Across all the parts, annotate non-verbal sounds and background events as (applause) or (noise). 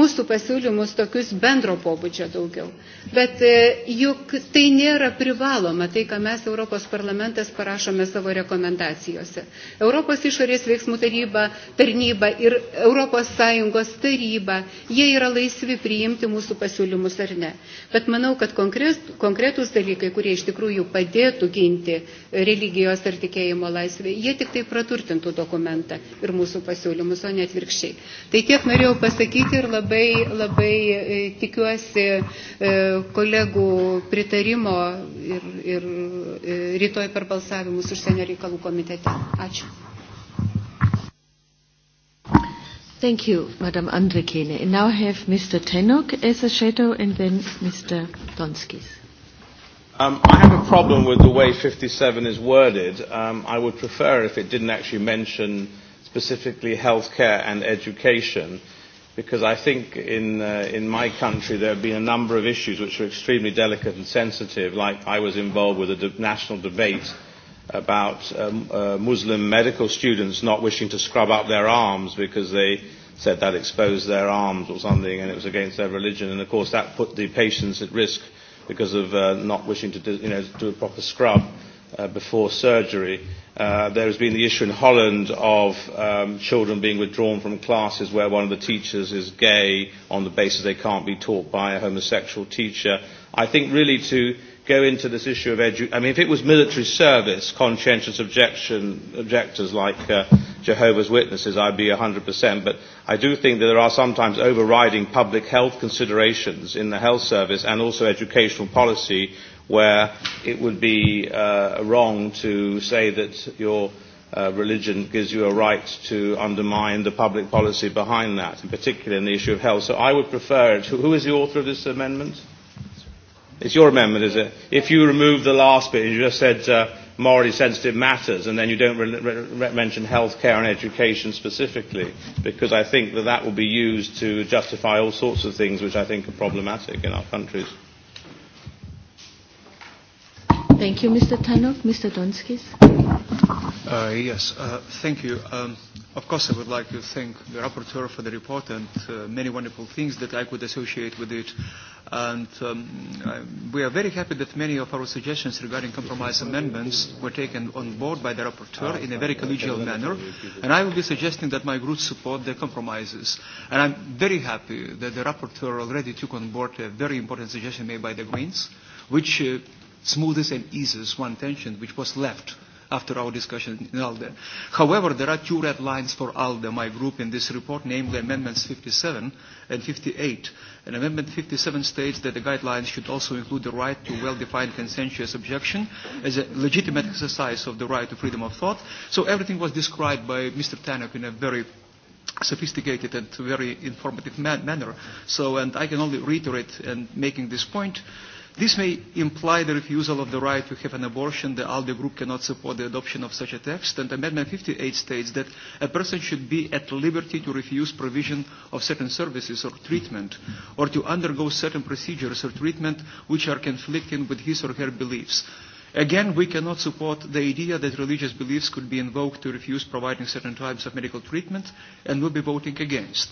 mūsų pasiūlymus tokius bendro pobūdžio daugiau. Bet e, juk tai nėra privaloma, tai ką mes Europos parlamentas parašome savo rekomendacijose. Europos išorės veiksmų taryba, tarnyba ir Europos Sąjungos taryba, jie yra laisvi priimti mūsų pasiūlymus ar ne. Bet manau, kad konkretūs dalykai, kurie iš tikrųjų padėtų ginti religijos ar tikėjimo laisvę, jie tik tai praturtintų dokumentą ir mūsų pasiūlymus, o ne atvirkščiai. Tai tiek norėjau pasakyti ir labai labai, labai e, tikiuosi e, kolegų pritarimo ir, ir e, rytoj per balsavimus užsienio reikalų komitete. Ačiū. Thank you, Madam Andrikene. And now I have Mr. Tenok as a shadow and then Mr. Donskis. Um, I have a problem with the way 57 is worded. Um, I would prefer if it didn't actually mention specifically healthcare and education because I think in, uh, in my country there have been a number of issues which are extremely delicate and sensitive, like I was involved with a de national debate about um, uh, Muslim medical students not wishing to scrub up their arms because they said that exposed their arms or something and it was against their religion. And of course that put the patients at risk because of uh, not wishing to do, you know, do a proper scrub uh, before surgery. Uh, there has been the issue in Holland of um, children being withdrawn from classes where one of the teachers is gay on the basis they can't be taught by a homosexual teacher. I think really to go into this issue of edu- I mean, if it was military service, conscientious objection, objectors like uh, Jehovah's Witnesses, I'd be 100%. But I do think that there are sometimes overriding public health considerations in the health service and also educational policy where it would be uh, wrong to say that your uh, religion gives you a right to undermine the public policy behind that, in particular in the issue of health. So I would prefer it. Who is the author of this amendment? It's your amendment, is it? If you remove the last bit, you just said uh, morally sensitive matters, and then you don't re re mention care and education specifically, because I think that that will be used to justify all sorts of things which I think are problematic in our countries. Thank you, Mr. Tannock. Mr. Donskis. Uh, yes, uh, thank you. Um, of course, I would like to thank the rapporteur for the report and uh, many wonderful things that I could associate with it. And um, I, we are very happy that many of our suggestions regarding compromise amendments were taken on board by the rapporteur in a very collegial manner. And I will be suggesting that my group support the compromises. And I'm very happy that the rapporteur already took on board a very important suggestion made by the Greens, which uh, smoothest and easiest one tension which was left after our discussion in ALDE. However, there are two red lines for ALDE, my group, in this report, namely Amendments 57 and 58. And Amendment 57 states that the guidelines should also include the right to well-defined consensuous objection as a legitimate exercise of the right to freedom of thought. So everything was described by Mr. Tannock in a very sophisticated and very informative manner. So, and I can only reiterate and making this point This may imply the refusal of the right to have an abortion. The ALDE group cannot support the adoption of such a text. And Amendment 58 states that a person should be at liberty to refuse provision of certain services or treatment, or to undergo certain procedures or treatment which are conflicting with his or her beliefs. Again, we cannot support the idea that religious beliefs could be invoked to refuse providing certain types of medical treatment, and will be voting against.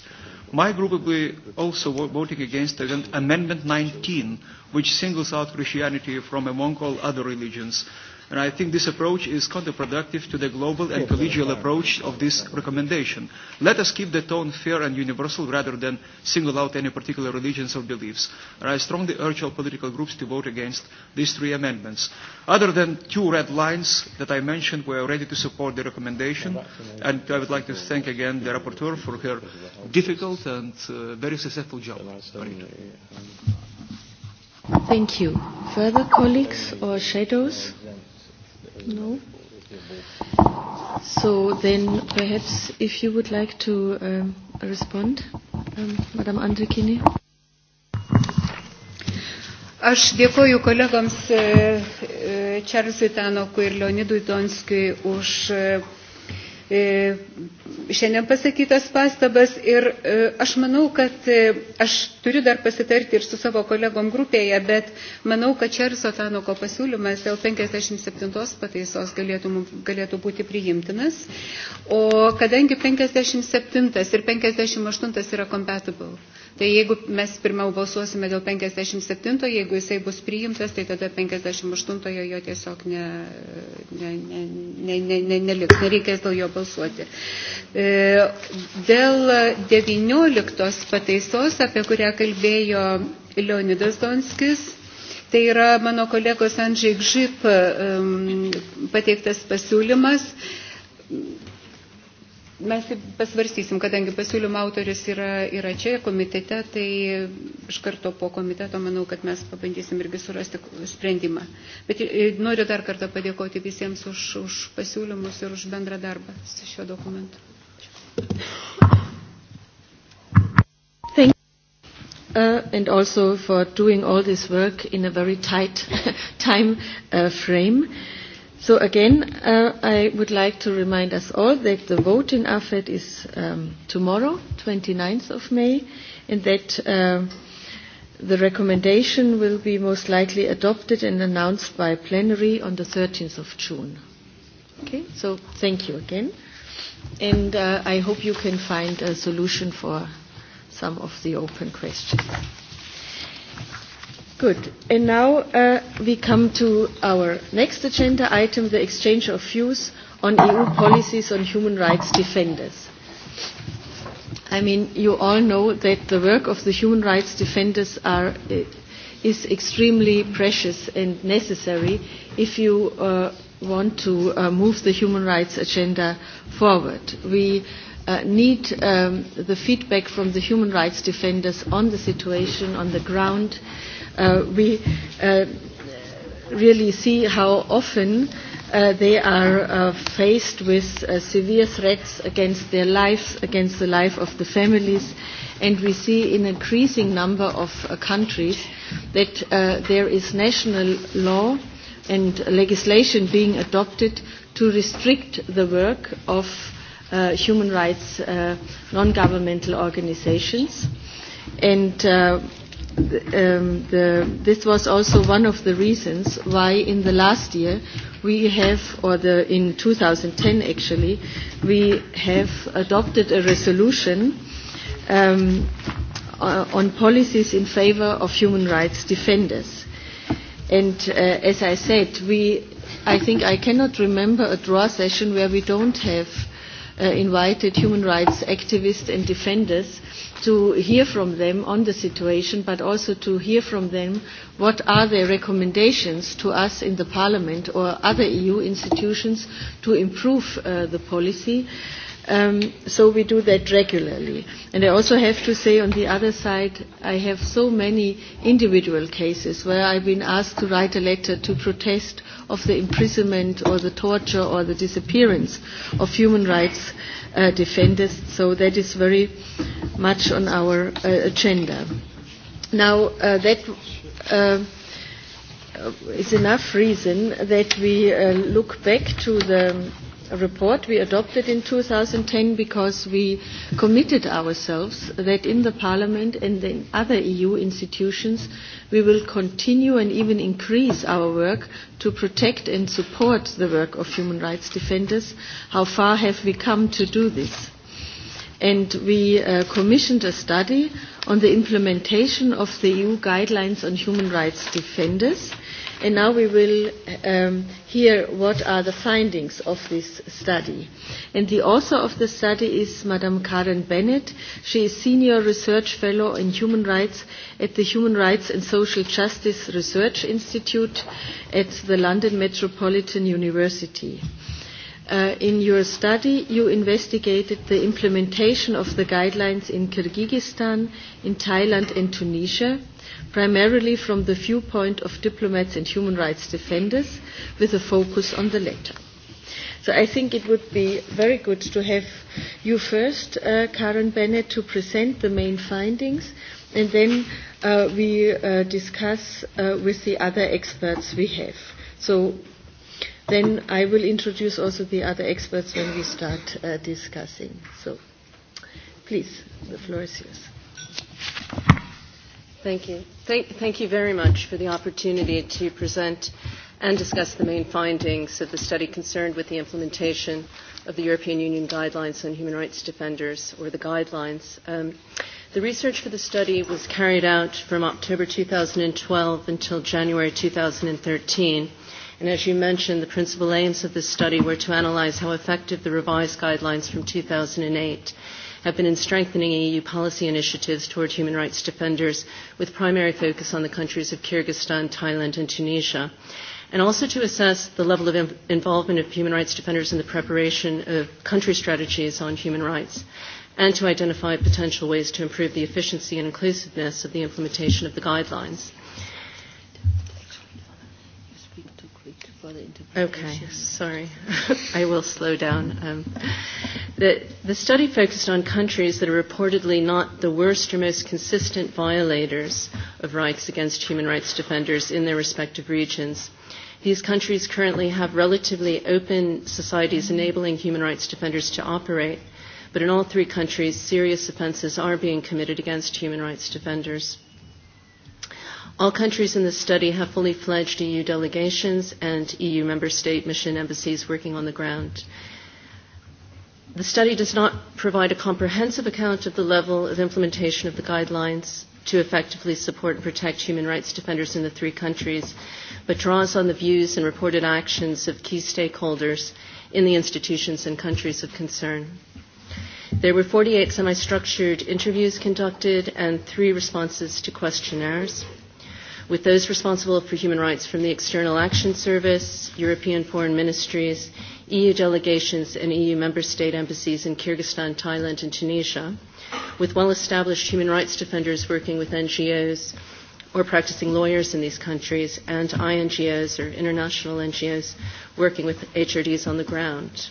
My group will be also voting against Amendment 19, which singles out Christianity from among all other religions and I think this approach is counterproductive to the global and collegial approach of this recommendation. Let us keep the tone fair and universal rather than single out any particular religions or beliefs. And I strongly urge all political groups to vote against these three amendments. Other than two red lines that I mentioned, we are ready to support the recommendation, and I would like to thank again the rapporteur for her difficult and uh, very successful job. Thank you. Further colleagues or shadows? No. So then perhaps if you would like to um, respond, um, Madame Andrikini. Aš dėkoju kolegams e, e, Čarlzui Tanokui ir Leonidui Donskui už e, šiandien pasakytas pastabas ir e, aš manau, kad e, aš turiu dar pasitarti ir su savo kolegom grupėje, bet manau, kad Čerso Tanoko pasiūlymas dėl 57 pataisos galėtų, galėtų būti priimtinas, o kadangi 57 ir 58 yra compatible, tai jeigu mes pirmiau balsuosime dėl 57, jeigu jisai bus priimtas, tai tada 58 jo tiesiog ne, ne, ne, ne, ne, ne, neliks, nereikės dėl jo balsuoti. E, dėl 19 pataisos, apie kurią kalbėjo Leonidas Donskis, Tai yra mano kolegos Andžiai Gžip pateiktas pasiūlymas Mes taip pasvarstysim, kadangi pasiūlymo autoris yra, yra čia komitete, tai iš karto po komiteto manau, kad mes pabandysim irgi surasti sprendimą. Bet e, noriu dar kartą padėkoti visiems už, už pasiūlymus ir už bendrą darbą su šiuo dokumentu. Thank Uh, and also for doing all this work in a very tight (laughs) time uh, frame. So again, uh, I would like to remind us all that the vote in AFED is um, tomorrow, 29th of May, and that uh, the recommendation will be most likely adopted and announced by plenary on the 13th of June. Okay, so thank you again. And uh, I hope you can find a solution for some of the open questions. Good. And now uh, we come to our next agenda item, the exchange of views on EU policies on human rights defenders. I mean, you all know that the work of the human rights defenders are, uh, is extremely precious and necessary if you uh, want to uh, move the human rights agenda forward. We uh, need um, the feedback from the human rights defenders on the situation on the ground Uh, we uh, really see how often uh, they are faced with uh, severe threats against their lives, against the life of the families, and we see in increasing number of countries that there is national law and legislation being adopted to restrict the work of human rights non-governmental organizations. And the, um, the, this was also one of the reasons why in the last year we have, or the, in 2010 actually, we have adopted a resolution um, uh, on policies in favor of human rights defenders. And uh, as I said, we, I think I cannot remember a draw session where we don't have uh, invited human rights activists and defenders to hear from them on the situation, but also to hear from them what are their recommendations to us in the Parliament or other EU institutions to improve uh, the policy. Um, so we do that regularly. And I also have to say on the other side, I have so many individual cases where I've been asked to write a letter to protest of the imprisonment or the torture or the disappearance of human rights uh, defenders. So that is very much on our uh, agenda. Now uh, that uh, is enough reason that we uh, look back to the report we adopted in 2010 because we committed ourselves that in the Parliament and in other EU institutions we will continue and even increase our work to protect and support the work of human rights defenders. How far have we come to do this? and we uh, commissioned a study on the implementation of the EU guidelines on human rights defenders And now we will um, hear what are the findings of this study. And the author of the study is Madame Karen Bennett. She is Senior Research Fellow in Human Rights at the Human Rights and Social Justice Research Institute at the London Metropolitan University. Uh, in your study, you investigated the implementation of the guidelines in Kyrgyzstan, in Thailand and Tunisia, primarily from the viewpoint of diplomats and human rights defenders, with a focus on the latter. So I think it would be very good to have you first, uh, Karen Bennett, to present the main findings, and then uh, we uh, discuss uh, with the other experts we have. So Then I will introduce also the other experts when we start uh, discussing. So please, the floor is yours. Thank you. Thank, thank you very much for the opportunity to present and discuss the main findings of the study concerned with the implementation of the European Union Guidelines on Human Rights Defenders, or the Guidelines. Um, the research for the study was carried out from October 2012 until January 2013 And as you mentioned, the principal aims of this study were to analyze how effective the revised guidelines from 2008 have been in strengthening EU policy initiatives toward human rights defenders, with primary focus on the countries of Kyrgyzstan, Thailand, and Tunisia, and also to assess the level of involvement of human rights defenders in the preparation of country strategies on human rights, and to identify potential ways to improve the efficiency and inclusiveness of the implementation of the guidelines. Okay, sorry. (laughs) I will slow down. Um, the, the study focused on countries that are reportedly not the worst or most consistent violators of rights against human rights defenders in their respective regions. These countries currently have relatively open societies enabling human rights defenders to operate, but in all three countries, serious offenses are being committed against human rights defenders. All countries in the study have fully fledged EU delegations and EU member state mission embassies working on the ground. The study does not provide a comprehensive account of the level of implementation of the guidelines to effectively support and protect human rights defenders in the three countries, but draws on the views and reported actions of key stakeholders in the institutions and countries of concern. There were 48 semi-structured interviews conducted and three responses to questionnaires with those responsible for human rights from the External Action Service, European foreign ministries, EU delegations and EU member state embassies in Kyrgyzstan, Thailand and Tunisia, with well-established human rights defenders working with NGOs or practicing lawyers in these countries and INGOs or international NGOs working with HRDs on the ground.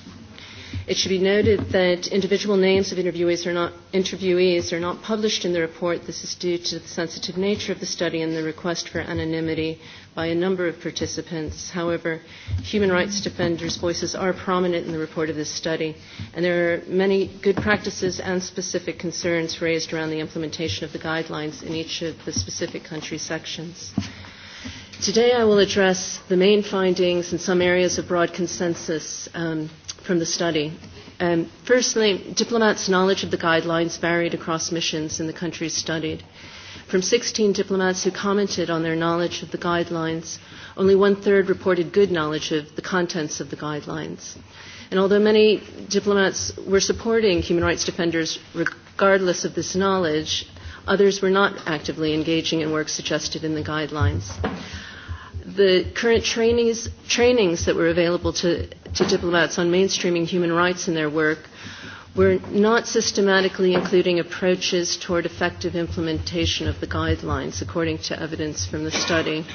It should be noted that individual names of interviewees are not, interviewees are not published in the report. This is due to the sensitive nature of the study and the request for anonymity by a number of participants. However, human rights defenders' voices are prominent in the report of this study, and there are many good practices and specific concerns raised around the implementation of the guidelines in each of the specific country sections. Today I will address the main findings and some areas of broad consensus um, from the study. Um, firstly, diplomats' knowledge of the guidelines varied across missions in the countries studied. From 16 diplomats who commented on their knowledge of the guidelines, only one-third reported good knowledge of the contents of the guidelines. And although many diplomats were supporting human rights defenders regardless of this knowledge, others were not actively engaging in work suggested in the guidelines the current trainings, trainings that were available to, to diplomats on mainstreaming human rights in their work were not systematically including approaches toward effective implementation of the guidelines, according to evidence from the study.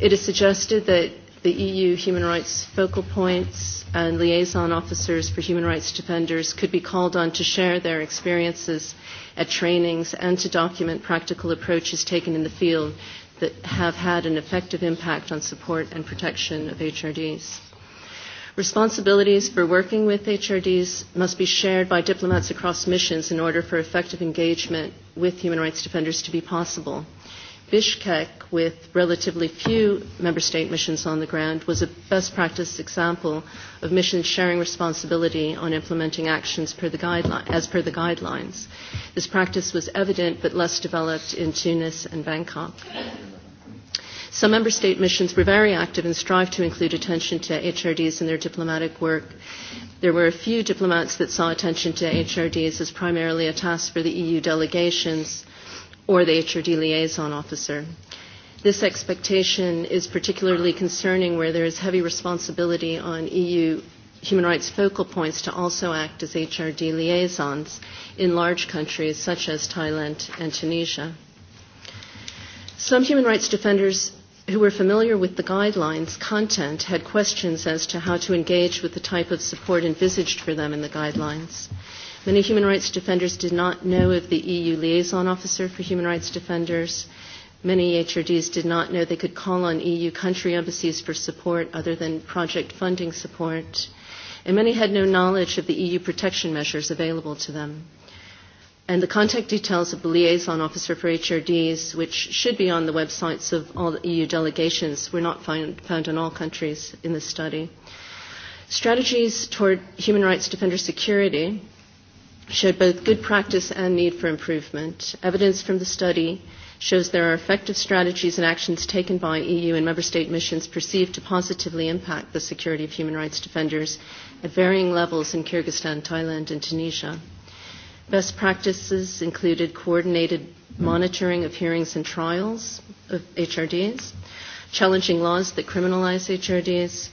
It is suggested that the EU human rights focal points and liaison officers for human rights defenders could be called on to share their experiences at trainings and to document practical approaches taken in the field that have had an effective impact on support and protection of HRDs. Responsibilities for working with HRDs must be shared by diplomats across missions in order for effective engagement with human rights defenders to be possible. Bishkek, with relatively few member state missions on the ground, was a best practice example of missions sharing responsibility on implementing actions per the as per the guidelines. This practice was evident but less developed in Tunis and Bangkok. Some member state missions were very active and strived to include attention to HRDs in their diplomatic work. There were a few diplomats that saw attention to HRDs as primarily a task for the EU delegations or the HRD liaison officer. This expectation is particularly concerning where there is heavy responsibility on EU human rights focal points to also act as HRD liaisons in large countries such as Thailand and Tunisia. Some human rights defenders who were familiar with the guidelines content had questions as to how to engage with the type of support envisaged for them in the guidelines. Many human rights defenders did not know of the EU liaison officer for human rights defenders. Many HRDs did not know they could call on EU country embassies for support other than project funding support. And many had no knowledge of the EU protection measures available to them and the contact details of the liaison officer for HRDs, which should be on the websites of all the EU delegations, were not found in all countries in the study. Strategies toward human rights defender security showed both good practice and need for improvement. Evidence from the study shows there are effective strategies and actions taken by EU and member state missions perceived to positively impact the security of human rights defenders at varying levels in Kyrgyzstan, Thailand, and Tunisia. Best practices included coordinated monitoring of hearings and trials of HRDs, challenging laws that criminalize HRDs,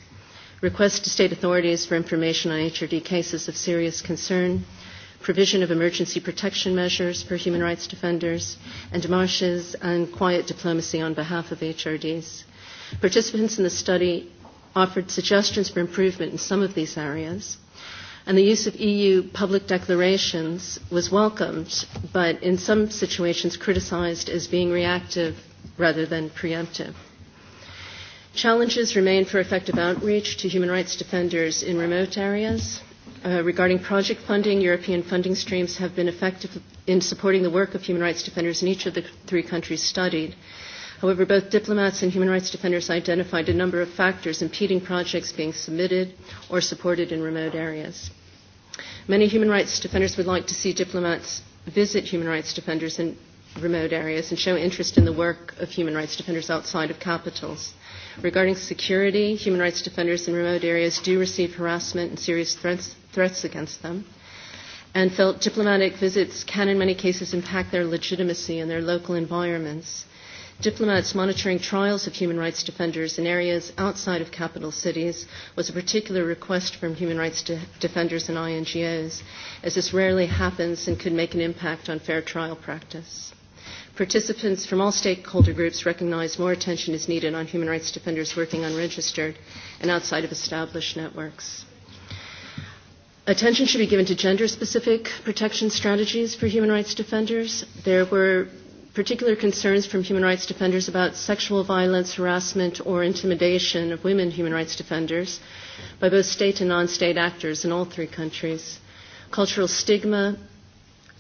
requests to state authorities for information on HRD cases of serious concern, provision of emergency protection measures for human rights defenders, and demarches and quiet diplomacy on behalf of HRDs. Participants in the study offered suggestions for improvement in some of these areas and the use of EU public declarations was welcomed, but in some situations criticized as being reactive rather than preemptive. Challenges remain for effective outreach to human rights defenders in remote areas. Uh, regarding project funding, European funding streams have been effective in supporting the work of human rights defenders in each of the three countries studied. However, both diplomats and human rights defenders identified a number of factors impeding projects being submitted or supported in remote areas. Many human rights defenders would like to see diplomats visit human rights defenders in remote areas and show interest in the work of human rights defenders outside of capitals. Regarding security, human rights defenders in remote areas do receive harassment and serious threats, threats against them and felt diplomatic visits can in many cases impact their legitimacy in their local environments. Diplomats monitoring trials of human rights defenders in areas outside of capital cities was a particular request from human rights de defenders and INGOs, as this rarely happens and could make an impact on fair trial practice. Participants from all stakeholder groups recognize more attention is needed on human rights defenders working unregistered and outside of established networks. Attention should be given to gender-specific protection strategies for human rights defenders. There were particular concerns from human rights defenders about sexual violence, harassment, or intimidation of women human rights defenders by both state and non-state actors in all three countries, cultural stigma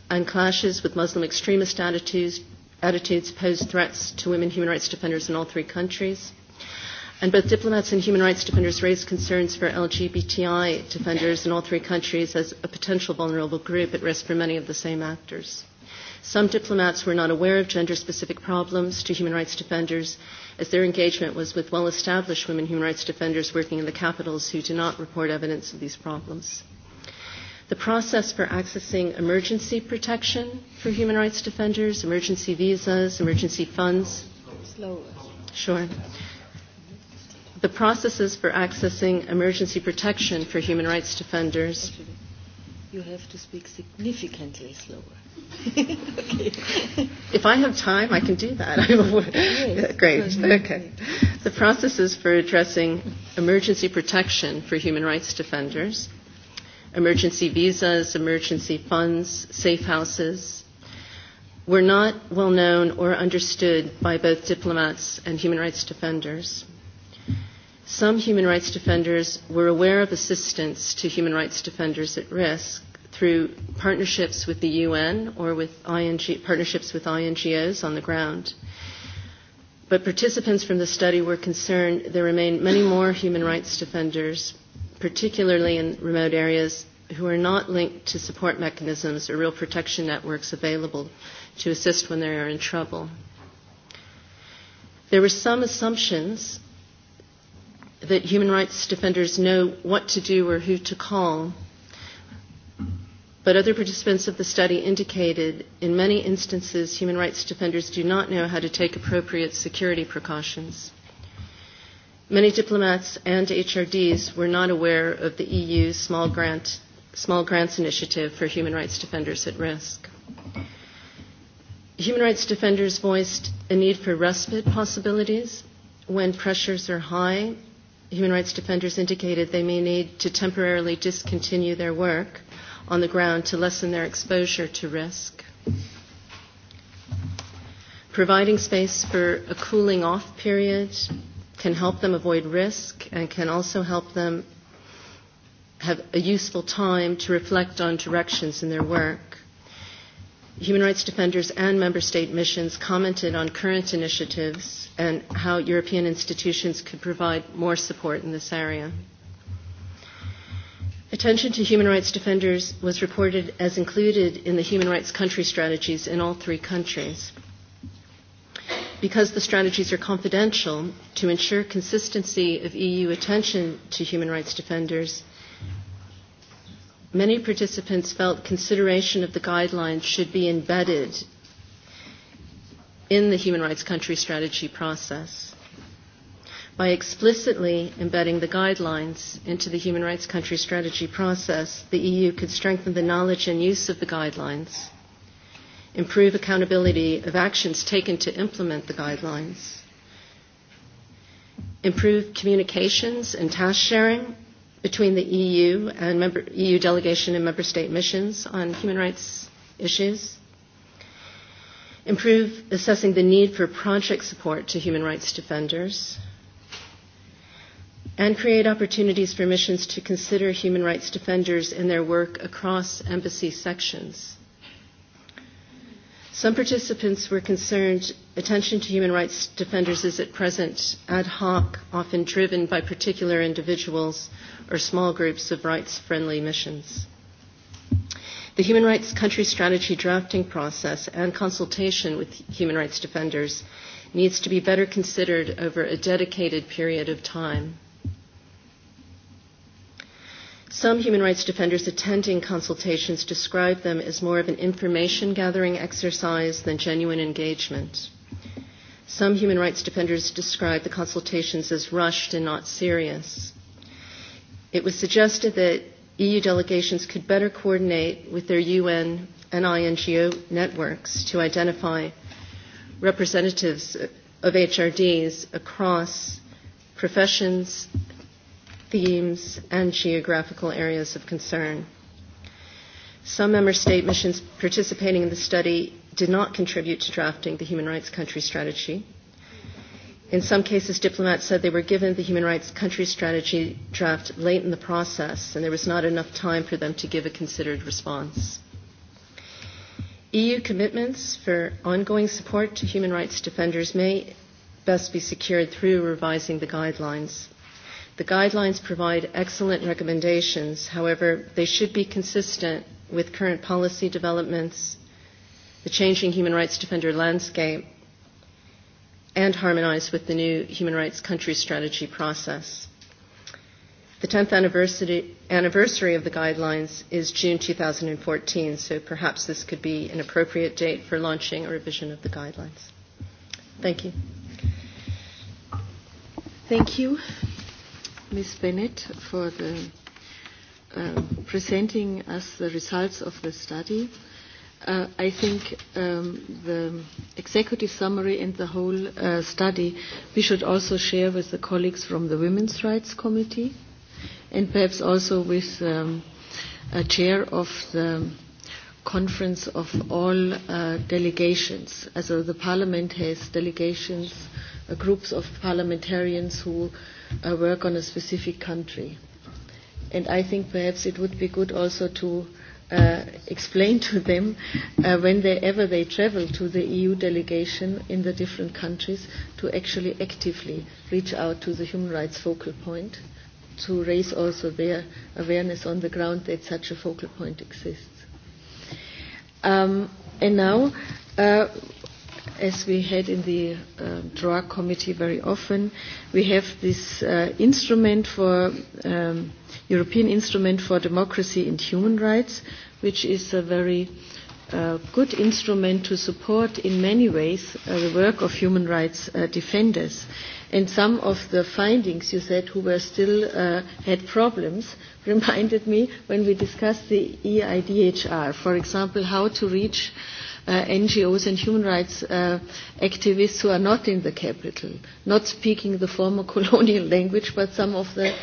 and clashes with Muslim extremist attitudes, attitudes pose threats to women human rights defenders in all three countries. And both diplomats and human rights defenders raise concerns for LGBTI defenders in all three countries as a potential vulnerable group at risk for many of the same actors. Some diplomats were not aware of gender-specific problems to human rights defenders, as their engagement was with well-established women human rights defenders working in the capitals who do not report evidence of these problems. The process for accessing emergency protection for human rights defenders, emergency visas, emergency funds. Sure. The processes for accessing emergency protection for human rights defenders. You have to speak significantly slower. (laughs) If I have time, I can do that. (laughs) great. Okay. The processes for addressing emergency protection for human rights defenders, emergency visas, emergency funds, safe houses, were not well known or understood by both diplomats and human rights defenders. Some human rights defenders were aware of assistance to human rights defenders at risk, through partnerships with the UN or with ING, partnerships with INGOs on the ground. But participants from the study were concerned there remain many more human rights defenders, particularly in remote areas, who are not linked to support mechanisms or real protection networks available to assist when they are in trouble. There were some assumptions that human rights defenders know what to do or who to call but other participants of the study indicated in many instances human rights defenders do not know how to take appropriate security precautions. Many diplomats and HRDs were not aware of the EU's small, grant, small grants initiative for human rights defenders at risk. Human rights defenders voiced a need for respite possibilities. When pressures are high, human rights defenders indicated they may need to temporarily discontinue their work on the ground to lessen their exposure to risk. Providing space for a cooling off period can help them avoid risk and can also help them have a useful time to reflect on directions in their work. Human rights defenders and member state missions commented on current initiatives and how European institutions could provide more support in this area. Attention to human rights defenders was reported as included in the human rights country strategies in all three countries. Because the strategies are confidential, to ensure consistency of EU attention to human rights defenders, many participants felt consideration of the guidelines should be embedded in the human rights country strategy process. By explicitly embedding the guidelines into the human rights country strategy process, the EU could strengthen the knowledge and use of the guidelines, improve accountability of actions taken to implement the guidelines, improve communications and task sharing between the EU and member, EU delegation and member state missions on human rights issues, improve assessing the need for project support to human rights defenders, and create opportunities for missions to consider human rights defenders in their work across embassy sections. Some participants were concerned attention to human rights defenders is at present ad hoc, often driven by particular individuals or small groups of rights-friendly missions. The human rights country strategy drafting process and consultation with human rights defenders needs to be better considered over a dedicated period of time. Some human rights defenders attending consultations described them as more of an information gathering exercise than genuine engagement. Some human rights defenders described the consultations as rushed and not serious. It was suggested that EU delegations could better coordinate with their UN and INGO networks to identify representatives of HRDs across professions, themes, and geographical areas of concern. Some member state missions participating in the study did not contribute to drafting the human rights country strategy. In some cases, diplomats said they were given the human rights country strategy draft late in the process, and there was not enough time for them to give a considered response. EU commitments for ongoing support to human rights defenders may best be secured through revising the guidelines. The guidelines provide excellent recommendations. However, they should be consistent with current policy developments, the changing human rights defender landscape, and harmonized with the new human rights country strategy process. The 10th anniversary, of the guidelines is June 2014, so perhaps this could be an appropriate date for launching a revision of the guidelines. Thank you. Thank you. Ms. Bennett for the, uh, presenting us the results of the study. Uh, I think um, the executive summary and the whole uh, study we should also share with the colleagues from the Women's Rights Committee and perhaps also with um, a chair of the conference of all uh, delegations. So the parliament has delegations, uh, groups of parliamentarians who uh, work on a specific country. And I think perhaps it would be good also to uh, explain (laughs) to them uh, whenever they travel to the EU delegation in the different countries to actually actively reach out to the human rights focal point to raise also their awareness on the ground that such a focal point exists. Um, and now uh, as we had in the uh, committee very often. We have this uh, instrument for um, European Instrument for Democracy and Human Rights, which is a very uh, good instrument to support in many ways uh, the work of human rights uh, defenders. And some of the findings you said who were still uh, had problems (laughs) reminded me when we discussed the EIDHR, for example, how to reach Uh, NGOs and human rights uh, activists who are not in the capital, not speaking the former (laughs) colonial language, but some of the,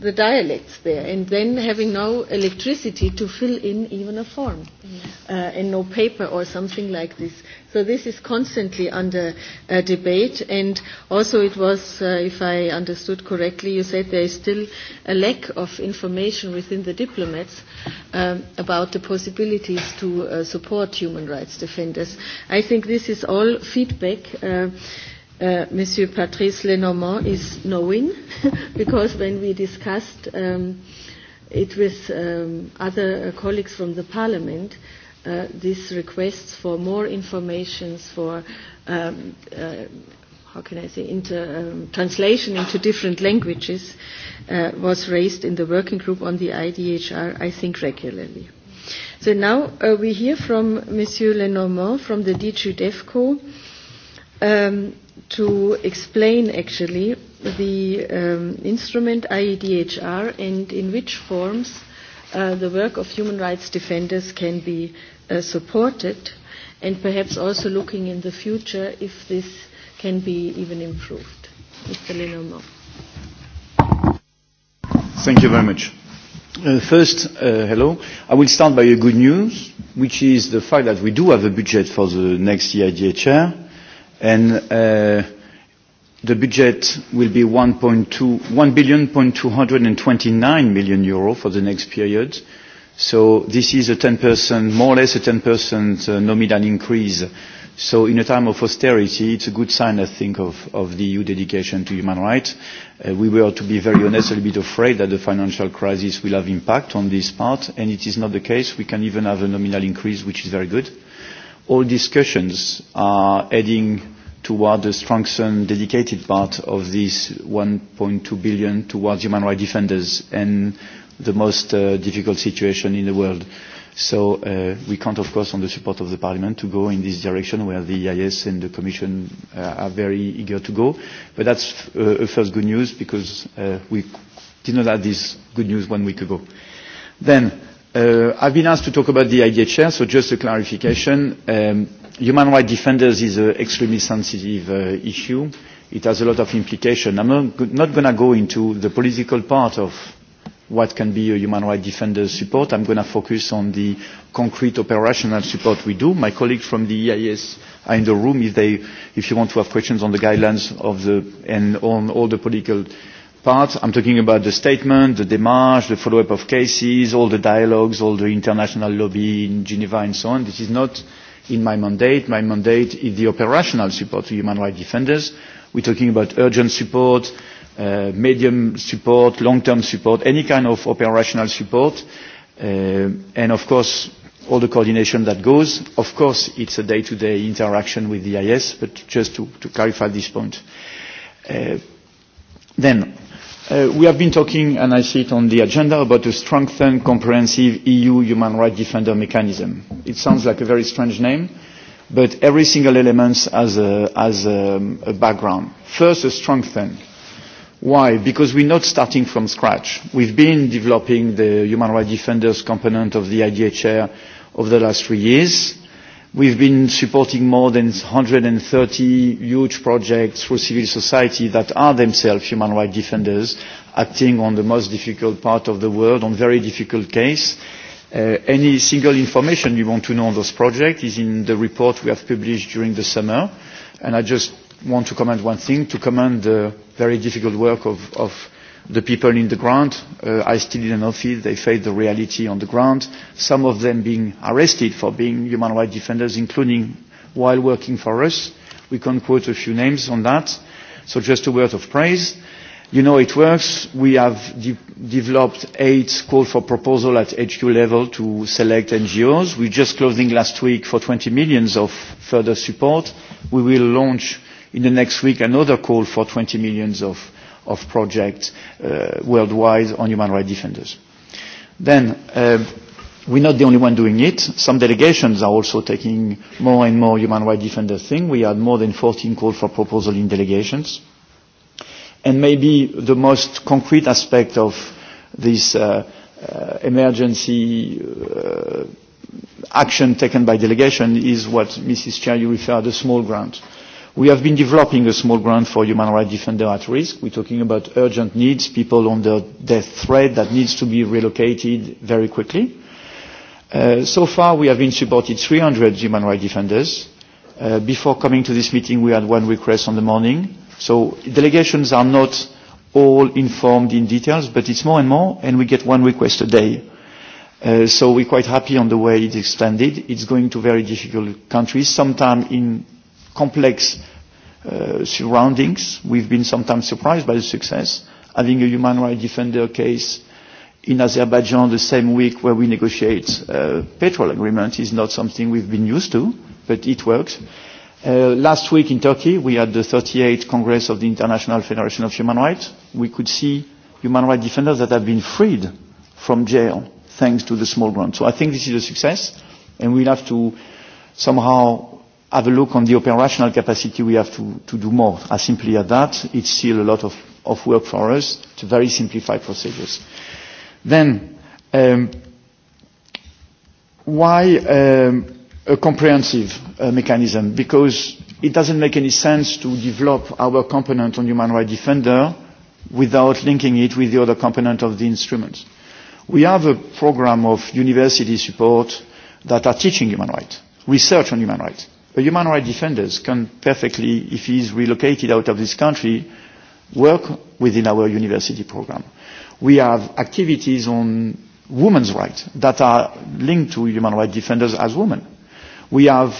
the dialects there. And then having no electricity to fill in even a form, mm. uh, and no paper or something like this. So this is constantly under uh, debate and also it was, uh, if I understood correctly, you said there is still a lack of information within the diplomats um, about the possibilities to uh, support human rights defenders. I think this is all feedback uh, Uh, Monsieur Patrice Lenormand is knowing (laughs) because when we discussed um, it with um, other uh, colleagues from the parliament, uh, these requests for more information, for um, uh, how can I say, inter um, translation into different languages uh, was raised in the working group on the IDHR, I think, regularly. So now uh, we hear from Monsieur Lenormand from the DG DEFCO um, to explain actually the um, instrument IEDHR and in which forms uh, the work of human rights defenders can be uh, supported and perhaps also looking in the future if this can be even improved. Mr. Lenormo. Thank you very much. Uh, first, uh, hello. I will start by a good news, which is the fact that we do have a budget for the next EIDHR, and uh, the budget will be 1.2, 1 billion 229 million euro for the next period, So this is a 10%, more or less a 10% uh, nominal increase. So in a time of austerity, it's a good sign, I think, of, of the EU dedication to human rights. Uh, we were, to be very honest, a little bit afraid that the financial crisis will have impact on this part, and it is not the case. We can even have a nominal increase, which is very good. All discussions are heading toward a strengthened, dedicated part of this 1.2 billion towards human rights defenders, and the most uh, difficult situation in the world. So uh, we count, of course, on the support of the Parliament to go in this direction where the EIS and the Commission uh, are very eager to go. But that's uh, a first good news because uh, we did not have this good news one week ago. Then, uh, I've been asked to talk about the IDHR, so just a clarification. Um, human rights defenders is an extremely sensitive uh, issue. It has a lot of implications. I'm am not going to go into the political part of what can be a human rights defender support. I'm going to focus on the concrete operational support we do. My colleagues from the EIS are in the room if, they, if you want to have questions on the guidelines of the, and on all the political parts. I'm talking about the statement, the démarche, the follow-up of cases, all the dialogues, all the international lobby in Geneva and so on. This is not in my mandate. My mandate is the operational support to human rights defenders. We're talking about urgent support, Uh, medium support, long-term support, any kind of operational support, uh, and of course all the coordination that goes. Of course, it's a day-to-day interaction with the IS, but just to, clarify this point. Uh, then, we have been talking, and I see it on the agenda, about a strengthened, comprehensive EU human rights defender mechanism. It sounds like a very strange name, but every single element has a, um, a, background. First, a strengthened Why? Because we're not starting from scratch. We've been developing the human rights defenders component of the IDHR over the last three years. We've been supporting more than 130 huge projects for civil society that are themselves human rights defenders, acting on the most difficult part of the world, on very difficult case. Uh, any single information you want to know on those projects is in the report we have published during the summer. And I just want to comment one thing, to commend the very difficult work of, the people in the ground uh, I still in an office. They face the reality on the ground. Some of them being arrested for being human rights defenders, including while working for us. We can quote a few names on that. So just a word of praise. You know it works. We have developed eight call for proposal at HQ level to select NGOs. We just closing last week for 20 millions of further support. We will launch in the next week another call for 20 million of, of projects uh, worldwide on human rights defenders. Then, uh, we're not the only one doing it. Some delegations are also taking more and more human rights defender thing. We had more than 14 calls for proposal in delegations. And maybe the most concrete aspect of this uh, uh, emergency uh, action taken by delegation is what Mrs. Chair, you referred, the small grant. We have been developing a small grant for human rights defenders at risk. We're talking about urgent needs, people on the death threat that needs to be relocated very quickly. Uh, so far, we have been supported 300 human rights defenders. Uh, before coming to this meeting, we had one request on the morning. So delegations are not all informed in details, but it's more and more, and we get one request a day. Uh, so we're quite happy on the way it's expanded. It's going to very difficult countries, Sometime in complex uh, surroundings. We've been sometimes surprised by the success. Having a human rights defender case in Azerbaijan the same week where we negotiate a uh, petrol agreement is not something we've been used to, but it works. Uh, last week in Turkey, we had the 38th Congress of the International Federation of Human Rights. We could see human rights defenders that have been freed from jail thanks to the small grant. So I think this is a success, and we'll have to somehow have a look on the operational capacity we have to, to do more. As simply as that, it's still a lot of, of work for us. It's very simplified procedures. Then, um, why um, a comprehensive uh, mechanism? Because it doesn't make any sense to develop our component on human rights defender without linking it with the other component of the instrument. We have a program of university support that are teaching human rights, research on human rights a human rights defenders can perfectly, if he is relocated out of this country, work within our university program. We have activities on women's rights that are linked to human rights defenders as women. We have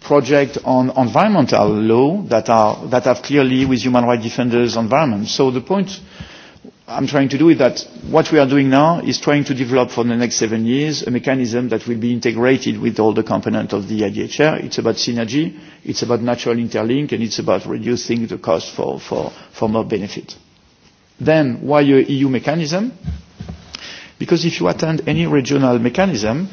projects on environmental law that, are, that have clearly with human rights defenders environment. So the point i am trying to do is that what we are doing now is trying to develop for the next seven years a mechanism that will be integrated with all the components of the IDHR. It's about synergy, it's about natural interlink, and it's about reducing the cost for, for, for more benefit. Then, why your EU mechanism? Because if you attend any regional mechanism,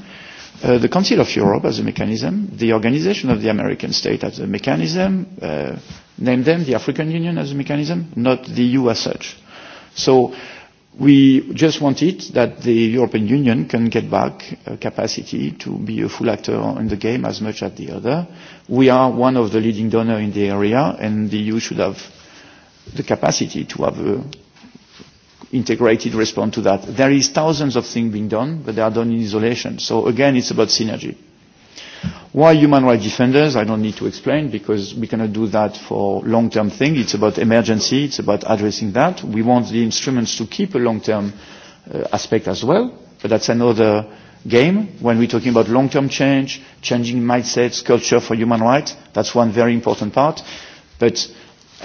uh, the Council of Europe as a mechanism, the Organization of the American State as a mechanism, uh, name them, the African Union as a mechanism, not the EU as such So we just wanted that the European Union can get back uh, capacity to be a full actor in the game as much as the other. We are one of the leading donors in the area and the EU should have the capacity to have a integrated response to that. There is thousands of things being done, but they are done in isolation. So again, it's about synergy. Why human rights defenders? I don't need to explain because we cannot do that for long-term thing. It's about emergency. It's about addressing that. We want the instruments to keep a long-term uh, aspect as well, but that's another game. When we're talking about long-term change, changing mindsets, culture for human rights, that's one very important part. But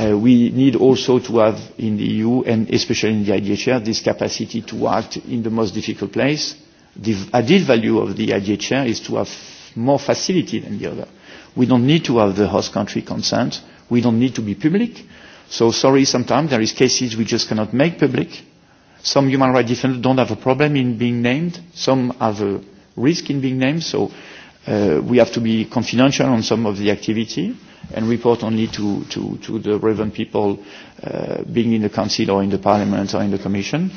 uh, we need also to have in the EU, and especially in the IDHR, this capacity to act in the most difficult place. The added value of the IDHR is to have more facility than the other. We don't need to have the host country consent. We don't need to be public. So sorry, sometimes there is cases we just cannot make public. Some human rights defenders don't have a problem in being named. Some have a risk in being named. So uh, we have to be confidential on some of the activity and report only to, to, to the relevant people uh, being in the Council or in the Parliament or in the Commission.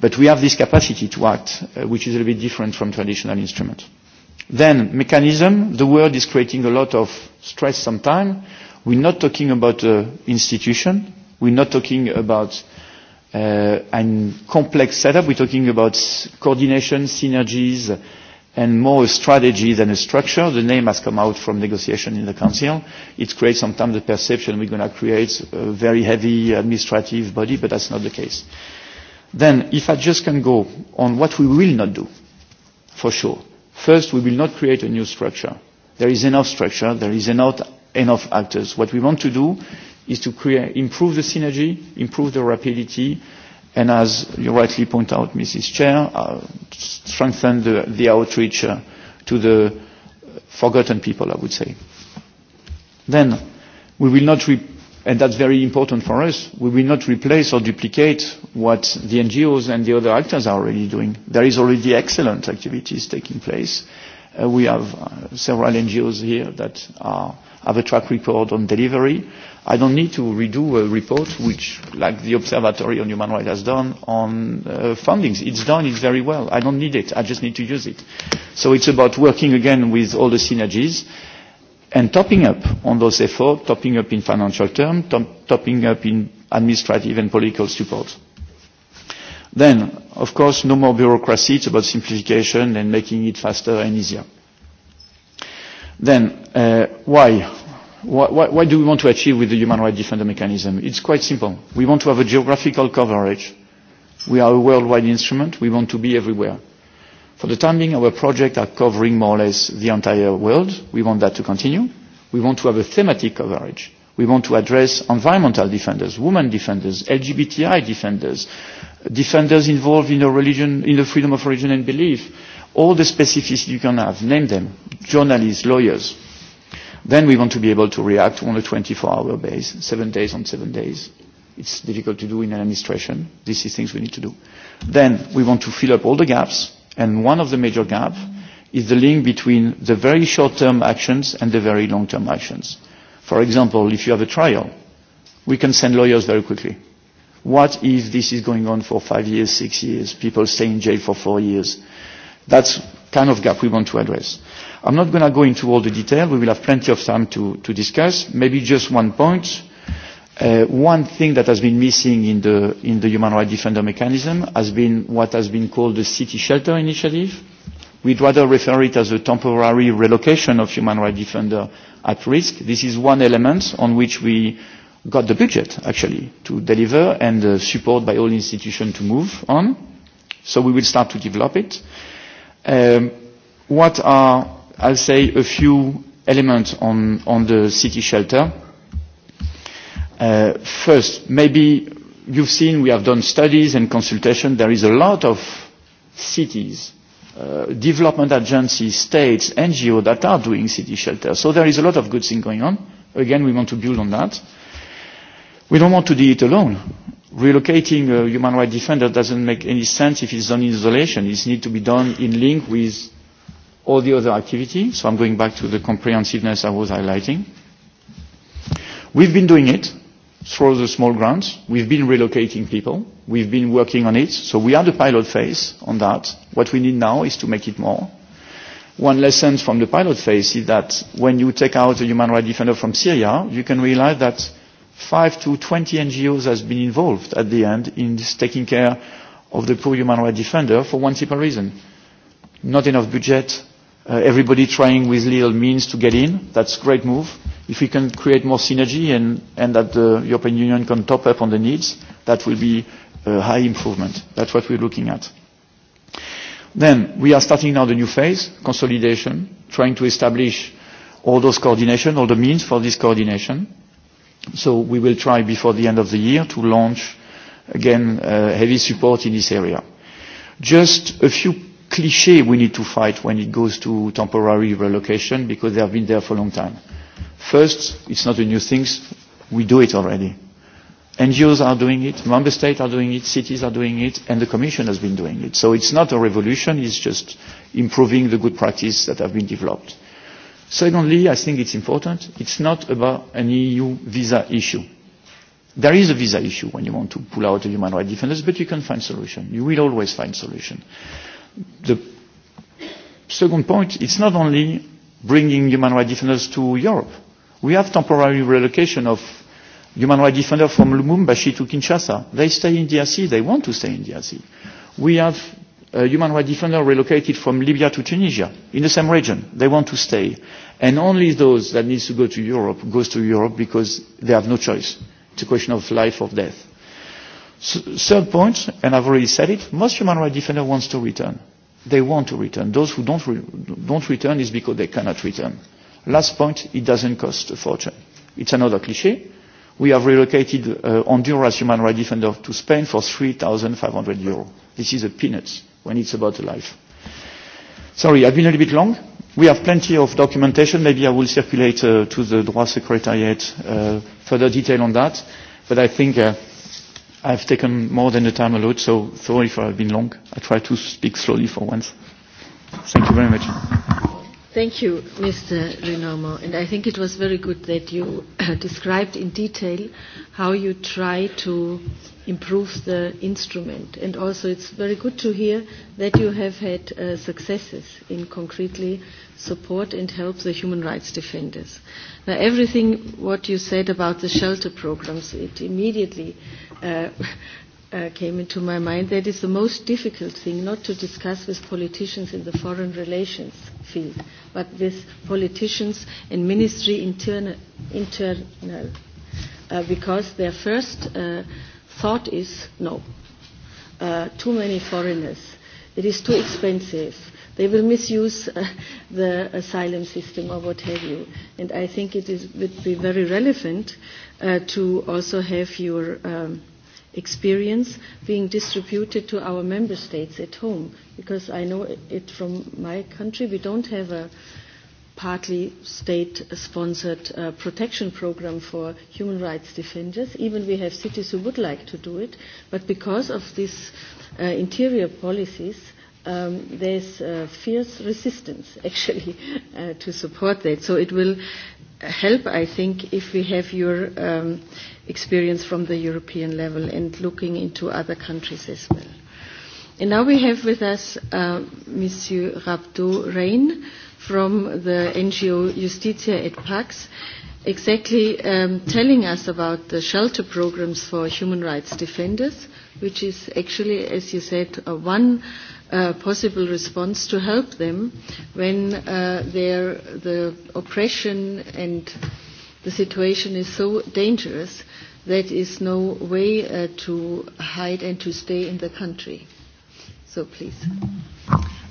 But we have this capacity to act, uh, which is a little bit different from traditional instruments. Then mechanism, the word is creating a lot of stress sometimes. We're not talking about an institution. We're not talking about uh, a complex setup. We're talking about coordination, synergies, and more a strategy than a structure. The name has come out from negotiation in the Council. It creates sometimes the perception we're going to create a very heavy administrative body, but that's not the case. Then, if I just can go on what we will not do, for sure First, we will not create a new structure. There is enough structure, there is enough, enough actors. What we want to do is to create, improve the synergy, improve the rapidity, and as you rightly point out, Mrs. Chair, uh, strengthen the, the outreach uh, to the forgotten people, I would say. Then, we will not and that's very important for us. We will not replace or duplicate what the NGOs and the other actors are already doing. There is already excellent activities taking place. Uh, we have uh, several NGOs here that are, have a track record on delivery. I don't need to redo a report which, like the Observatory on Human Rights has done, on uh, fundings. It's done, it's very well. I don't need it. I just need to use it. So it's about working again with all the synergies and topping up on those efforts, topping up in financial terms, top, topping up in administrative and political support. Then, of course, no more bureaucracy. It's about simplification and making it faster and easier. Then, uh, why? Why, why do we want to achieve with the human rights defender mechanism? It's quite simple. We want to have a geographical coverage. We are a worldwide instrument. We want to be everywhere. For the time being, our projects are covering more or less the entire world. We want that to continue. We want to have a thematic coverage. We want to address environmental defenders, women defenders, LGBTI defenders, defenders involved in the, religion, in the freedom of religion and belief, all the specificities you can have, name them, journalists, lawyers. Then we want to be able to react on a 24-hour base, seven days on seven days. It's difficult to do in an administration. This is things we need to do. Then we want to fill up all the gaps And one of the major gaps is the link between the very short-term actions and the very long-term actions. For example, if you have a trial, we can send lawyers very quickly. What if this is going on for five years, six years, people stay in jail for four years? That's kind of gap we want to address. I'm not going to go into all the detail. We will have plenty of time to, to discuss. Maybe just one point Uh, one thing that has been missing in the, in the human rights defender mechanism has been what has been called the city shelter initiative. We'd rather refer it as a temporary relocation of human rights defenders at risk. This is one element on which we got the budget, actually, to deliver and uh, support by all institutions to move on. So we will start to develop it. Um, what are, I'll say, a few elements on, on the city shelter Uh, first, maybe you've seen we have done studies and consultation. There is a lot of cities, uh, development agencies, states, NGOs that are doing city shelters. So there is a lot of good things going on. Again, we want to build on that. We don't want to do it alone. Relocating a human rights defender doesn't make any sense if is done in isolation. It needs to be done in link with all the other activities. So I'm going back to the comprehensiveness I was highlighting. We've been doing it through the small grants. We've been relocating people. We've been working on it. So we are the pilot phase on that. What we need now is to make it more. One lesson from the pilot phase is that when you take out a human rights defender from Syria, you can realize that 5 to 20 NGOs has been involved at the end in this taking care of the poor human rights defender for one simple reason. Not enough budget, uh, everybody trying with little means to get in. That's a great move if we can create more synergy and, and that the European Union can top up on the needs, that will be a high improvement. That's what we're looking at. Then we are starting now the new phase, consolidation, trying to establish all those coordination, all the means for this coordination. So we will try before the end of the year to launch again uh, heavy support in this area. Just a few clichés we need to fight when it goes to temporary relocation because they have been there for a long time First, it's not a new thing. We do it already. NGOs are doing it, member states are doing it, cities are doing it, and the Commission has been doing it. So it's not a revolution, it's just improving the good practice that have been developed. Secondly, I think it's important, it's not about an EU visa issue. There is a visa issue when you want to pull out a human rights defender, but you can find solution. You will always find solution. The second point, it's not only bringing human rights defenders to Europe. We have temporary relocation of human rights defenders from Lumumbashi to Kinshasa. They stay in DRC. They want to stay in DRC. We have a human rights defender relocated from Libya to Tunisia in the same region. They want to stay. And only those that need to go to Europe goes to Europe because they have no choice. It's a question of life or death. third point, and I've already said it, most human rights defenders want to return they want to return. Those who don't, re don't return is because they cannot return. Last point, it doesn't cost a fortune. It's another cliché. We have relocated uh, Honduras human rights defender to Spain for 3,500 euros. This is a peanuts when it's about life. Sorry, I've been a little bit long. We have plenty of documentation. Maybe I will circulate uh, to the Droit Secretariat uh, further detail on that. But I think... Uh, I've taken more than the time allowed, so sorry if I've been long. I try to speak slowly for once. Thank you very much. Thank you, Mr. Rinomo. And I think it was very good that you (coughs) described in detail how you try to improve the instrument. And also it's very good to hear that you have had uh, successes in concretely support and help the human rights defenders. Now everything what you said about the shelter programs, it immediately uh, uh, came into my mind. That is the most difficult thing, not to discuss with politicians in the foreign relations field, but with politicians and ministry internal internal, uh, because their first uh, thought is no, uh, too many foreigners, it is too expensive They will misuse uh, the asylum system or what have you. And I think it is, would be very relevant uh, to also have your um, experience being distributed to our member states at home, because I know it from my country. We don't have a partly state-sponsored uh, protection program for human rights defenders. Even we have cities who would like to do it, but because of these uh, interior policies, um, there's uh, fierce resistance (laughs) actually uh, to support that. So it will help, I think, if we have your um, experience from the European level and looking into other countries as well. And now we have with us uh, Monsieur Rabdo Rain from the NGO Justitia at Pax, exactly um, telling us about the shelter programs for human rights defenders, which is actually, as you said, uh, one possible response to help them when uh, their, the oppression and the situation is so dangerous that is no way uh, to hide and to stay in the country. So please.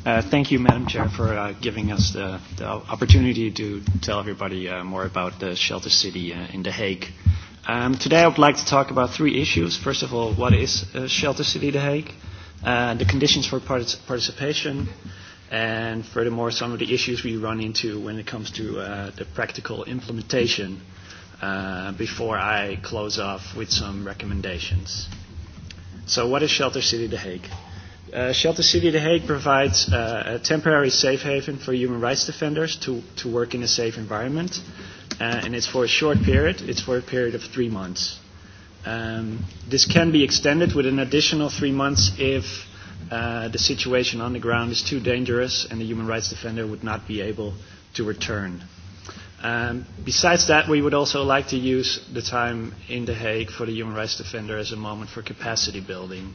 Uh, thank you, Madam Chair, for uh, giving us the, the opportunity to tell everybody uh, more about the shelter city uh, in The Hague. Um, today I would like to talk about three issues. First of all, what is uh, Shelter City The Hague? and the conditions for participation, and furthermore some of the issues we run into when it comes to uh, the practical implementation uh, before I close off with some recommendations. So what is Shelter City The Hague? Uh, Shelter City The Hague provides uh, a temporary safe haven for human rights defenders to, to work in a safe environment, uh, and it's for a short period. It's for a period of three months. Um, this can be extended with an additional three months if uh, the situation on the ground is too dangerous and the human rights defender would not be able to return. Um, besides that, we would also like to use the time in The Hague for the human rights defender as a moment for capacity building.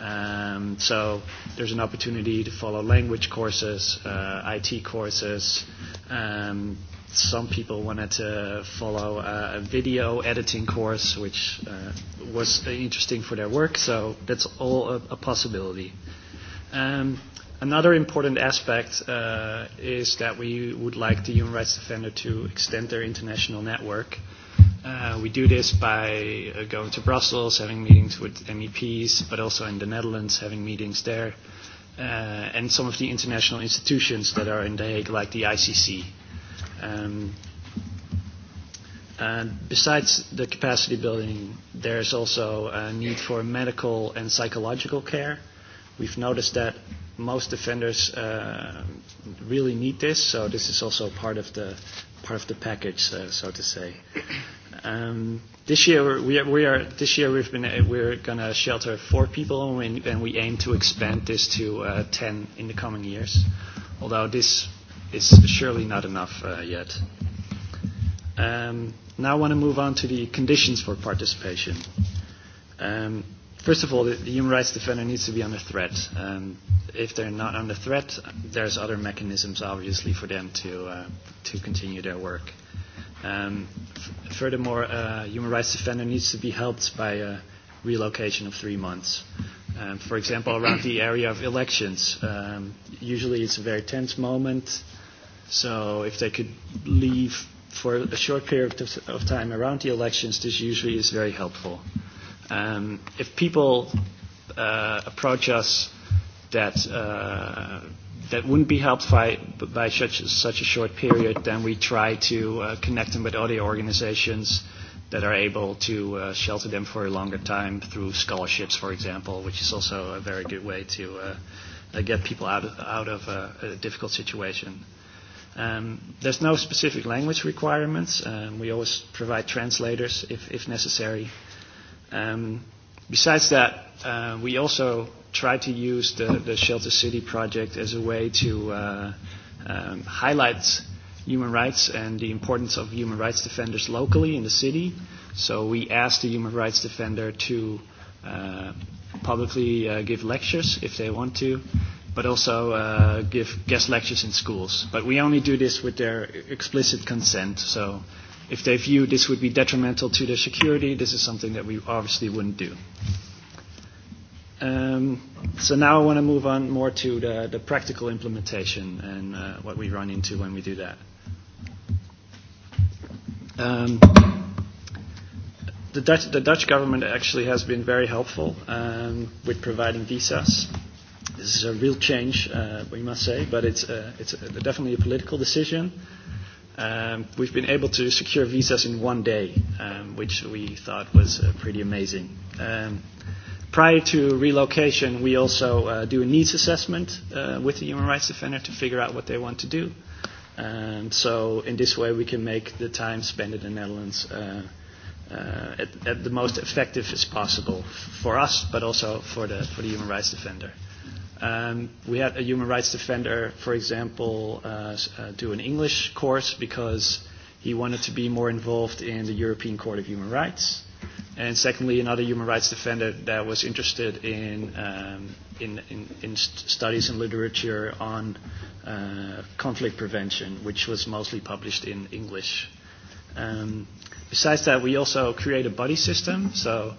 Um, so there's an opportunity to follow language courses, uh, IT courses, um, some people wanted to follow a video editing course, which uh, was interesting for their work, so that's all a, a possibility. Um, another important aspect uh, is that we would like the human rights defender to extend their international network. Uh, we do this by uh, going to Brussels, having meetings with MEPs, but also in the Netherlands, having meetings there, uh, and some of the international institutions that are in The Hague, like the ICC. Um, and besides the capacity building, there's also a need for medical and psychological care. We've noticed that most offenders uh, really need this, so this is also part of the part of the package, uh, so to say. Um, this year we are, we are this year we've been uh, we're going to shelter four people, and we, and we aim to expand this to uh, ten in the coming years. Although this is surely not enough uh, yet. Um, now I want to move on to the conditions for participation. Um, first of all, the, the human rights defender needs to be under threat. Um, if they're not under threat, there's other mechanisms, obviously, for them to, uh, to continue their work. Um, f furthermore, uh, human rights defender needs to be helped by a relocation of three months. Um, for example, around the area of elections, um, usually it's a very tense moment. So if they could leave for a short period of time around the elections, this usually is very helpful. Um, if people uh, approach us that uh, that wouldn't be helped by, by such, such a short period, then we try to uh, connect them with other organizations that are able to uh, shelter them for a longer time through scholarships, for example, which is also a very good way to uh, uh get people out of, out of a, a difficult situation. Um, there's no specific language requirements. Um, we always provide translators if, if necessary. Um, besides that, uh, we also try to use the, the Shelter City project as a way to uh, um, highlight human rights and the importance of human rights defenders locally in the city. So we asked the human rights defender to uh, publicly uh, give lectures if they want to but also uh, give guest lectures in schools. But we only do this with their explicit consent. So if they view this would be detrimental to their security, this is something that we obviously wouldn't do. Um, so now I want to move on more to the, the practical implementation and uh, what we run into when we do that. Um, the, Dutch, the Dutch government actually has been very helpful um, with providing visas This is a real change, uh, we must say, but it's, uh, it's a, uh, definitely a political decision. Um, we've been able to secure visas in one day, um, which we thought was uh, pretty amazing. Um, prior to relocation, we also uh, do a needs assessment uh, with the human rights defender to figure out what they want to do. Um, so in this way, we can make the time spent in the Netherlands uh, uh, at, at the most effective as possible for us, but also for the, for the human rights defender. Um, we had a human rights defender, for example, uh, uh, do an English course because he wanted to be more involved in the European Court of Human Rights. And secondly, another human rights defender that was interested in, um, in, in, in studies and literature on uh, conflict prevention, which was mostly published in English. Um, besides that, we also create a buddy system. So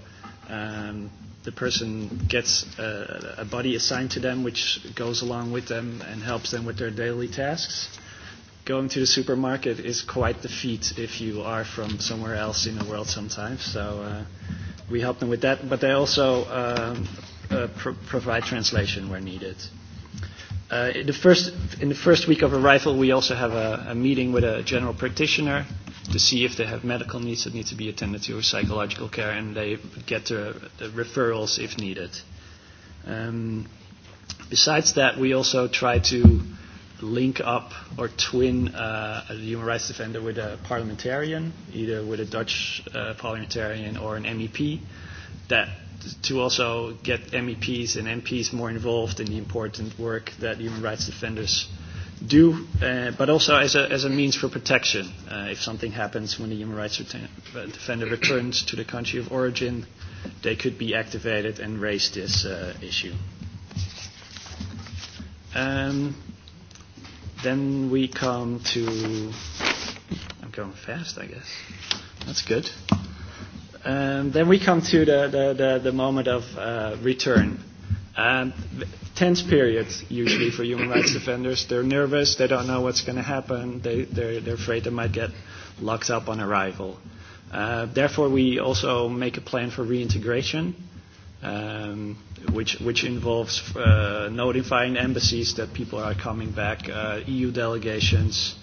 um, the person gets a, a buddy assigned to them, which goes along with them and helps them with their daily tasks. Going to the supermarket is quite the feat if you are from somewhere else in the world sometimes. So uh, we help them with that, but they also um, uh, pr provide translation where needed. Uh, in, the first, in the first week of arrival, we also have a, a meeting with a general practitioner to see if they have medical needs that need to be attended to or psychological care, and they get the, the referrals if needed. Um, besides that, we also try to link up or twin uh, a human rights defender with a parliamentarian, either with a Dutch uh, parliamentarian or an MEP, that to also get MEPs and MPs more involved in the important work that human rights defenders do, uh, but also as a, as a means for protection. Uh, if something happens when a human rights uh, defender returns to the country of origin, they could be activated and raise this uh, issue. Um, then we come to. I'm going fast, I guess. That's good. Um, then we come to the, the, the, the moment of uh, return. And tense period usually for human rights defenders. They're nervous. They don't know what's going to happen. They, they're, they're afraid they might get locked up on arrival. Uh, therefore, we also make a plan for reintegration, um, which, which involves uh, notifying embassies that people are coming back, uh, EU delegations.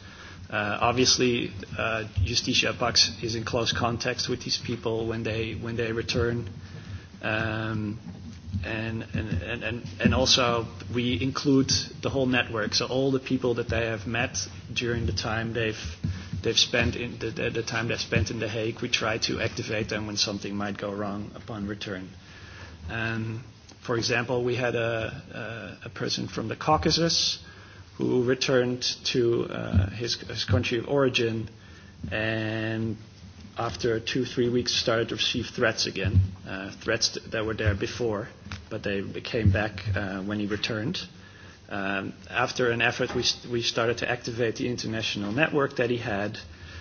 Uh, obviously, uh, Justicia Pax is in close contact with these people when they, when they return. Um, and, and, and, and also we include the whole network, so all the people that they have met during the time they've they've spent in the, the, the time they've spent in the Hague. We try to activate them when something might go wrong upon return. Um, for example, we had a, a, a person from the Caucasus who returned to uh, his, his country of origin and after two, three weeks, started to receive threats again, uh, threats that were there before, but they came back uh, when he returned. Um, after an effort, we, we started to activate the international network that he had,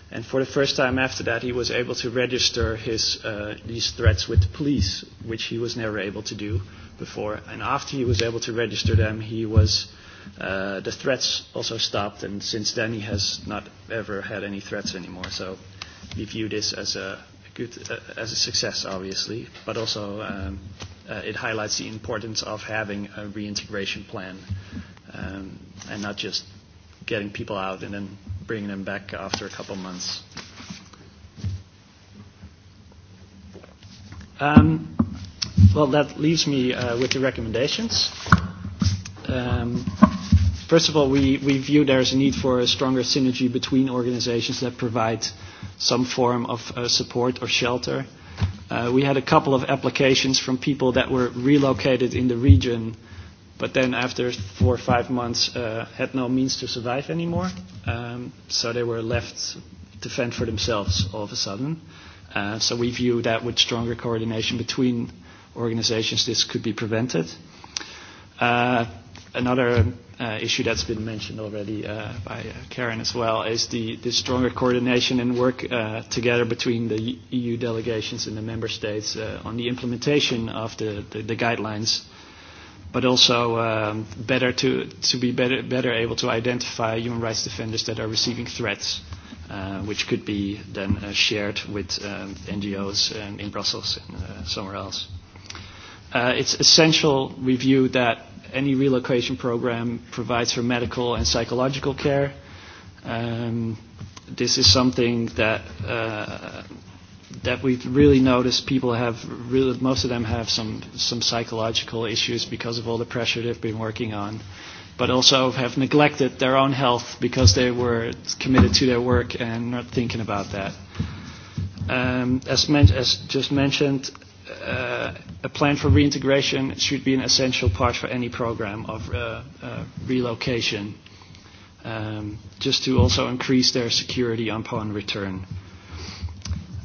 and for the first time after that, he was able to register his, uh, these threats with the police, which he was never able to do before. And after he was able to register them, he was uh, the threats also stopped, and since then he has not ever had any threats anymore. So we view this as a good, uh, as a success, obviously, but also um, uh, it highlights the importance of having a reintegration plan um, and not just getting people out and then bringing them back after a couple months. Um, well, that leaves me uh, with the recommendations. Um, first of all, we, we view there is a need for a stronger synergy between organizations that provide some form of uh, support or shelter. Uh, we had a couple of applications from people that were relocated in the region, but then after four or five months uh, had no means to survive anymore. Um, so they were left to fend for themselves all of a sudden. Uh, so we view that with stronger coordination between organizations, this could be prevented. Uh, another uh, issue that's been mentioned already uh, by uh, Karen as well is the, the stronger coordination and work together between the EU delegations and the member states on the implementation of the, the, guidelines, but also um, better to, to be better, able to identify human rights defenders that are receiving threats. which could be then shared with um, NGOs um, in Brussels and somewhere else. it's essential review that any relocation program provides for medical and psychological care. Um, this is something that uh, that we've really noticed people have really most of them have some some psychological issues because of all the pressure they've been working on but also have neglected their own health because they were committed to their work and not thinking about that um, as, men as just mentioned uh, a plan for reintegration should be an essential part for any program of uh, uh, relocation, um, just to also increase their security upon return.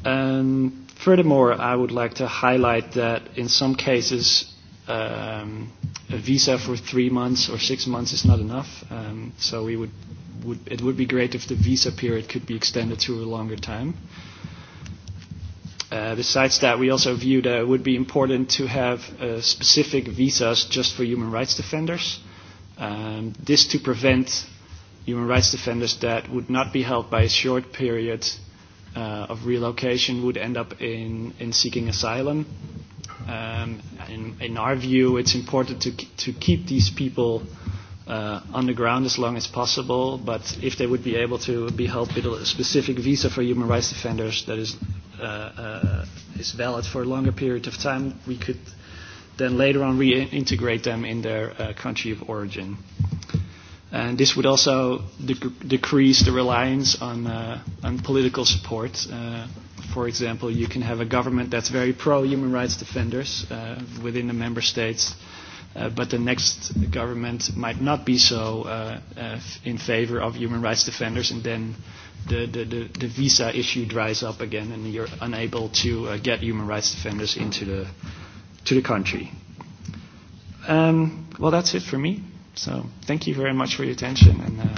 Um, furthermore, I would like to highlight that in some cases, um, a visa for three months or six months is not enough. Um, so we would, would, it would be great if the visa period could be extended to a longer time. Uh, besides that, we also view that uh, it would be important to have uh, specific visas just for human rights defenders. Um, this to prevent human rights defenders that would not be held by a short period uh, of relocation would end up in, in seeking asylum. Um, in, in our view, it's important to, to keep these people uh, on the ground as long as possible, but if they would be able to be helped with a specific visa for human rights defenders, that is uh, uh, is valid for a longer period of time, we could then later on reintegrate them in their uh, country of origin. And this would also decrease the reliance on, uh, on political support. Uh, for example, you can have a government that's very pro human rights defenders uh, within the member states, uh, but the next government might not be so uh, uh, in favor of human rights defenders, and then the, the, the, the visa issue dries up again and you're unable to uh, get human rights defenders into the, to the country. Um, well, that's it for me. So thank you very much for your attention and uh,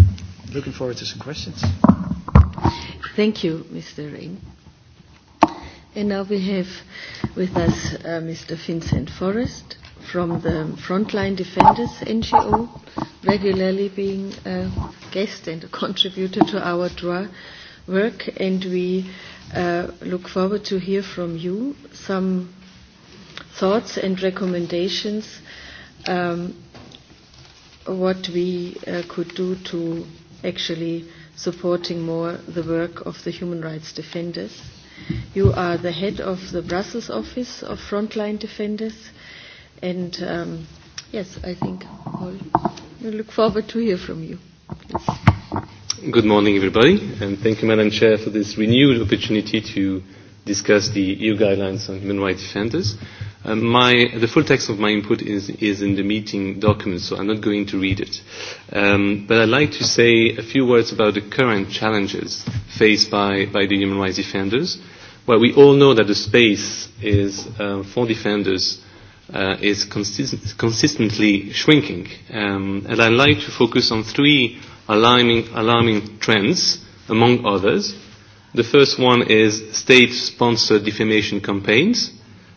looking forward to some questions. Thank you, Mr. Ring And now we have with us uh, Mr. Vincent Forrest from the Frontline Defenders NGO, regularly being a guest and a (laughs) contributor to our DRA work, and we uh, look forward to hear from you some thoughts and recommendations um, what we uh, could do to actually supporting more the work of the human rights defenders. You are the head of the Brussels office of Frontline Defenders And um, yes, I think we'll, we'll look forward to hear from you. Good morning, everybody, and thank you, Madam Chair, for this renewed opportunity to discuss the EU guidelines on human rights defenders. Um, my, the full text of my input is, is in the meeting document, so I'm not going to read it. Um, but I'd like to say a few words about the current challenges faced by, by the human rights defenders. Well, we all know that the space is uh, for defenders uh, is consist consistently shrinking. Um, and I'd like to focus on three alarming, alarming trends, among others. The first one is state-sponsored defamation campaigns,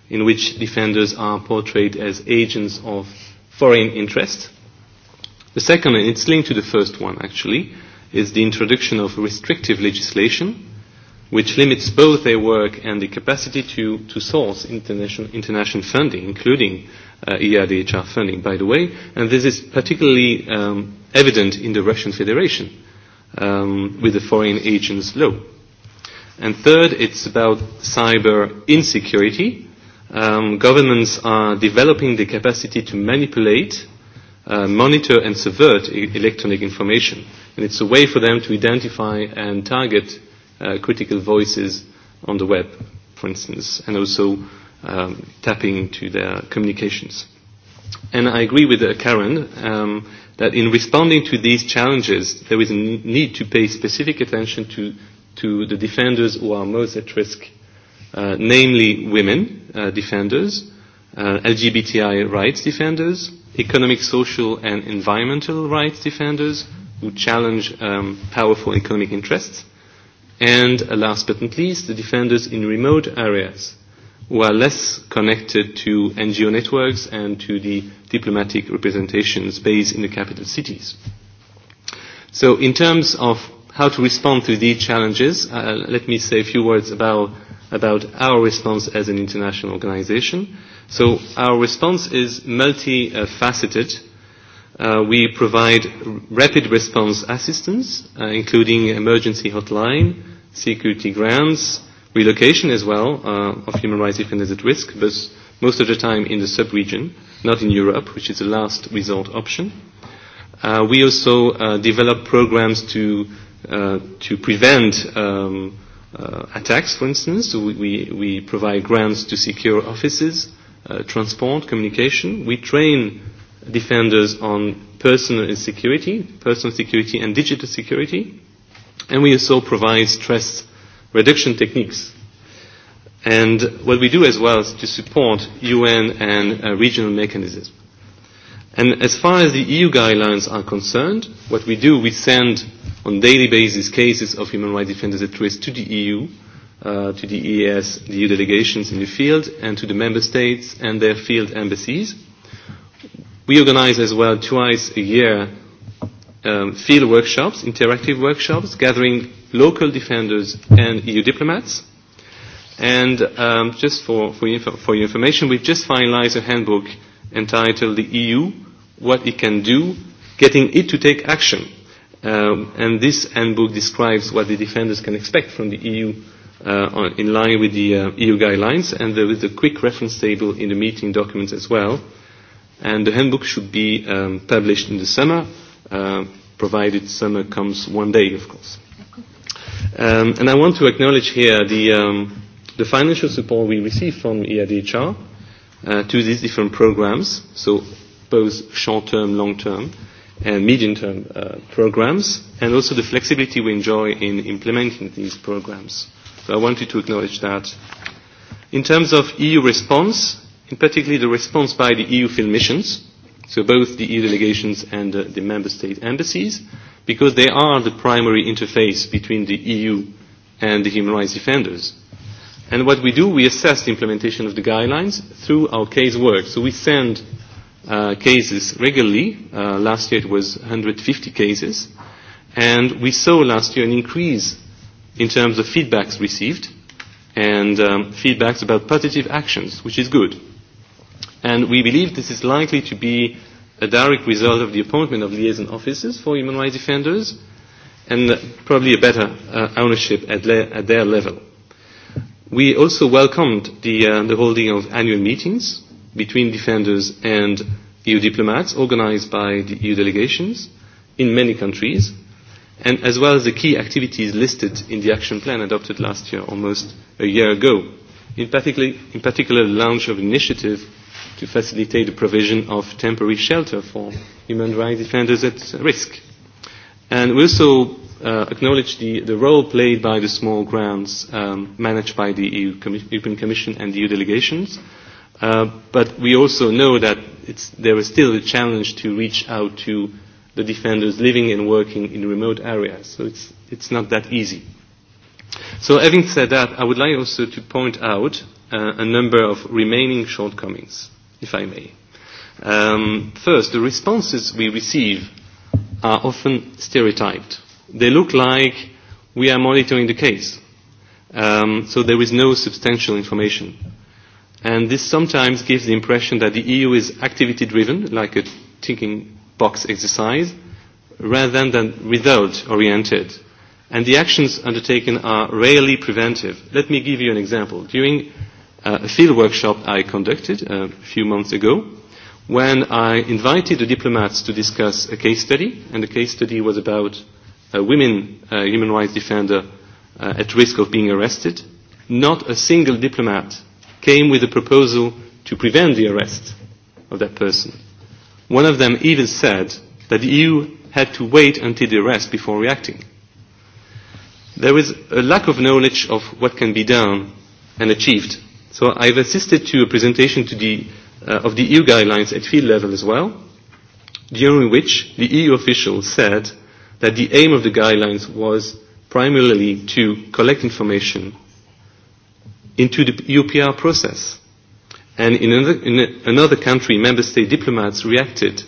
in which defenders are portrayed as agents of foreign interest. The second, and it's linked to the first one actually, is the introduction of restrictive legislation which limits both their work and the capacity to, to source international, international funding, including uh, EIDHR funding, by the way. And this is particularly um, evident in the Russian Federation um, with the foreign agents law. And third, it's about cyber insecurity. Um, governments are developing the capacity to manipulate, uh, monitor and subvert e electronic information. And it's a way for them to identify and target uh, critical voices on the web, for instance, and also um, tapping to their communications. And I agree with uh, Karen um, that in responding to these challenges, there is a need to pay specific attention to, to the defenders who are most at risk, uh, namely women uh, defenders, uh, LGBTI rights defenders, economic, social, and environmental rights defenders who challenge um, powerful economic interests, And last but not least, the defenders in remote areas who are less connected to NGO networks and to the diplomatic representations based in the capital cities. So in terms of how to respond to these challenges, uh, let me say a few words about, about our response as an international organization. So our response is multifaceted. Uh, we provide rapid response assistance, uh, including emergency hotline, security grants, relocation as well uh, of human rights defenders at risk, but most of the time in the sub-region, not in Europe, which is the last resort option. Uh, we also uh, develop programs to, uh, to prevent um, uh, attacks, for instance. we, we provide grants to secure offices, uh, transport, communication. We train defenders on personal security, personal security and digital security. And we also provide stress reduction techniques. And what we do as well is to support UN and uh, regional mechanisms. And as far as the EU guidelines are concerned, what we do, we send on daily basis cases of human rights defenders at risk to the EU, uh, to the EAS, the EU delegations in the field, and to the member states and their field embassies. We organize as well twice a year um, field workshops, interactive workshops, gathering local defenders and EU diplomats. And um, just for, for, your, for your information, we've just finalized a handbook entitled The EU, What It Can Do, Getting It to Take Action. Um, and this handbook describes what the defenders can expect from the EU uh, on, in line with the uh, EU guidelines, and there is a quick reference table in the meeting documents as well. And the handbook should be um, published in the summer, Uh, provided summer comes one day, of course. Um, and I want to acknowledge here the, um, the financial support we receive from EADHR uh, to these different programs, so both short-term, long-term, and medium-term uh, programs, and also the flexibility we enjoy in implementing these programs. So I wanted to acknowledge that. In terms of EU response, in particular the response by the EU field missions, so both the EU delegations and uh, the member state embassies, because they are the primary interface between the EU and the human rights defenders. And what we do, we assess the implementation of the guidelines through our case work. So we send uh, cases regularly. Uh, last year it was 150 cases. And we saw last year an increase in terms of feedbacks received and um, feedbacks about positive actions, which is good. And we believe this is likely to be a direct result of the appointment of liaison officers for human rights defenders and probably a better uh, ownership at, le at their level. We also welcomed the, uh, the holding of annual meetings between defenders and EU diplomats organized by the EU delegations in many countries, and as well as the key activities listed in the action plan adopted last year, almost a year ago. In particular, in particular the launch of initiative to facilitate the provision of temporary shelter for human rights defenders at risk. And we also uh, acknowledge the, the role played by the small grants um, managed by the EU Com European Commission and the EU delegations. Uh, but we also know that it's, there is still a challenge to reach out to the defenders living and working in remote areas. So it's, it's not that easy. So having said that, I would like also to point out uh, a number of remaining shortcomings if I may. Um, first, the responses we receive are often stereotyped. They look like we are monitoring the case, um, so there is no substantial information. And this sometimes gives the impression that the EU is activity driven, like a ticking box exercise, rather than, than result oriented. And the actions undertaken are rarely preventive. Let me give you an example. During uh, a field workshop I conducted uh, a few months ago when I invited the diplomats to discuss a case study, and the case study was about uh, a women human rights defender uh, at risk of being arrested. Not a single diplomat came with a proposal to prevent the arrest of that person. One of them even said that the EU had to wait until the arrest before reacting. There is a lack of knowledge of what can be done and achieved So I've assisted to a presentation to the, uh, of the EU guidelines at field level as well, during which the EU official said that the aim of the guidelines was primarily to collect information into the e UPR process. And in another, in another country, member state diplomats reacted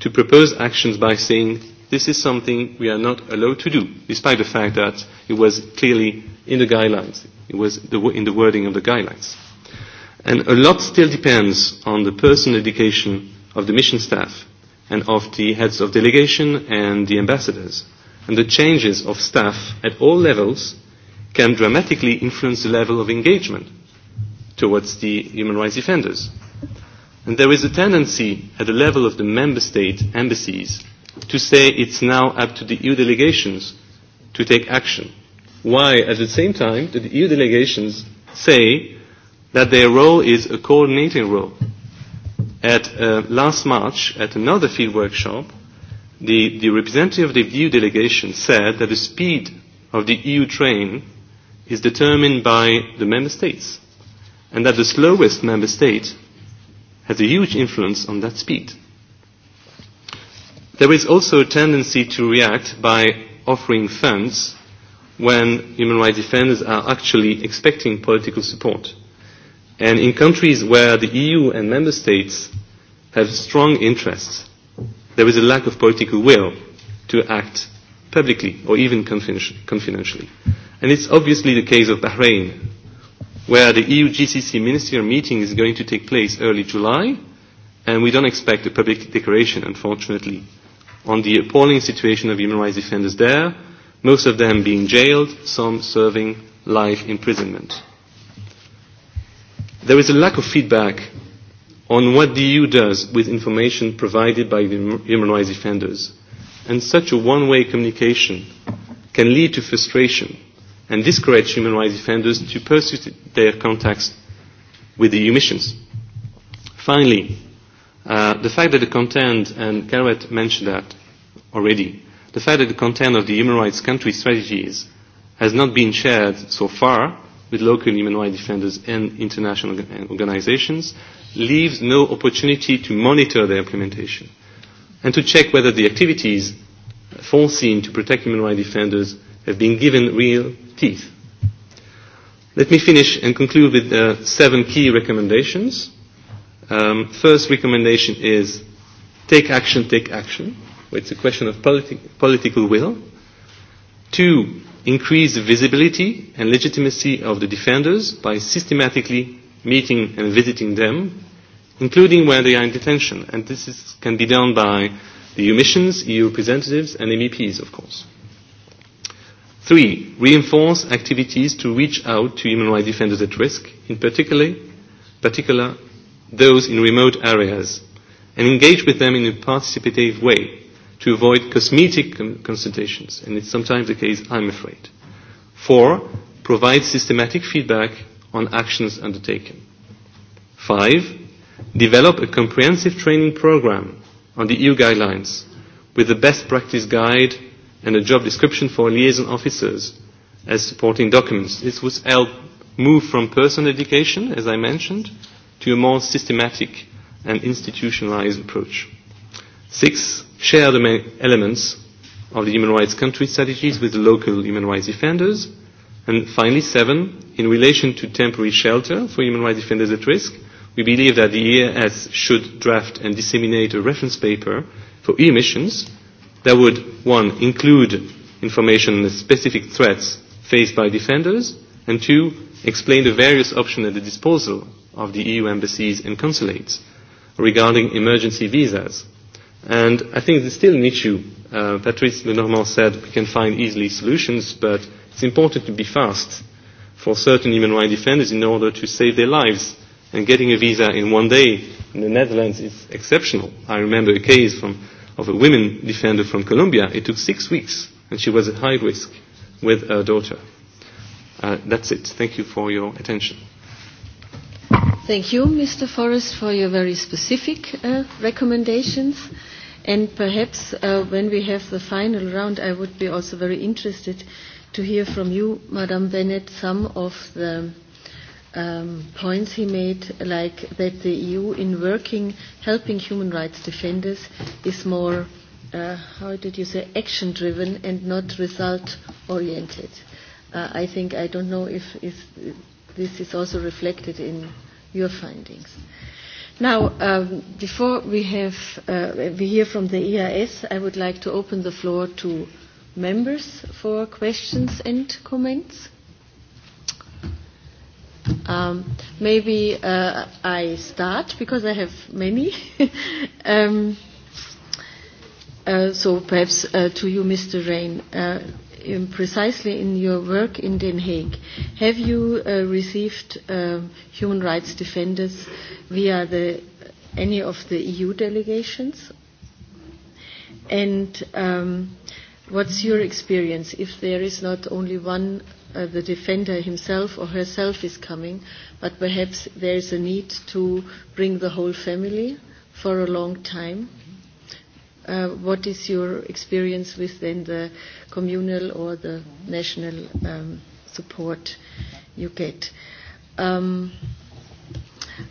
to proposed actions by saying this is something we are not allowed to do, despite the fact that it was clearly in the guidelines. It was the, in the wording of the guidelines. And a lot still depends on the personal education of the mission staff and of the heads of delegation and the ambassadors. And the changes of staff at all levels can dramatically influence the level of engagement towards the human rights defenders. And there is a tendency at the level of the member state embassies to say it's now up to the EU delegations to take action. Why, at the same time, did the EU delegations say that their role is a coordinating role. At uh, last March, at another field workshop, the, the representative of the EU delegation said that the speed of the EU train is determined by the member states and that the slowest member state has a huge influence on that speed. There is also a tendency to react by offering funds when human rights defenders are actually expecting political support. And in countries where the EU and member states have strong interests, there is a lack of political will to act publicly or even confidentially. And it's obviously the case of Bahrain, where the EU GCC ministerial meeting is going to take place early July, and we don't expect a public declaration, unfortunately, on the appalling situation of human rights defenders there, most of them being jailed, some serving life imprisonment. There is a lack of feedback on what the EU does with information provided by the human rights defenders. And such a one-way communication can lead to frustration and discourage human rights defenders to pursue their contacts with the EU missions. Finally, uh, the fact that the content, and Garrett mentioned that already, the fact that the content of the human rights country strategies has not been shared so far with local human rights defenders and international organizations leaves no opportunity to monitor their implementation and to check whether the activities foreseen to protect human rights defenders have been given real teeth. Let me finish and conclude with uh, seven key recommendations. Um, first recommendation is take action, take action. It's a question of politi political will. Two, increase the visibility and legitimacy of the defenders by systematically meeting and visiting them, including where they are in detention. And this is, can be done by the EU missions, EU representatives, and MEPs, of course. Three, reinforce activities to reach out to human rights defenders at risk, in particular, particular those in remote areas, and engage with them in a participative way to avoid cosmetic consultations, and it's sometimes the case, I'm afraid. Four, provide systematic feedback on actions undertaken. Five, develop a comprehensive training program on the EU guidelines with a best practice guide and a job description for liaison officers as supporting documents. This would help move from personal education, as I mentioned, to a more systematic and institutionalized approach. Six, share the main elements of the human rights country strategies with the local human rights defenders. And finally, seven, in relation to temporary shelter for human rights defenders at risk, we believe that the EAS should draft and disseminate a reference paper for EU missions that would, one, include information on the specific threats faced by defenders, and two, explain the various options at the disposal of the EU embassies and consulates regarding emergency visas And I think it's still an issue. Uh, Patrice Lenormand said we can find easily solutions, but it's important to be fast for certain human rights defenders in order to save their lives. And getting a visa in one day in the Netherlands is exceptional. I remember a case from, of a women defender from Colombia. It took six weeks, and she was at high risk with her daughter. Uh, that's it. Thank you for your attention. Thank you, Mr. Forrest, for your very specific uh, recommendations. And perhaps uh, when we have the final round, I would be also very interested to hear from you, Madam Bennett, some of the um, points he made, like that the EU in working, helping human rights defenders is more, uh, how did you say, action-driven and not result-oriented. Uh, I think, I don't know if, if this is also reflected in your findings. Now, um, before we, have, uh, we hear from the EIS, I would like to open the floor to members for questions and comments. Um, maybe uh, I start because I have many. (laughs) um, uh, so perhaps uh, to you, Mr. Rain. Uh, in precisely in your work in Den Haag, have you uh, received uh, human rights defenders via the, any of the EU delegations? And um, what's your experience if there is not only one, uh, the defender himself or herself is coming, but perhaps there is a need to bring the whole family for a long time? uh, what is your experience within the communal or the national um, support you get? Um,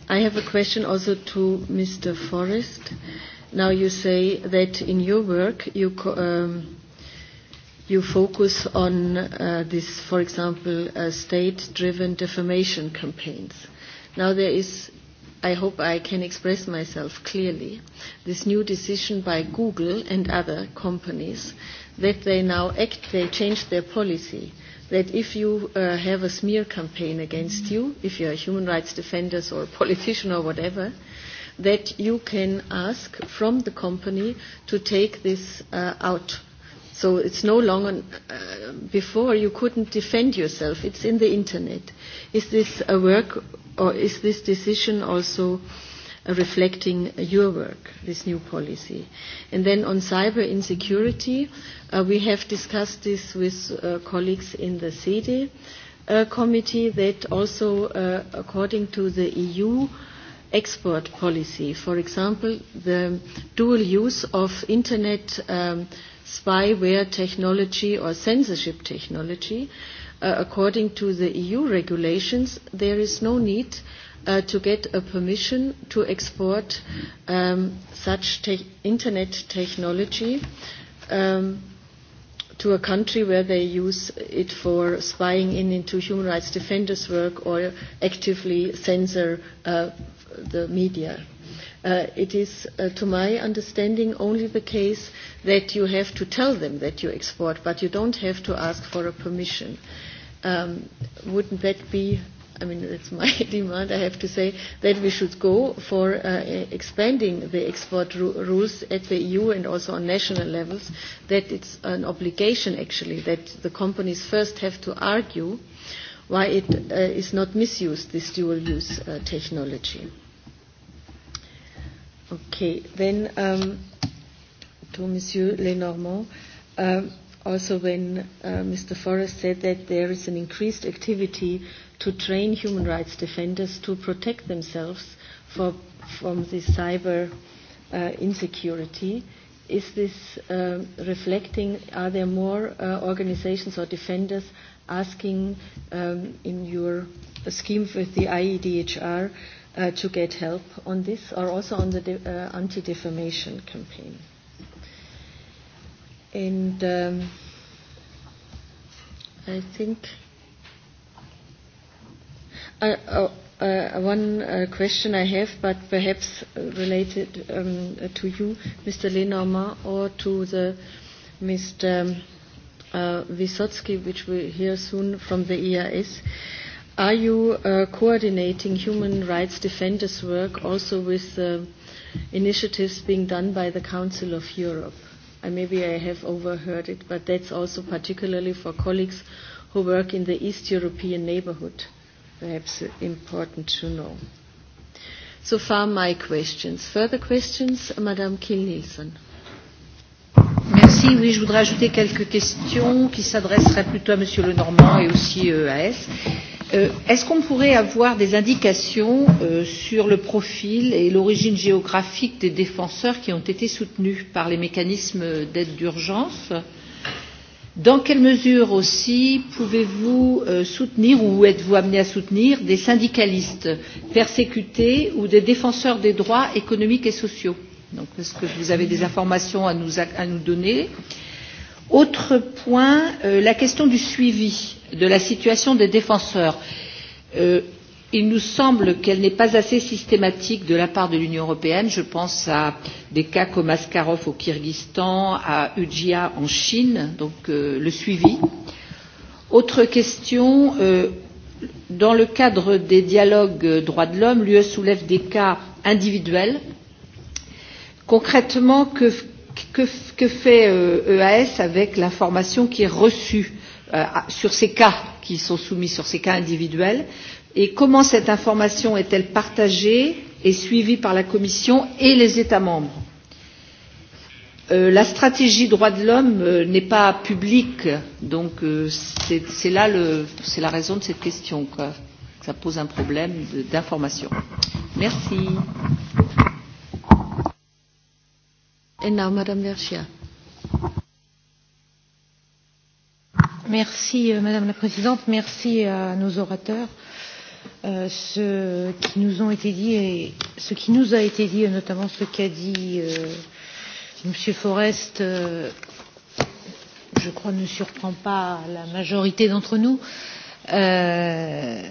I have a question also to Mr. Forrest. Now you say that in your work you co um, you focus on uh, this, for example, uh, state-driven defamation campaigns. Now there is i hope I can express myself clearly, this new decision by Google and other companies that they now act, they change their policy, that if you uh, have a smear campaign against you, if you are human rights defenders or a politician or whatever, that you can ask from the company to take this uh, out. So it's no longer, uh, before you couldn't defend yourself, it's in the internet. Is this a work or is this decision also reflecting your work, this new policy? And then on cyber insecurity, uh, we have discussed this with uh, colleagues in the CD uh, committee that also, uh, according to the EU, export policy. For example, the dual use of internet um, spyware technology or censorship technology Uh, according to the EU regulations, there is no need uh, to get a permission to export um, such internet technology um, to a country where they use it for spying in into human rights defenders' work or actively censor uh, the media uh, it is, uh, to my understanding, only the case that you have to tell them that you export, but you don't have to ask for a permission. Um, wouldn't that be I mean, (laughs) that's my (laughs) demand, I have to say, that we should go for uh, expanding the export ru rules at the EU and also on national levels, that it's an obligation actually, that the companies first have to argue why it uh, is not misused, this dual use uh, technology. Okay, then um, to Monsieur Lenormand, um, also when uh, Mr. Forrest said that there is an increased activity to train human rights defenders to protect themselves for, from this cyber uh, insecurity, is this uh, reflecting, are there more uh, organizations or defenders asking um, in your scheme with the IEDHR uh, to get help on this or also on the uh, anti-defamation campaign. And um, I think uh, oh, uh, one uh, question I have, but perhaps related um, to you, Mr. Lenormand, or to the Mr. Um, uh, which we hear soon from the EIS. Are you uh, coordinating human rights defenders' work also with uh, initiatives being done by the Council of Europe? Uh, maybe I have overheard it, but that's also particularly for colleagues who work in the East European neighborhood, perhaps important to know. So far my questions. Further questions, Madame Kiel-Nielsen. Merci. Oui, je voudrais ajouter quelques questions qui s'adresseraient plutôt à Monsieur Normand et aussi euh, à S. Euh, est-ce qu'on pourrait avoir des indications euh, sur le profil et l'origine géographique des défenseurs qui ont été soutenus par les mécanismes d'aide d'urgence Dans quelle mesure aussi pouvez-vous euh, soutenir ou êtes-vous amené à soutenir des syndicalistes persécutés ou des défenseurs des droits économiques et sociaux est-ce que vous avez des informations à nous, à nous donner Autre point, euh, la question du suivi de la situation des défenseurs. Euh, il nous semble qu'elle n'est pas assez systématique de la part de l'Union européenne. Je pense à des cas comme Askarov au Kyrgyzstan, à Ujia en Chine, donc euh, le suivi. Autre question, dans le cadre des dialogues droits de l'homme, l'UE soulève des cas individuels. Concrètement, que, que, que fait EAS euh, e avec l'information qui est reçue euh, sur ces cas qui sont soumis, sur ces cas individuels et comment cette information est-elle partagée et suivie par la Commission et les États membres euh, la stratégie droits de l'homme n'est pas publique, donc c'est là le, c'est la raison de cette question, quoi. Ça pose un problème d'information. Merci. Madame Merci, euh, Madame la Présidente. Merci à nos orateurs. Euh, ce qui nous ont été dit et ce qui nous a été dit, et notamment ce qu'a dit euh, M. Forest, euh, je crois ne surprend pas la majorité d'entre nous. Euh,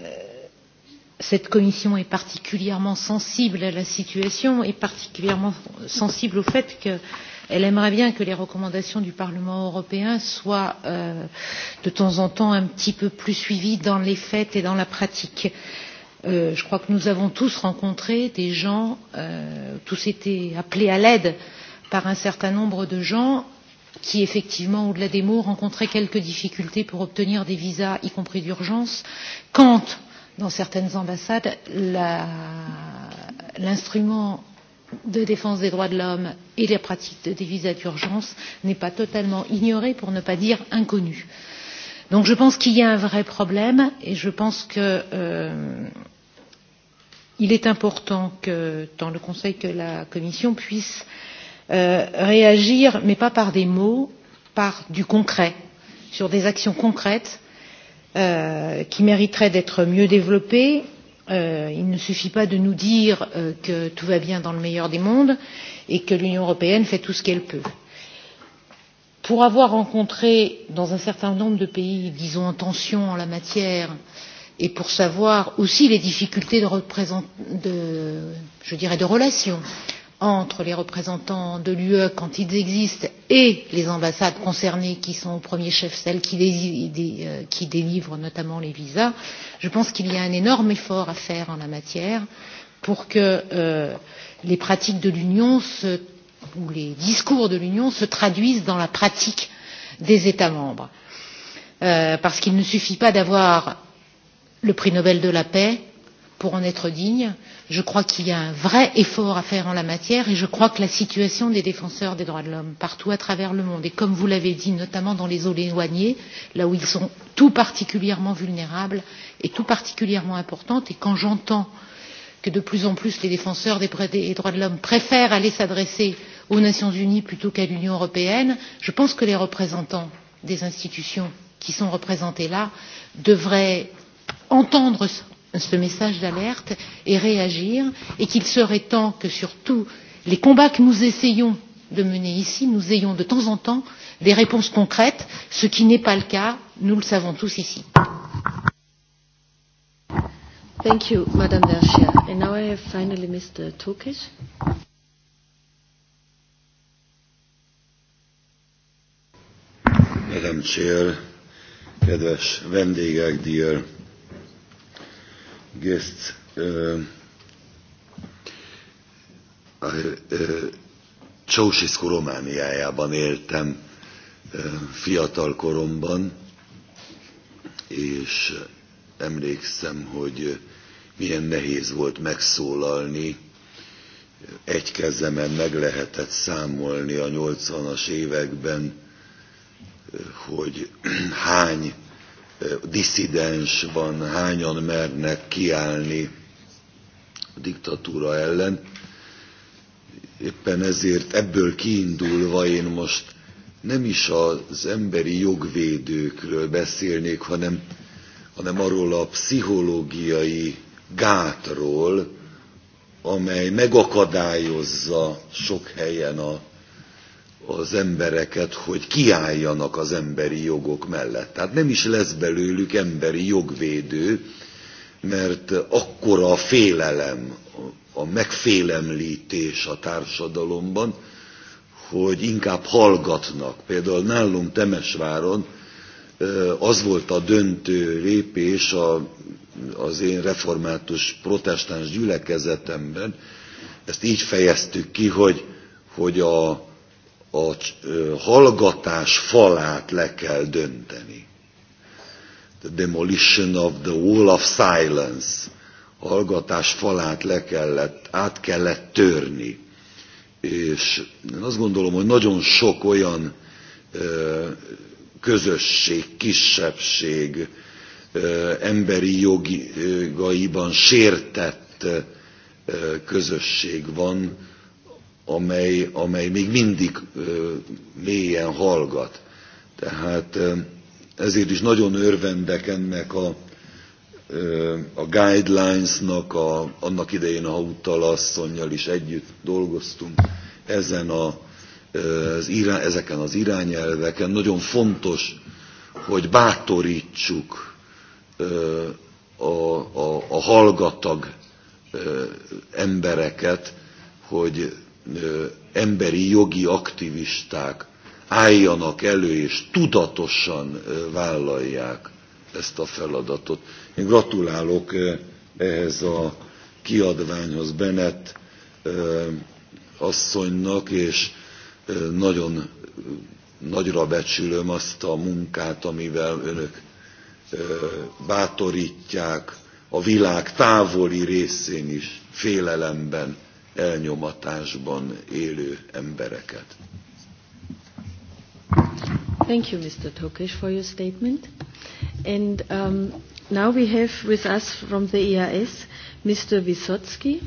cette commission est particulièrement sensible à la situation et particulièrement sensible au fait qu'elle aimerait bien que les recommandations du Parlement européen soient euh, de temps en temps un petit peu plus suivies dans les faits et dans la pratique. Euh, je crois que nous avons tous rencontré des gens, euh, tous étaient appelés à l'aide par un certain nombre de gens qui effectivement au-delà des mots rencontraient quelques difficultés pour obtenir des visas y compris d'urgence quand dans certaines ambassades, l'instrument de défense des droits de l'homme et les pratiques de des visas d'urgence n'est pas totalement ignoré, pour ne pas dire inconnu. Donc je pense qu'il y a un vrai problème et je pense que euh, il est important que, tant le Conseil que la Commission puissent euh, réagir, mais pas par des mots, par du concret, sur des actions concrètes Euh, qui mériterait d'être mieux Euh, il ne suffit pas de nous dire euh, que tout va bien dans le meilleur des mondes et que l'union européenne fait tout ce qu'elle peut. pour avoir rencontré dans un certain nombre de pays disons en tension en la matière et pour savoir aussi les difficultés de, de, je dirais, de relations entre les représentants de l'ue quand ils existent et les ambassades concernées qui sont au premier chef celles qui, euh, qui délivrent notamment les visas je pense qu'il y a un énorme effort à faire en la matière pour que euh, les pratiques de l'union ou les discours de l'union se traduisent dans la pratique des états membres euh, parce qu'il ne suffit pas d'avoir le prix nobel de la paix pour en être digne. Je crois qu'il y a un vrai effort à faire en la matière et je crois que la situation des défenseurs des droits de l'homme partout à travers le monde, et comme vous l'avez dit, notamment dans les eaux éloignées, là où ils sont tout particulièrement vulnérables, est tout particulièrement importante. Et quand j'entends que de plus en plus les défenseurs des droits de l'homme préfèrent aller s'adresser aux Nations Unies plutôt qu'à l'Union Européenne, je pense que les représentants des institutions qui sont représentées là devraient entendre ce message d'alerte et réagir et qu'il serait temps que sur tous les combats que nous essayons de mener ici nous ayons de temps en temps des réponses concrètes ce qui n'est pas le cas nous le savons tous ici. Thank you, Madame And now I have finally Mr. Tokic. Madame Chair, kedves vendégek, dear guests. E, uh, Romániájában éltem fiatal koromban, és emlékszem, hogy milyen nehéz volt megszólalni. Egy kezemen meg lehetett számolni a 80-as években, hogy (clears throat) hány Eh, diszidens van, hányan mernek kiállni a diktatúra ellen. Éppen ezért ebből kiindulva én most nem is az emberi jogvédőkről beszélnék, hanem, hanem arról a pszichológiai gátról, amely megakadályozza sok helyen a az embereket, hogy kiálljanak az emberi jogok mellett. Tehát nem is lesz belőlük emberi jogvédő, mert akkora a félelem, a megfélemlítés a társadalomban, hogy inkább hallgatnak. Például nálunk Temesváron az volt a döntő lépés a, az én református protestáns gyülekezetemben, ezt így fejeztük ki, hogy, hogy a a hallgatás falát le kell dönteni. The demolition of the wall of silence. A hallgatás falát le kellett, át kellett törni. És én azt gondolom, hogy nagyon sok olyan közösség, kisebbség, emberi jogaiban sértett közösség van, amely, amely még mindig ö, mélyen hallgat. Tehát ezért is nagyon örvendek ennek a, ö, a guidelinesnak, a, annak idején a Hauttal asszonynal is együtt dolgoztunk ezen a, az ezeken az irányelveken. Nagyon fontos, hogy bátorítsuk a, a, a hallgatag embereket, hogy emberi jogi aktivisták álljanak elő és tudatosan vállalják ezt a feladatot. Én gratulálok ehhez a kiadványhoz benet asszonynak, és nagyon nagyra becsülöm azt a munkát, amivel önök bátorítják a világ távoli részén is félelemben elnyomatásban élő embereket. Thank you, Mr. Tokes for your statement. And um, now we have with us from the EAS Mr. Wysotsky.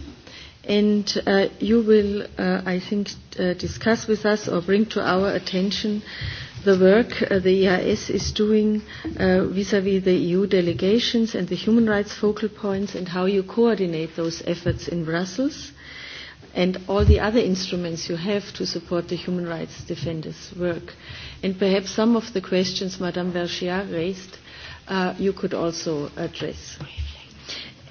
And uh, you will, uh, I think, uh, discuss with us or bring to our attention the work the EIS is doing vis a -vis the EU delegations and the human rights focal points and how you coordinate those efforts in Brussels and all the other instruments you have to support the human rights defenders' work. And perhaps some of the questions Madame Vergiat raised uh, you could also address.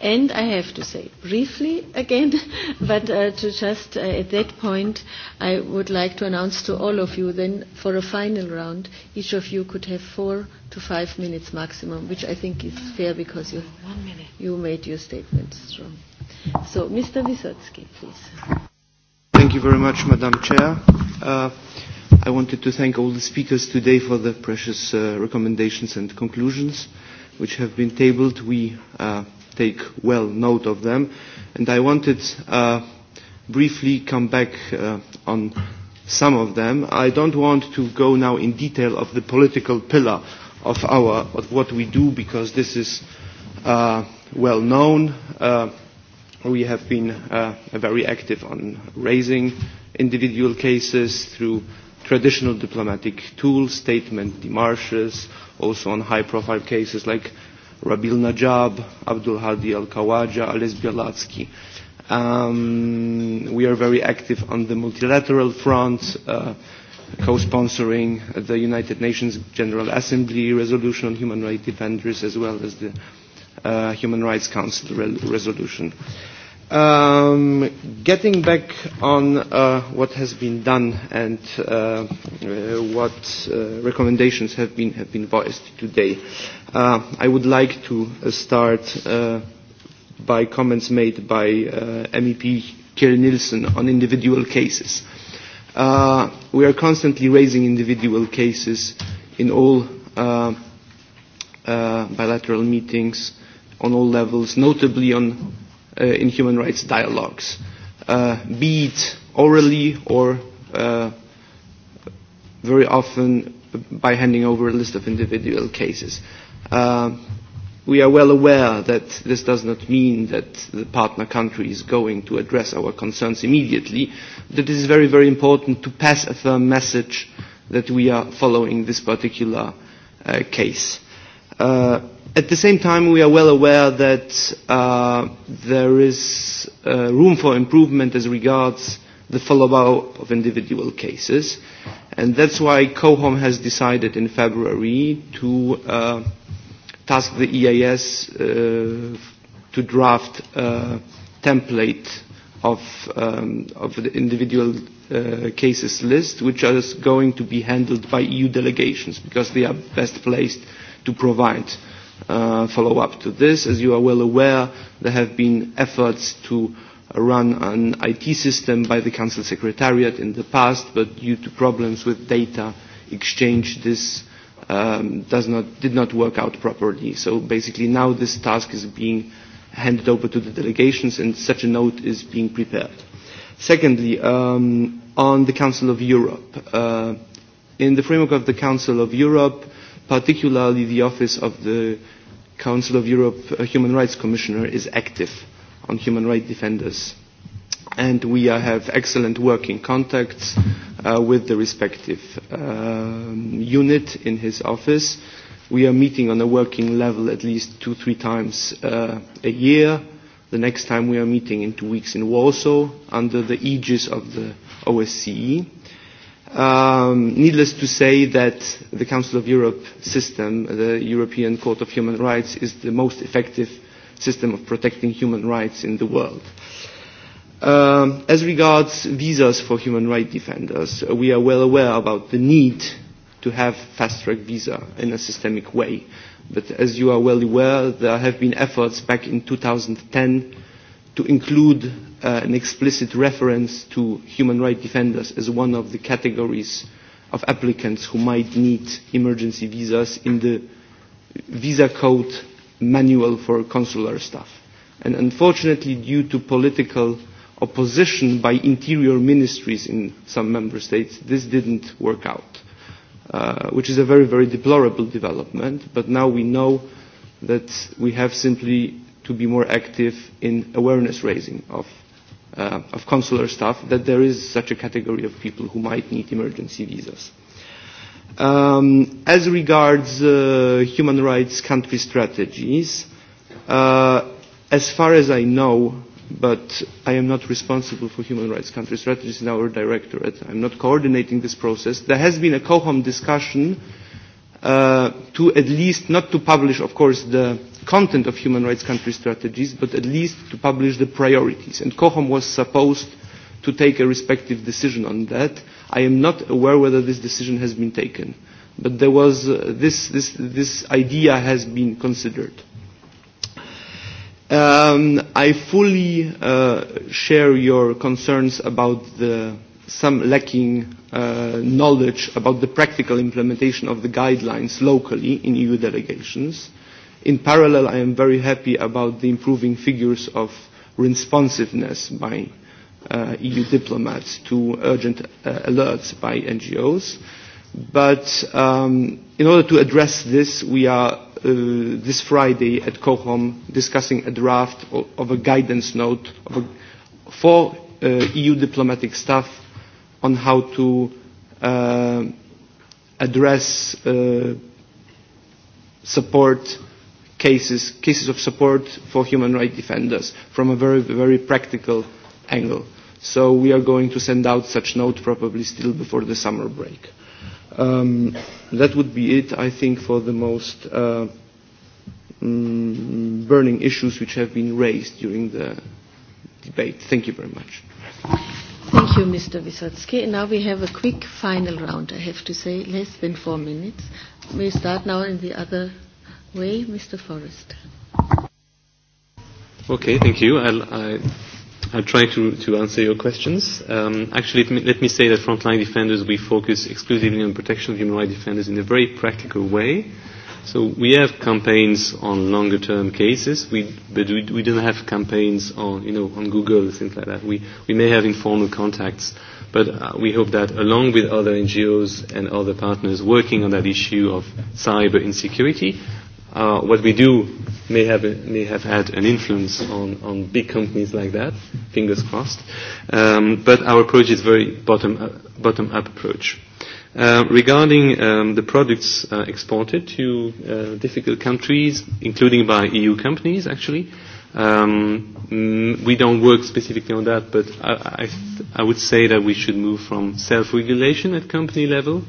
And I have to say, briefly again, (laughs) but uh, to just uh, at that point, I would like to announce to all of you then for a final round, each of you could have four to five minutes maximum, which I think is fair because you, One minute. you made your statements strong. So, Mr. Wysocki, please. Thank you very much, Madam Chair. Uh, I wanted to thank all the speakers today for the precious uh, recommendations and conclusions which have been tabled. We uh, take well note of them. And I wanted uh, briefly come back uh, on some of them. I don't want to go now in detail of the political pillar of, our, of what we do because this is uh, well known. Uh, We have been uh, very active on raising individual cases through traditional diplomatic tools, statement demarches, also on high-profile cases like Rabil Najab, Abdul Hadi Al-Kawaja, Ales Bialatsky. Um, we are very active on the multilateral front, uh, co-sponsoring the United Nations General Assembly resolution on human rights defenders as well as the uh, Human Rights Council re resolution. Um, getting back on uh, what has been done and uh, uh what uh, recommendations have been, have been voiced today, uh, I would like to uh, start uh, by comments made by uh, MEP Kiel Nielsen on individual cases. Uh, we are constantly raising individual cases in all uh, uh, bilateral meetings on all levels, notably on, uh, in human rights dialogues, uh, be it orally or uh, very often by handing over a list of individual cases. Uh, we are well aware that this does not mean that the partner country is going to address our concerns immediately, that it is very, very important to pass a firm message that we are following this particular case. At the same time, we are well aware that uh, there is uh, room for improvement as regards the follow-up of individual cases. And that's why COHOM has decided in February to uh, task the EAS uh, to draft a template of, um, of the individual uh, cases list, which are going to be handled by EU delegations because they are best placed to provide uh, follow up to this. As you are well aware, there have been efforts to run an IT system by the Council Secretariat in the past, but due to problems with data exchange, this um, does not, did not work out properly. So basically now this task is being handed over to the delegations and such a note is being prepared. Secondly, um, on the Council of Europe. Uh, in the framework of the Council of Europe, particularly the office of the Council of Europe uh, Human Rights Commissioner is active on human rights defenders. And we have excellent working contacts uh, with the respective um, unit in his office. We are meeting on a working level at least two, three times uh, a year. The next time we are meeting in two weeks in Warsaw under the aegis of the OSCE Um, needless to say that the Council of Europe system, the European Court of Human Rights, is the most effective system of protecting human rights in the world. Um, as regards visas for human rights defenders, we are well aware about the need to have fast-track visa in a systemic way. But as you are well aware, there have been efforts back in 2010 to include Uh, an explicit reference to human rights defenders as one of the categories of applicants who might need emergency visas in the visa code manual for consular staff. And unfortunately, due to political opposition by interior ministries in some member states, this didn't work out, uh, which is a very, very deplorable development. But now we know that we have simply to be more active in awareness raising of uh, of consular staff that there is such a category of people who might need emergency visas. Um, as regards uh, human rights country strategies, uh, as far as I know, but I am not responsible for human rights country strategies in our directorate. I'm not coordinating this process. There has been a COHOM discussion uh, to at least, not to publish, of course, the content of human rights country strategies, but at least to publish the priorities. And COHOM was supposed to take a respective decision on that. I am not aware whether this decision has been taken, but there was, uh, this, this, this idea has been considered. Um, I fully uh, share your concerns about the, some lacking uh, knowledge about the practical implementation of the guidelines locally in EU delegations. In parallel, I am very happy about the improving figures of responsiveness by uh, EU diplomats to urgent uh, alerts by NGOs. But um, in order to address this, we are uh, this Friday at COHOM discussing a draft of, a guidance note for EU diplomatic staff on how to address support cases, cases of support for human rights defenders from a very, very practical angle. So we are going to send out such note probably still before the summer break. Um, that would be it, I think, for the most uh, mm, burning issues which have been raised during the debate. Thank you very much. Thank you, Mr. Wysotsky. Now we have a quick final round, I have to say, less than four minutes. We start now in the other way, Mr. Forrest. Okay, thank you. I'll, I, I'll try to, to answer your questions. Um, actually, let me, let me say that frontline defenders, we focus exclusively on protection of human rights defenders in a very practical way. So we have campaigns on longer term cases, we, but we, we don't have campaigns on, you know, on Google, things like that. We, we may have informal contacts, but uh, we hope that along with other NGOs and other partners working on that issue of cyber insecurity, uh, what we do may have may have had an influence on, on big companies like that, fingers crossed. Um, but our approach is very bottom up, uh, bottom up approach. Uh, regarding um, the products uh, exported to uh, difficult countries, including by EU companies, actually, um, we don't work specifically on that, but I, I, I would say that we should move from self-regulation at company level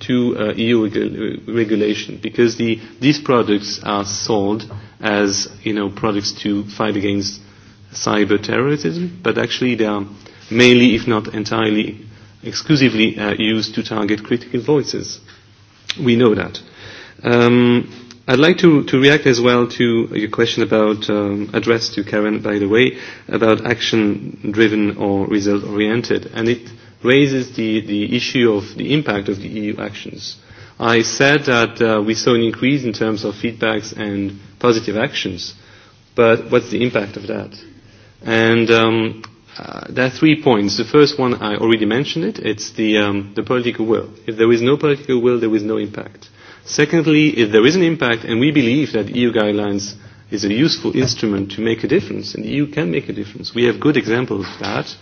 to uh, EU regu regulation because the, these products are sold as you know products to fight against cyber terrorism, but actually they are mainly, if not entirely, exclusively uh, used to target critical voices. We know that. Um, I'd like to, to react as well to your question about, um, addressed to Karen, by the way, about action-driven or result-oriented. And it raises the, the issue of the impact of the EU actions. I said that uh, we saw an increase in terms of feedbacks and positive actions, but what's the impact of that? And um, uh, there are three points. The first one, I already mentioned it, it's the, um, the political will. If there is no political will, there is no impact. Secondly, if there is an impact, and we believe that EU guidelines is a useful instrument to make a difference, and the EU can make a difference. We have good examples of that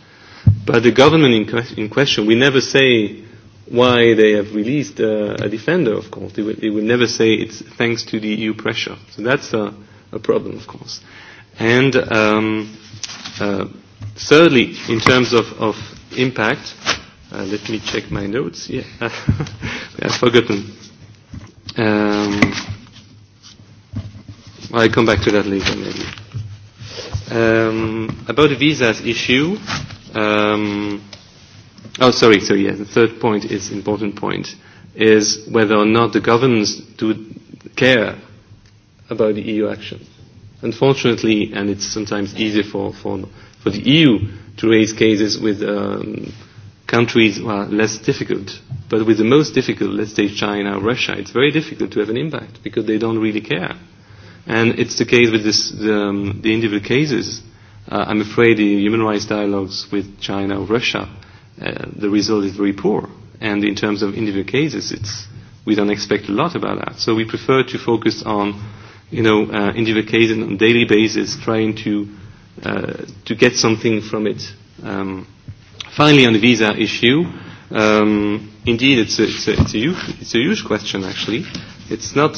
But the government in, que in question, we never say why they have released uh, a defender, of course. They would, they never say it's thanks to the EU pressure. So that's a, a problem, of course. And um, uh, thirdly, in terms of, of impact, uh, let me check my notes. Yeah, (laughs) I've forgotten. Um, I'll come back to that later, maybe. Um, about the visas issue, Um, oh, sorry. So yeah, the third point is important point is whether or not the governments do care about the EU action. Unfortunately, and it's sometimes easier for, for, for the EU to raise cases with um, countries are less difficult. But with the most difficult, let's say China or Russia, it's very difficult to have an impact because they don't really care. And it's the case with this, the, um, the individual cases uh, I'm afraid in human rights dialogues with China or Russia, uh, the result is very poor. And in terms of individual cases, it's, we don't expect a lot about that. So we prefer to focus on, you know, uh, individual cases on a daily basis, trying to, uh, to get something from it. Um, finally, on the visa issue, um, indeed, it's a, it's, a, it's, a huge, it's a huge question, actually. It's not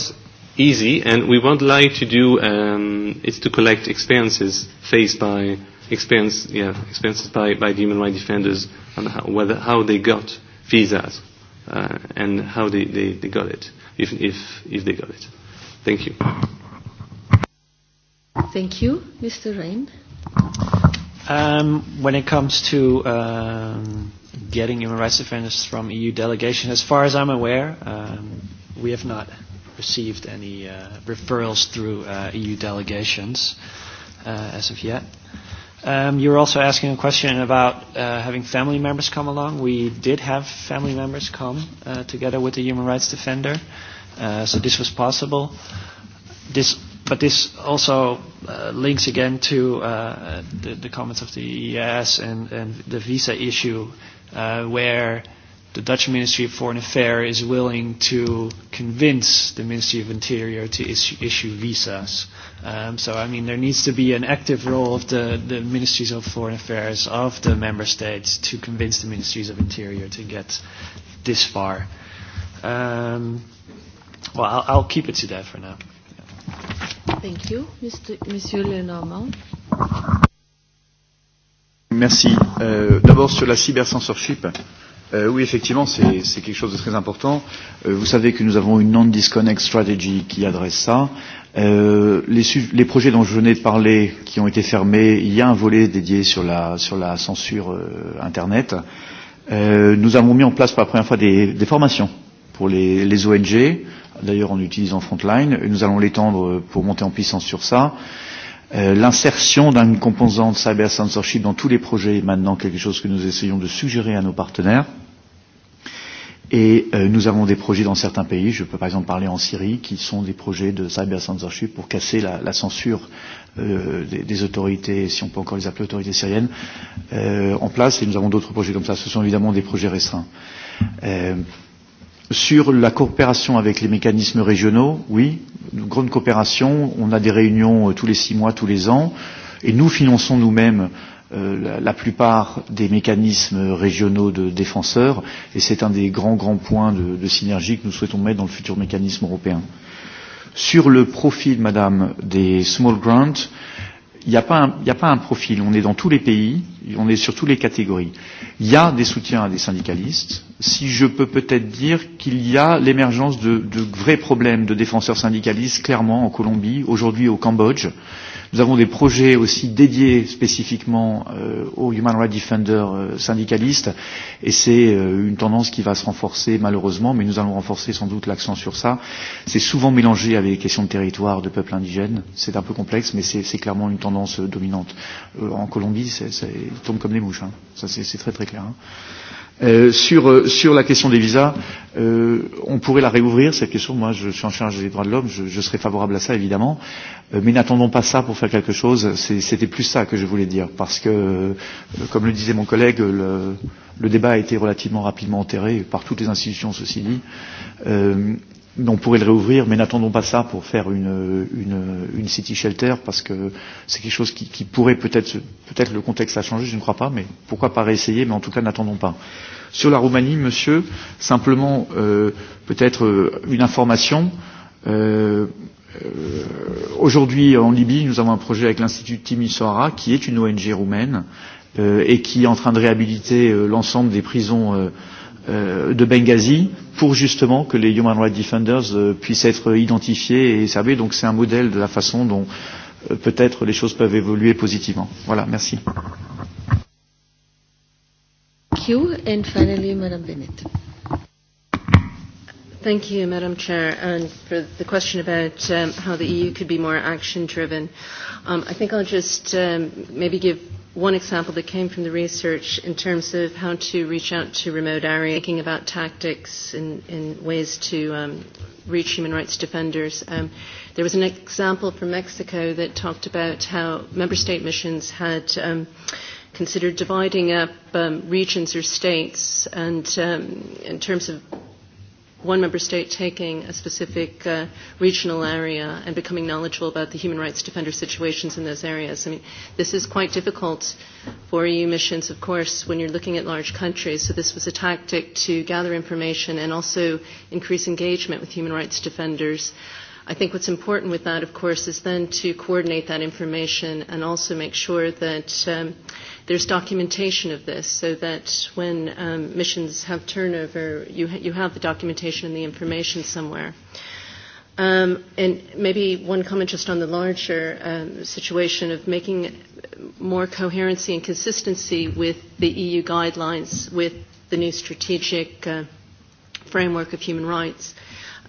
easy, and we would like to do um, is to collect experiences faced by experience, yeah, experiences by, by human rights defenders on how, whether how they got visas uh, and how they, they, they got it, if, if, if they got it. Thank you. Thank you, Mr. Rain. Um, when it comes to um, getting human rights defenders from EU delegation, as far as I'm aware, um, we have not received any uh, referrals through uh, EU delegations uh, as of yet. Um, you were also asking a question about uh, having family members come along. We did have family members come uh, together with the human rights defender, uh, so this was possible. This, but this also uh, links again to uh, the, the comments of the EES and, and the visa issue, uh, where the Dutch Ministry of Foreign Affairs is willing to convince the Ministry of Interior to issue, issue visas. Um, so, I mean, there needs to be an active role of the, Ministries of Foreign Affairs of the member states to convince the Ministries of Interior to get this far. Um, well, I'll, I'll keep it to that for now. Thank you. Mr. Monsieur Lenormand. Merci. Euh, d'abord sur la cybersensorship. Euh, oui, effectivement, c'est quelque chose de très important. Euh, vous savez que nous avons une non-disconnect strategy qui adresse ça. Euh, les, les projets dont je venais de parler, qui ont été fermés, il y a un volet dédié sur la, sur la censure euh, Internet. Euh, nous avons mis en place pour la première fois des, des formations pour les, les ONG, d'ailleurs en utilisant Frontline. Et nous allons l'étendre euh, pour monter en puissance sur ça. Euh, Euh, l'insertion d'une composante cyber censorship dans tous les projets est maintenant quelque chose que nous essayons de suggérer à nos partenaires. Et euh, nous avons des projets dans certains pays, je peux par exemple parler en Syrie, qui sont des projets de cyber censorship pour casser la, la censure euh, des, des, autorités, si on peut encore les appeler autorités syriennes, euh, en place. Et nous avons d'autres projets comme ça. Ce sont évidemment des projets restreints. Euh, Sur la coopération avec les mécanismes régionaux, oui, une grande coopération. On a des réunions euh, tous les six mois, tous les ans. Et nous finançons nous-mêmes euh, la plupart des mécanismes régionaux de défenseurs et c'est un des grands grands points de, de synergie que nous souhaitons mettre dans le futur mécanisme européen. Sur le profil, Madame, des small grants, il n'y a, pas un, a pas un profil. On est dans tous les pays, on est sur toutes les catégories. Il y a des soutiens à des syndicalistes. Si je peux peut-être dire qu'il y a l'émergence de, de vrais problèmes de défenseurs syndicalistes, clairement en Colombie, aujourd'hui au Cambodge. Euh, Nous avons des projets aussi dédiés spécifiquement euh, aux Human Rights defenders euh, syndicalistes et c'est euh, une tendance qui va se renforcer malheureusement, mais nous allons renforcer sans doute l'accent sur ça. C'est souvent mélangé avec les questions de territoire, de peuples indigènes. C'est un peu complexe, mais c'est clairement une tendance euh, dominante. en Colombie, ça tombe comme des mouches. Hein. Ça, c'est très très clair. Hein. Euh, sur, euh, sur la question des visas, euh, on pourrait la réouvrir, cette question. Moi, je suis en charge des droits de l'homme, je, je serais favorable à ça, évidemment. Euh, mais n'attendons pas ça pour faire quelque chose. C'était plus ça que je voulais dire. Parce que, comme le disait mon collègue, le, le débat a été relativement rapidement enterré par toutes les institutions, ceci dit on pourrait le réouvrir, mais n'attendons pas ça pour faire une, une, une city shelter, parce que c'est quelque chose qui, qui pourrait peut-être, peut-être le contexte a changé, je ne crois pas, mais pourquoi pas réessayer, mais en tout cas n'attendons pas. Sur la Roumanie, monsieur, simplement euh, peut-être euh, une information. Euh, euh, Aujourd'hui en Libye, nous avons un projet avec l'Institut Timisoara, qui est une ONG roumaine, euh, et qui est en train de réhabiliter euh, l'ensemble des prisons Euh, de Benghazi pour justement que les Human Rights Defenders euh, puissent être identifiés et servis. Donc c'est un modèle de la façon dont euh, peut-être les choses peuvent évoluer positivement. Voilà, merci. Thank you. And finally, Madame Bennett. Thank you, Madam Chair, and for the question about um, how the EU could be more action-driven. Um, I think I'll just um, maybe give one example that came from the research in terms of how to reach out to remote areas, thinking about tactics and, and ways to um, reach human rights defenders. Um, there was an example from Mexico that talked about how member state missions had um, considered dividing up um, regions or states and um, in terms of one member state taking a specific uh, regional area and becoming knowledgeable about the human rights defender situations in those areas. I mean, this is quite difficult for EU missions, of course, when you're looking at large countries. So this was a tactic to gather information and also increase engagement with human rights defenders. I think what's important with that, of course, is then to coordinate that information and also make sure that um, there's documentation of this so that when um, missions have turnover, you, ha you have the documentation and the information somewhere. Um, and maybe one comment just on the larger um, situation of making more coherency and consistency with the EU guidelines, with the new strategic uh, framework of human rights.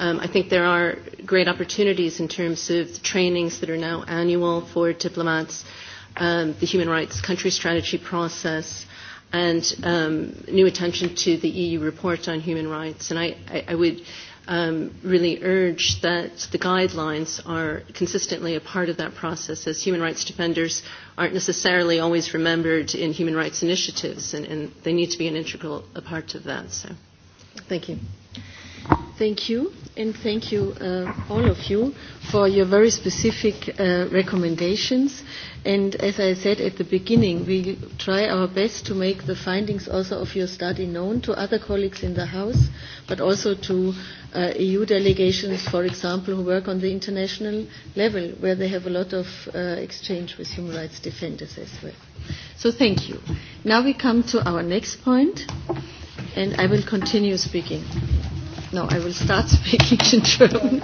Um, I think there are great opportunities in terms of the trainings that are now annual for diplomats, um, the human rights country strategy process, and um, new attention to the EU report on human rights. And I, I, I would um, really urge that the guidelines are consistently a part of that process, as human rights defenders aren't necessarily always remembered in human rights initiatives, and, and they need to be an integral a part of that. So thank you. Thank you, and thank you uh, all of you for your very specific uh, recommendations. And as I said at the beginning, we try our best to make the findings also of your study known to other colleagues in the House, but also to uh, EU delegations, for example, who work on the international level, where they have a lot of uh, exchange with human rights defenders as well. So thank you. Now we come to our next point, and I will continue speaking. No, I will start (laughs) speaking in German.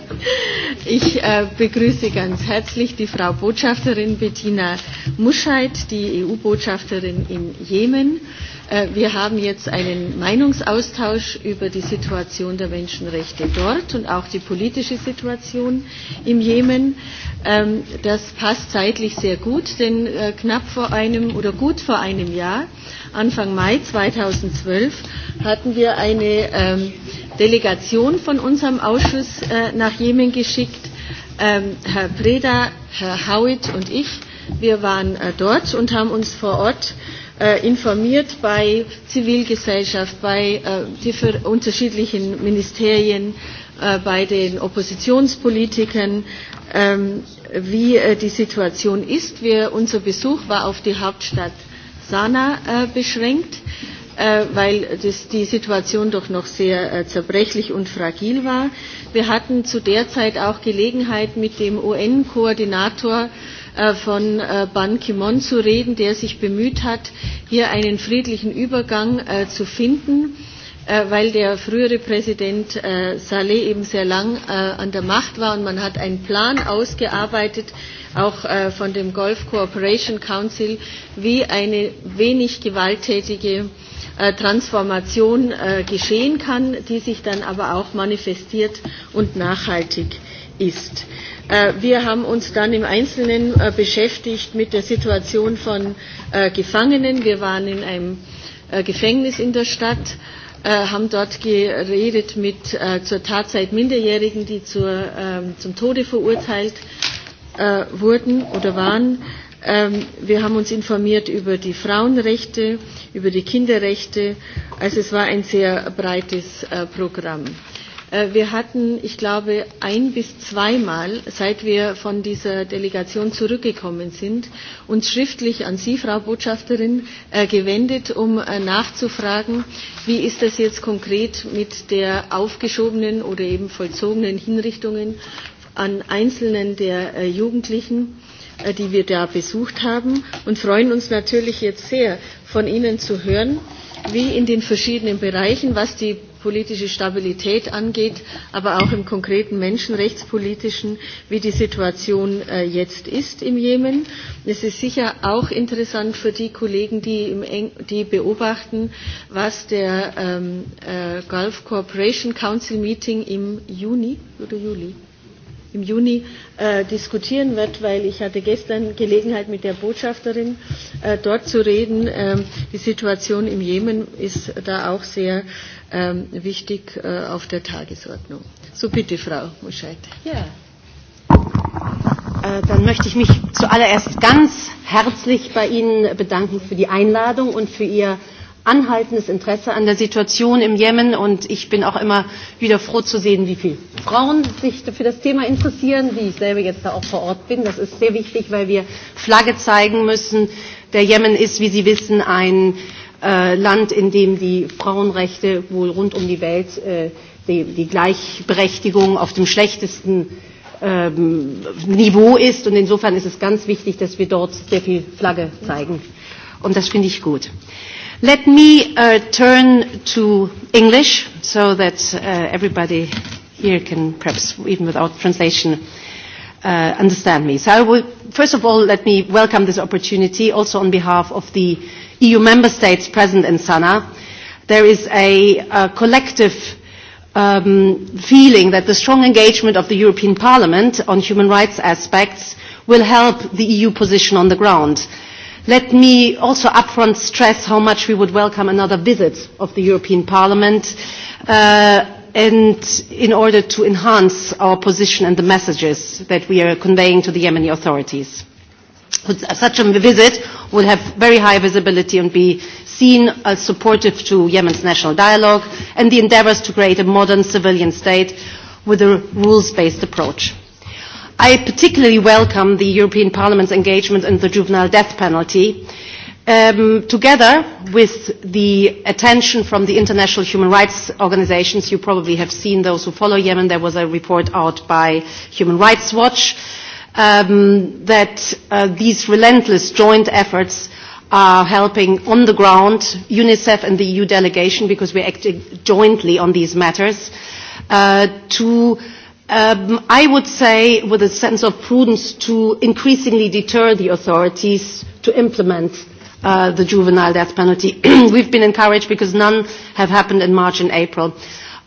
Ich äh, begrüße ganz herzlich die Frau Botschafterin Bettina Muscheid, die EU-Botschafterin in Jemen. Äh, wir haben jetzt einen Meinungsaustausch über die Situation der Menschenrechte dort und auch die politische Situation im Jemen. Ähm, das passt zeitlich sehr gut, denn äh, knapp vor einem oder gut vor einem Jahr Anfang Mai 2012 hatten wir eine ähm, Delegation von unserem Ausschuss äh, nach Jemen geschickt. Ähm, Herr Preda, Herr Howitt und ich, wir waren äh, dort und haben uns vor Ort äh, informiert bei Zivilgesellschaft, bei äh, unterschiedlichen Ministerien, äh, bei den Oppositionspolitikern, ähm, wie äh, die Situation ist. Wir, unser Besuch war auf die Hauptstadt Sana äh, beschränkt, äh, weil das, die Situation doch noch sehr äh, zerbrechlich und fragil war. Wir hatten zu der Zeit auch Gelegenheit, mit dem UN-Koordinator äh, von äh, Ban Ki-moon zu reden, der sich bemüht hat, hier einen friedlichen Übergang äh, zu finden weil der frühere Präsident Saleh eben sehr lang an der Macht war und man hat einen Plan ausgearbeitet, auch äh, von dem Golf Cooperation Council, wie eine wenig gewalttätige äh, Transformation äh, geschehen kann, die sich dann aber auch manifestiert und nachhaltig ist. Wir haben uns dann im Einzelnen beschäftigt mit der Situation von Gefangenen. Wir waren in einem Gefängnis in der Stadt haben dort geredet mit zur Tatzeit Minderjährigen, die zur, ähm, zum Tode verurteilt äh, wurden oder waren. Ähm, wir haben uns informiert über die Frauenrechte, über die Kinderrechte. Also es war ein sehr breites äh, Programm. Äh, wir hatten, ich glaube, ein bis zweimal, seit wir von dieser Delegation zurückgekommen sind, uns schriftlich an Sie, Frau Botschafterin, äh, gewendet, um äh, nachzufragen, wie ist das jetzt konkret mit der aufgeschobenen oder eben vollzogenen Hinrichtungen an einzelnen der äh, Jugendlichen, äh, die wir da besucht haben und freuen uns natürlich jetzt sehr, von Ihnen zu hören, wie in den verschiedenen Bereichen, was die politische Stabilität angeht, aber auch im konkreten menschenrechtspolitischen, wie die Situation äh, jetzt ist im Jemen. Es ist sicher auch interessant für die Kollegen, die, im Eng die beobachten, was der ähm, äh, Gulf Corporation Council Meeting im Juni oder Juli im Juni äh, diskutieren wird, weil ich hatte gestern Gelegenheit mit der Botschafterin äh, dort zu reden. Ähm, die Situation im Jemen ist da auch sehr ähm, wichtig äh, auf der Tagesordnung. So bitte, Frau Muscheid. Ja. Dann möchte ich mich zuallererst ganz herzlich bei Ihnen bedanken für die Einladung und für Ihr anhaltendes Interesse an der Situation im Jemen und ich bin auch immer wieder froh zu sehen, wie viel Frauen sich für das Thema interessieren, wie ich selber jetzt da auch vor Ort bin. Das ist sehr wichtig, weil wir Flagge zeigen müssen. Der Jemen ist, wie Sie wissen, ein äh, Land, in dem die Frauenrechte wohl rund um die Welt äh, die, Gleichberechtigung auf dem schlechtesten ähm, Niveau ist. Und insofern ist es ganz wichtig, dass wir dort sehr viel Flagge zeigen. Und das finde ich gut. Let me uh, turn to English so that uh, everybody here can perhaps even without translation uh, understand me. So I will, first of all, let me welcome this opportunity also on behalf of the EU member states present in Sana. There is a, a collective um, feeling that the strong engagement of the European Parliament on human rights aspects will help the EU position on the ground Let me also upfront stress how much we would welcome another visit of the European Parliament uh, and in order to enhance our position and the messages that we are conveying to the Yemeni authorities. Such a visit would have very high visibility and be seen as supportive to Yemen's national dialogue and the endeavours to create a modern civilian state with a rules-based approach. I particularly welcome the European Parliament's engagement in the juvenile death penalty, um, together with the attention from the international human rights organizations. You probably have seen those who follow Yemen. There was a report out by Human Rights Watch um, that uh, these relentless joint efforts are helping on the ground UNICEF and the EU delegation because we are acting jointly on these matters uh, to Um, I would say with a sense of prudence to increasingly deter the authorities to implement uh, the juvenile death penalty. (clears throat) We've been encouraged because none have happened in March and April.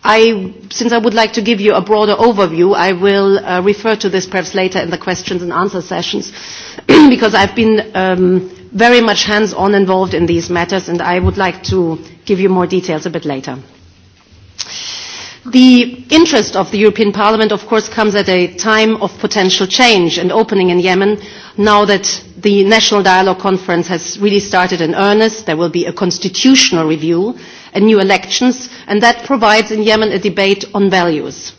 I, since I would like to give you a broader overview, I will uh, refer to this perhaps later in the questions and answer sessions (clears throat) because I've been um, very much hands-on involved in these matters and I would like to give you more details a bit later. The interest of the European Parliament, of course, comes at a time of potential change and opening in Yemen. Now that the National Dialogue Conference has really started in earnest, there will be a constitutional review and new elections, and that provides in Yemen a debate on values.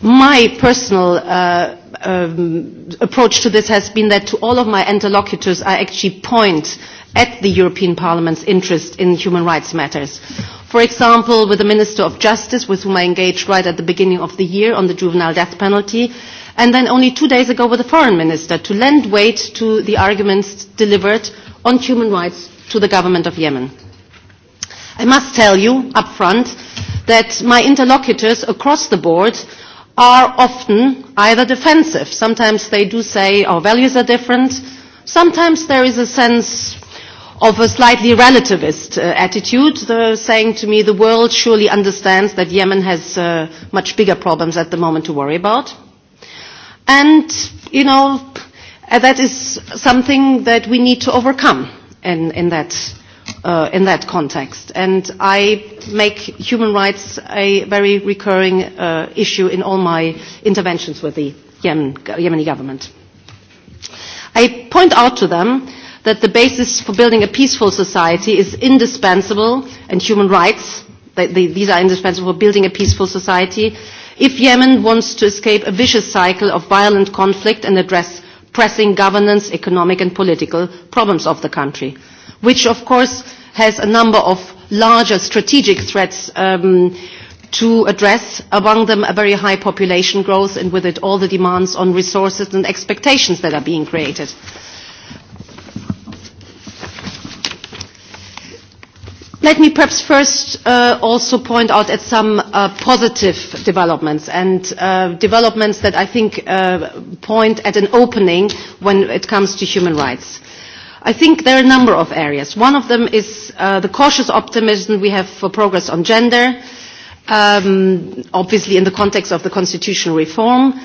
My personal uh, um, approach to this has been that to all of my interlocutors, I actually point at the European Parliament's interest in human rights matters. For example, with the Minister of Justice, with whom I engaged right at the beginning of the year on the juvenile death penalty, and then only two days ago with the Foreign Minister, to lend weight to the arguments delivered on human rights to the government of Yemen. I must tell you up front that my interlocutors across the board are often either defensive. Sometimes they do say our values are different. Sometimes there is a sense of a slightly relativist uh, attitude, the, saying to me the world surely understands that Yemen has uh, much bigger problems at the moment to worry about. And, you know, uh, that is something that we need to overcome in, in, that, uh, in that context. And I make human rights a very recurring uh, issue in all my interventions with the Yemen, Yemeni government. I point out to them that the basis for building a peaceful society is indispensable and human rights that they, these are indispensable for building a peaceful society if Yemen wants to escape a vicious cycle of violent conflict and address pressing governance, economic and political problems of the country, which of course has a number of larger strategic threats um, to address, among them a very high population growth and with it all the demands on resources and expectations that are being created. Let me perhaps first uh, also point out at some uh, positive developments and uh, developments that I think uh, point at an opening when it comes to human rights. I think there are a number of areas. One of them is uh, the cautious optimism we have for progress on gender, um, obviously in the context of the constitutional reform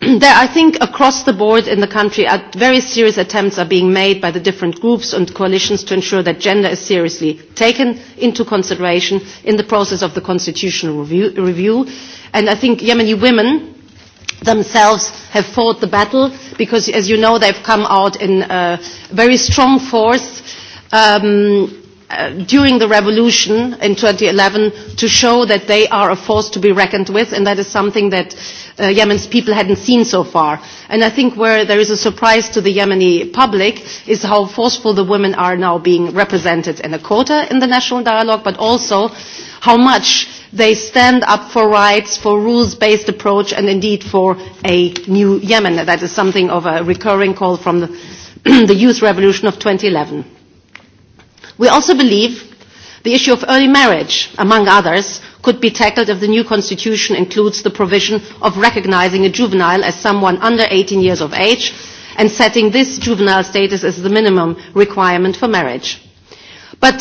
(clears throat) there, I think across the board in the country, very serious attempts are being made by the different groups and coalitions to ensure that gender is seriously taken into consideration in the process of the constitutional review. And I think Yemeni women themselves have fought the battle because, as you know, they've come out in a uh, very strong force. Um, Uh, during the revolution in 2011 to show that they are a force to be reckoned with and that is something that uh, Yemen's people hadn't seen so far. And I think where there is a surprise to the Yemeni public is how forceful the women are now being represented in a quota in the national dialogue, but also how much they stand up for rights, for rules-based approach, and indeed for a new Yemen. That is something of a recurring call from the, (clears throat) the youth revolution of 2011. We also believe the issue of early marriage, among others, could be tackled if the new constitution includes the provision of recognizing a juvenile as someone under 18 years of age and setting this juvenile status as the minimum requirement for marriage. But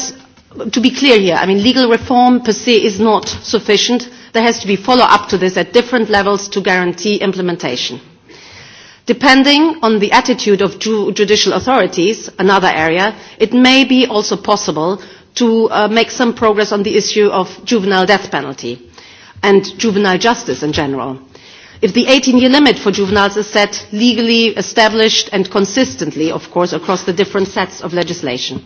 to be clear here, I mean, legal reform per se is not sufficient. There has to be follow-up to this at different levels to guarantee implementation. Depending on the attitude of judicial authorities, another area, it may be also possible to uh, make some progress on the issue of juvenile death penalty and juvenile justice in general. If the 18-year limit for juveniles is set legally established and consistently, of course, across the different sets of legislation.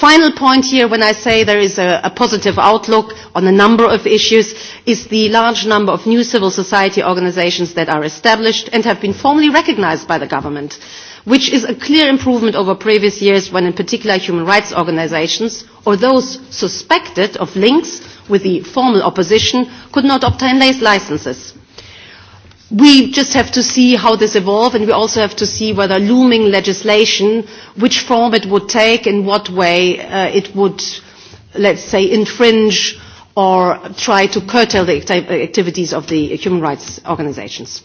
Final point here when I say there is a, positive outlook on a number of issues is the large number of new civil society organisations that are established and have been formally recognised by the government, which is a clear improvement over previous years when in particular human rights organisations or those suspected of links with the formal opposition could not obtain these licences we just have to see how this evolves and we also have to see whether looming legislation, which form it would take, and what way uh, it would, let's say, infringe or try to curtail the activities of the human rights organizations.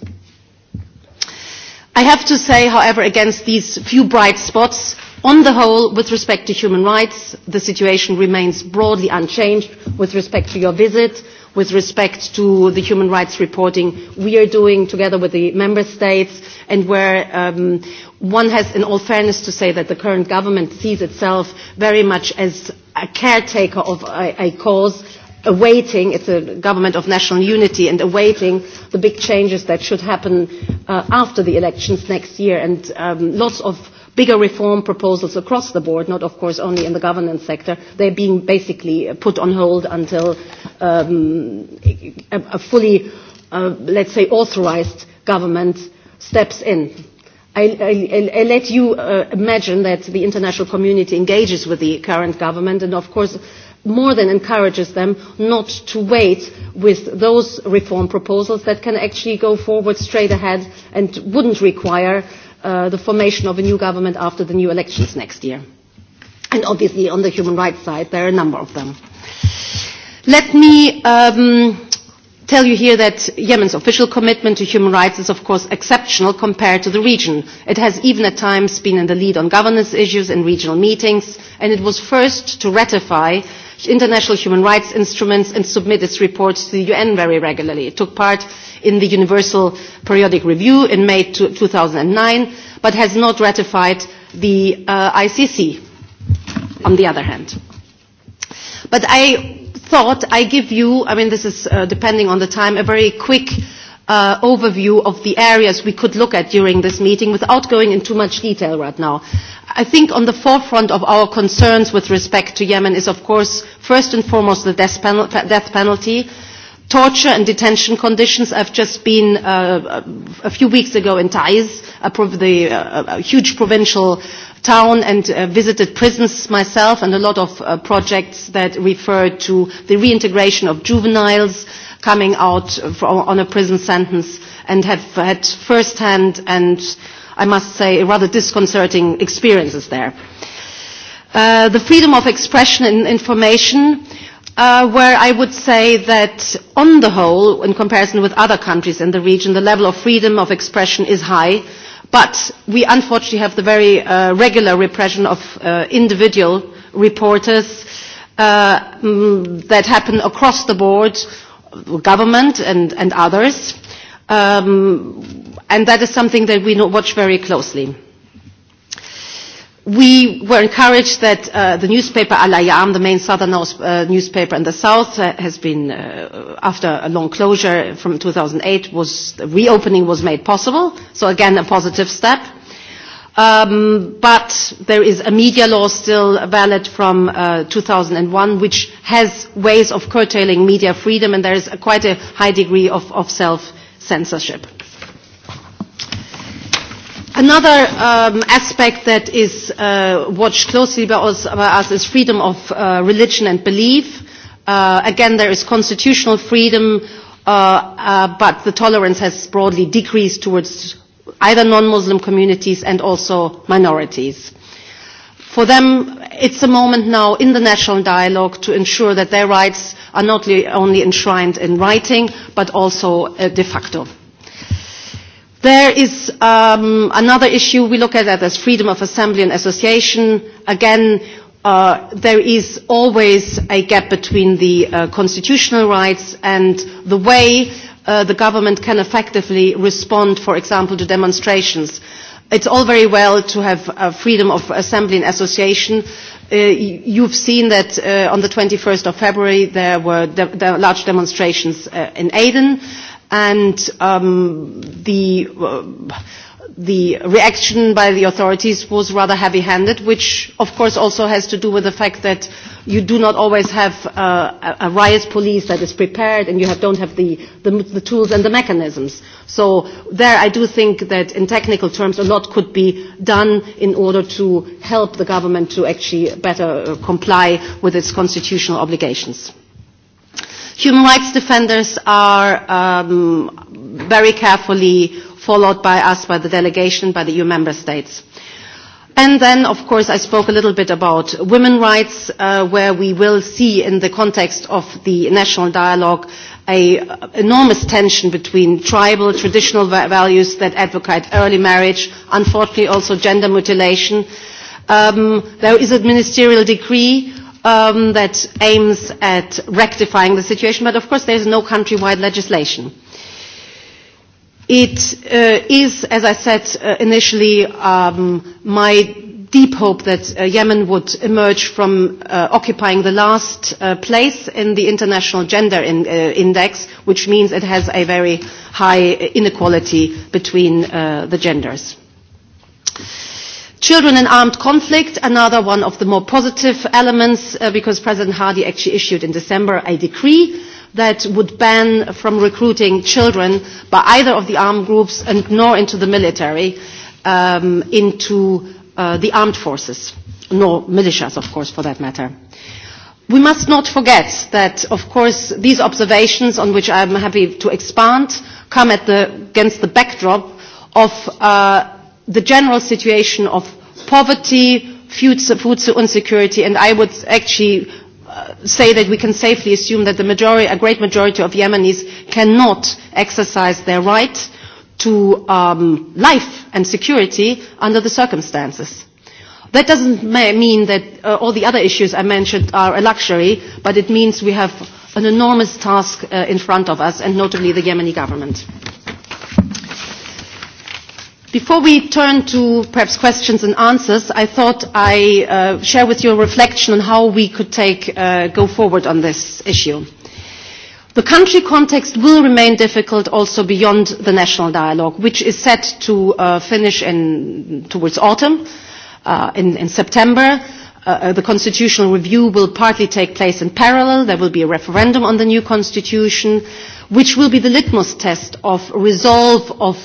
I have to say, however, against these few bright spots, on the whole, with respect to human rights, the situation remains broadly unchanged with respect to your visit with respect to the human rights reporting we are doing together with the member states and where um, one has in all fairness to say that the current government sees itself very much as a caretaker of a, cause awaiting it's a government of national unity and awaiting the big changes that should happen uh, after the elections next year and um, lots of bigger reform proposals across the board, not of course only in the governance sector. they are being basically put on hold until um, a, fully, uh, let's say, authorized government steps in. I, let you uh, imagine that the international community engages with the current government and of course more than encourages them not to wait with those reform proposals that can actually go forward straight ahead and wouldn't require Uh, the formation of a new government after the new elections next year. And obviously on the human rights side, there are a number of them. Let me um, tell you here that Yemen's official commitment to human rights is of course exceptional compared to the region. It has even at times been in the lead on governance issues in regional meetings, and it was first to ratify international human rights instruments and submit its reports to the UN very regularly. It took part in the Universal Periodic Review in May 2009, but has not ratified the uh, ICC, on the other hand. But I thought I give you, I mean this is uh, depending on the time, a very quick Uh, overview of the areas we could look at during this meeting without going into much detail right now. I think on the forefront of our concerns with respect to Yemen is of course first and foremost the death, penalty torture and detention conditions. I've just been uh, a few weeks ago in Taiz, a, the, uh, huge provincial town, and visited prisons myself and a lot of projects that refer to the reintegration of juveniles, coming out on a prison sentence and have had first hand and I must say rather disconcerting experiences there. Uh, the freedom of expression and information uh, where I would say that on the whole, in comparison with other countries in the region, the level of freedom of expression is high, but we unfortunately have the very uh, regular repression of uh, individual reporters uh, mm, that happen across the board government and, and others. Um, and that is something that we watch very closely. We were encouraged that uh, the newspaper Al Ayam, the main southern uh, newspaper in the south, uh, has been, after a long closure from 2008, was, the reopening was made possible. So again, a positive step. Um, but there is a media law still valid from uh, 2001 which has ways of curtailing media freedom and there is a, quite a high degree of, of self-censorship. Another um, aspect that is uh, watched closely by us, by us is freedom of uh, religion and belief. Uh, again, there is constitutional freedom, uh, uh, but the tolerance has broadly decreased towards either non-Muslim communities and also minorities. For them, it's a moment now in the national dialogue to ensure that their rights are not only enshrined in writing, but also uh, de facto. There is um, another issue we look at that as freedom of assembly and association. Again, uh, there is always a gap between the uh, constitutional rights and the way Uh, the government can effectively respond, for example, to demonstrations. It's all very well to have uh, freedom of assembly and association. Uh, you you've seen that on the 21st of February there were de large demonstrations in Aden and um, the the reaction by the authorities was rather heavy handed, which of course also has to do with the fact that you do not always have uh, a, riot police that is prepared and you have, don't have the, the, the tools and the mechanisms. So there I do think that in technical terms a lot could be done in order to help the government to actually better uh, comply with its constitutional obligations. Human rights defenders are um, very carefully followed by us, by the delegation, by the EU member states. And then, of course, I spoke a little bit about women's rights, uh, where we will see in the context of the national dialogue an uh, enormous tension between tribal, traditional values that advocate early marriage, unfortunately also gender mutilation. Um, there is a ministerial decree um, that aims at rectifying the situation, but of course there is no countrywide legislation. It uh, is, as I said uh, initially, um, my deep hope that uh, Yemen would emerge from uh, occupying the last uh, place in the International Gender in, uh, Index, which means it has a very high inequality between uh, the genders. Children in armed conflict, another one of the more positive elements, uh, because President Hardy actually issued in December a decree that would ban from recruiting children by either of the armed groups and nor into the military, um, into uh, the armed forces, nor militias, of course, for that matter. We must not forget that, of course, these observations, on which I am happy to expand, come at the, against the backdrop of uh, the general situation of poverty, food, food insecurity, and I would actually say that we can safely assume that the majority, a great majority of Yemenis cannot exercise their right to um, life and security under the circumstances. That doesn't mean that uh, all the other issues I mentioned are a luxury, but it means we have an enormous task uh, in front of us, and notably the Yemeni government. Before we turn to perhaps questions and answers, I thought I uh, share with you a reflection on how we could take, uh, go forward on this issue. The country context will remain difficult also beyond the national dialogue, which is set to uh, finish in, towards autumn, uh, in, in September. Uh, uh the constitutional review will partly take place in parallel. There will be a referendum on the new constitution, which will be the litmus test of resolve of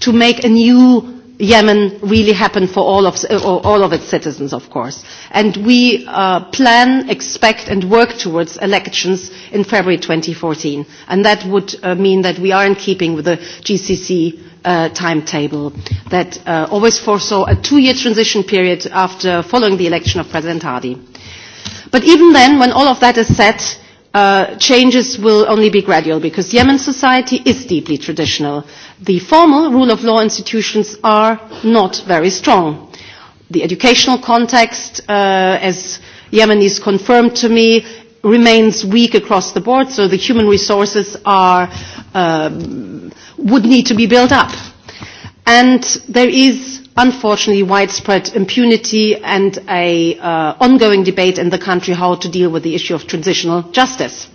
to make a new Yemen really happen for all of, uh, all of its citizens, of course. And we uh, plan, expect and work towards elections in February 2014. And that would uh, mean that we are in keeping with the GCC uh, timetable that uh, always foresaw a two-year transition period after following the election of President Hadi. But even then, when all of that is set, Uh, changes will only be gradual because Yemen society is deeply traditional. The formal rule of law institutions are not very strong. The educational context, uh, as Yemenis confirmed to me, remains weak across the board, so the human resources are, um, would need to be built up and there is unfortunately widespread impunity and an uh, ongoing debate in the country how to deal with the issue of transitional justice.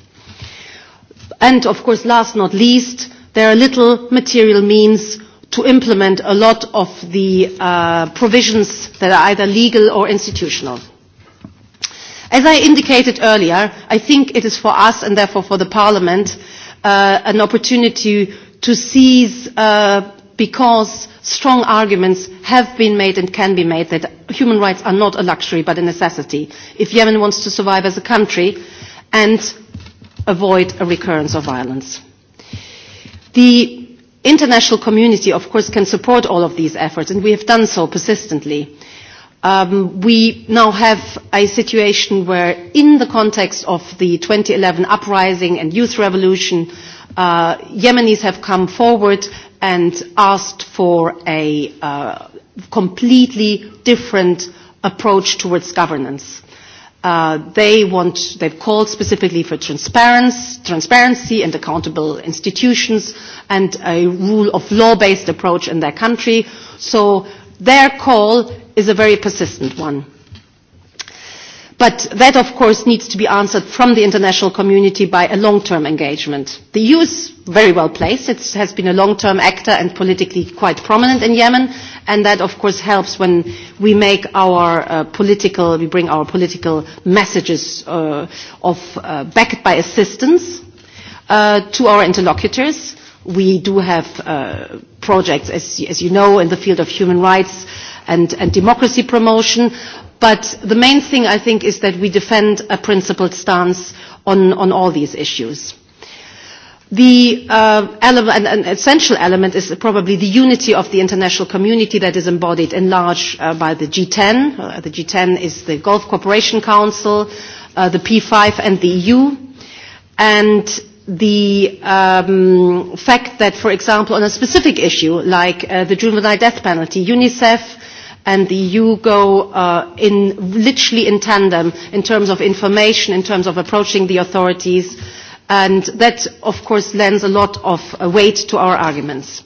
And of course, last not least, there are little material means to implement a lot of the uh, provisions that are either legal or institutional. As I indicated earlier, I think it is for us and therefore for the Parliament uh, an opportunity to seize because strong arguments have been made and can be made that human rights are not a luxury but a necessity if Yemen wants to survive as a country and avoid a recurrence of violence. The international community, of course, can support all of these efforts, and we have done so persistently. Um, we now have a situation where, in the context of the 2011 uprising and youth revolution, uh, Yemenis have come forward and asked for a uh, completely different approach towards governance. Uh, they want, they've called specifically for transparency, transparency and accountable institutions and a rule of law-based approach in their country. So their call is a very persistent one. But that, of course, needs to be answered from the international community by a long-term engagement. The EU is very well placed. It has been a long-term actor and politically quite prominent in Yemen. And that, of course, helps when we make our uh, political, we bring our political messages uh, of uh, backed by assistance uh, to our interlocutors. We do have uh, projects, as, as you know, in the field of human rights and, and democracy promotion But the main thing I think is that we defend a principled stance on, on all these issues. The uh, an essential element is probably the unity of the international community that is embodied in large uh, by the G10. Uh, the G10 is the Gulf Cooperation Council, the P5 and the EU. And the um, fact that, for example, on a specific issue like the juvenile death penalty, UNICEF and the EU go uh, in literally in tandem in terms of information, in terms of approaching the authorities, and that of course lends a lot of uh, weight to our arguments.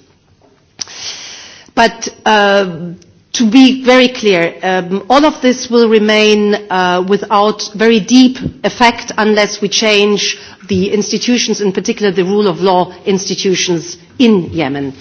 But uh, to be very clear, um, all of this will remain uh, without very deep effect unless we change the institutions, in particular the rule of law institutions in Yemen.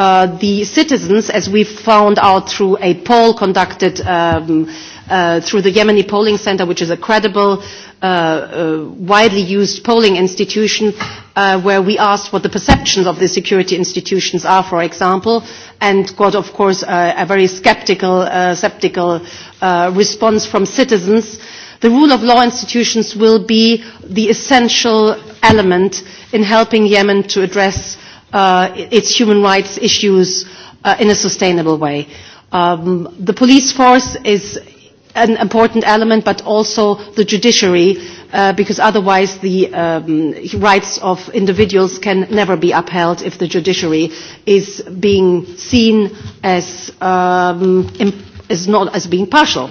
Uh, the citizens, as we found out through a poll conducted um, uh, through the Yemeni Polling Center, which is a credible, uh, widely used polling institution, where we asked what the perceptions of the security institutions are, for example, and got, of course, a very skeptical, uh, skeptical response from citizens. The rule of law institutions will be the essential element in helping Yemen to address uh, its human rights issues uh, in a sustainable way. Um, the police force is an important element, but also the judiciary, uh, because otherwise the um, rights of individuals can never be upheld if the judiciary is being seen as, um, not as being partial.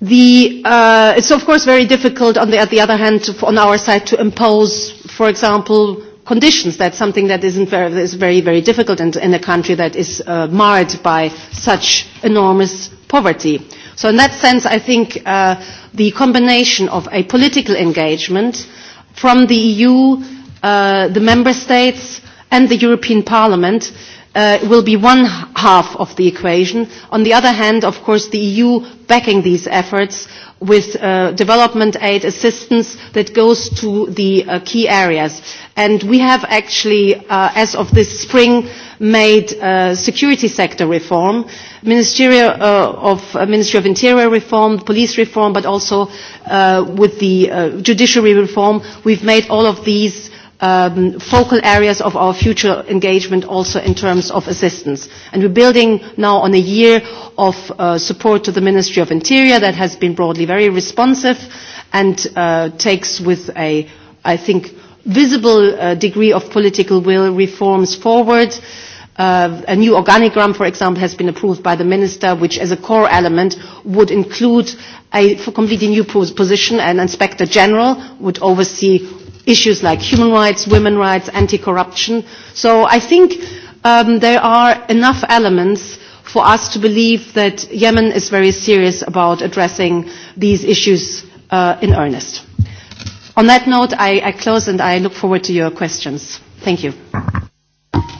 The, uh, it's of course very difficult on the, the other hand on our side to impose, for example, conditions. That's something that isn't very, that is very, very difficult in, in a country that is uh, marred by such enormous poverty. So in that sense, I think uh, the combination of a political engagement from the EU, uh, the member states, and the European Parliament uh, will be one half of the equation. On the other hand, of course, the EU backing these efforts with uh, development aid assistance that goes to the uh, key areas. And we have actually, uh, as of this spring, made uh, security sector reform, ministerial uh, of uh, Ministry of Interior reform, police reform, but also uh, with the uh, judiciary reform, we've made all of these um, focal areas of our future engagement also in terms of assistance. And we're building now on a year of uh, support to the Ministry of Interior that has been broadly very responsive and uh, takes with a, I think, visible uh, degree of political will reforms forward. a new organigram, for example, has been approved by the minister, which as a core element would include a completely new position. An inspector general would oversee issues like human rights, women rights, anti-corruption. So I think um, there are enough elements for us to believe that Yemen is very serious about addressing these issues uh, in earnest. On that note, I, I close and I look forward to your questions. Thank you.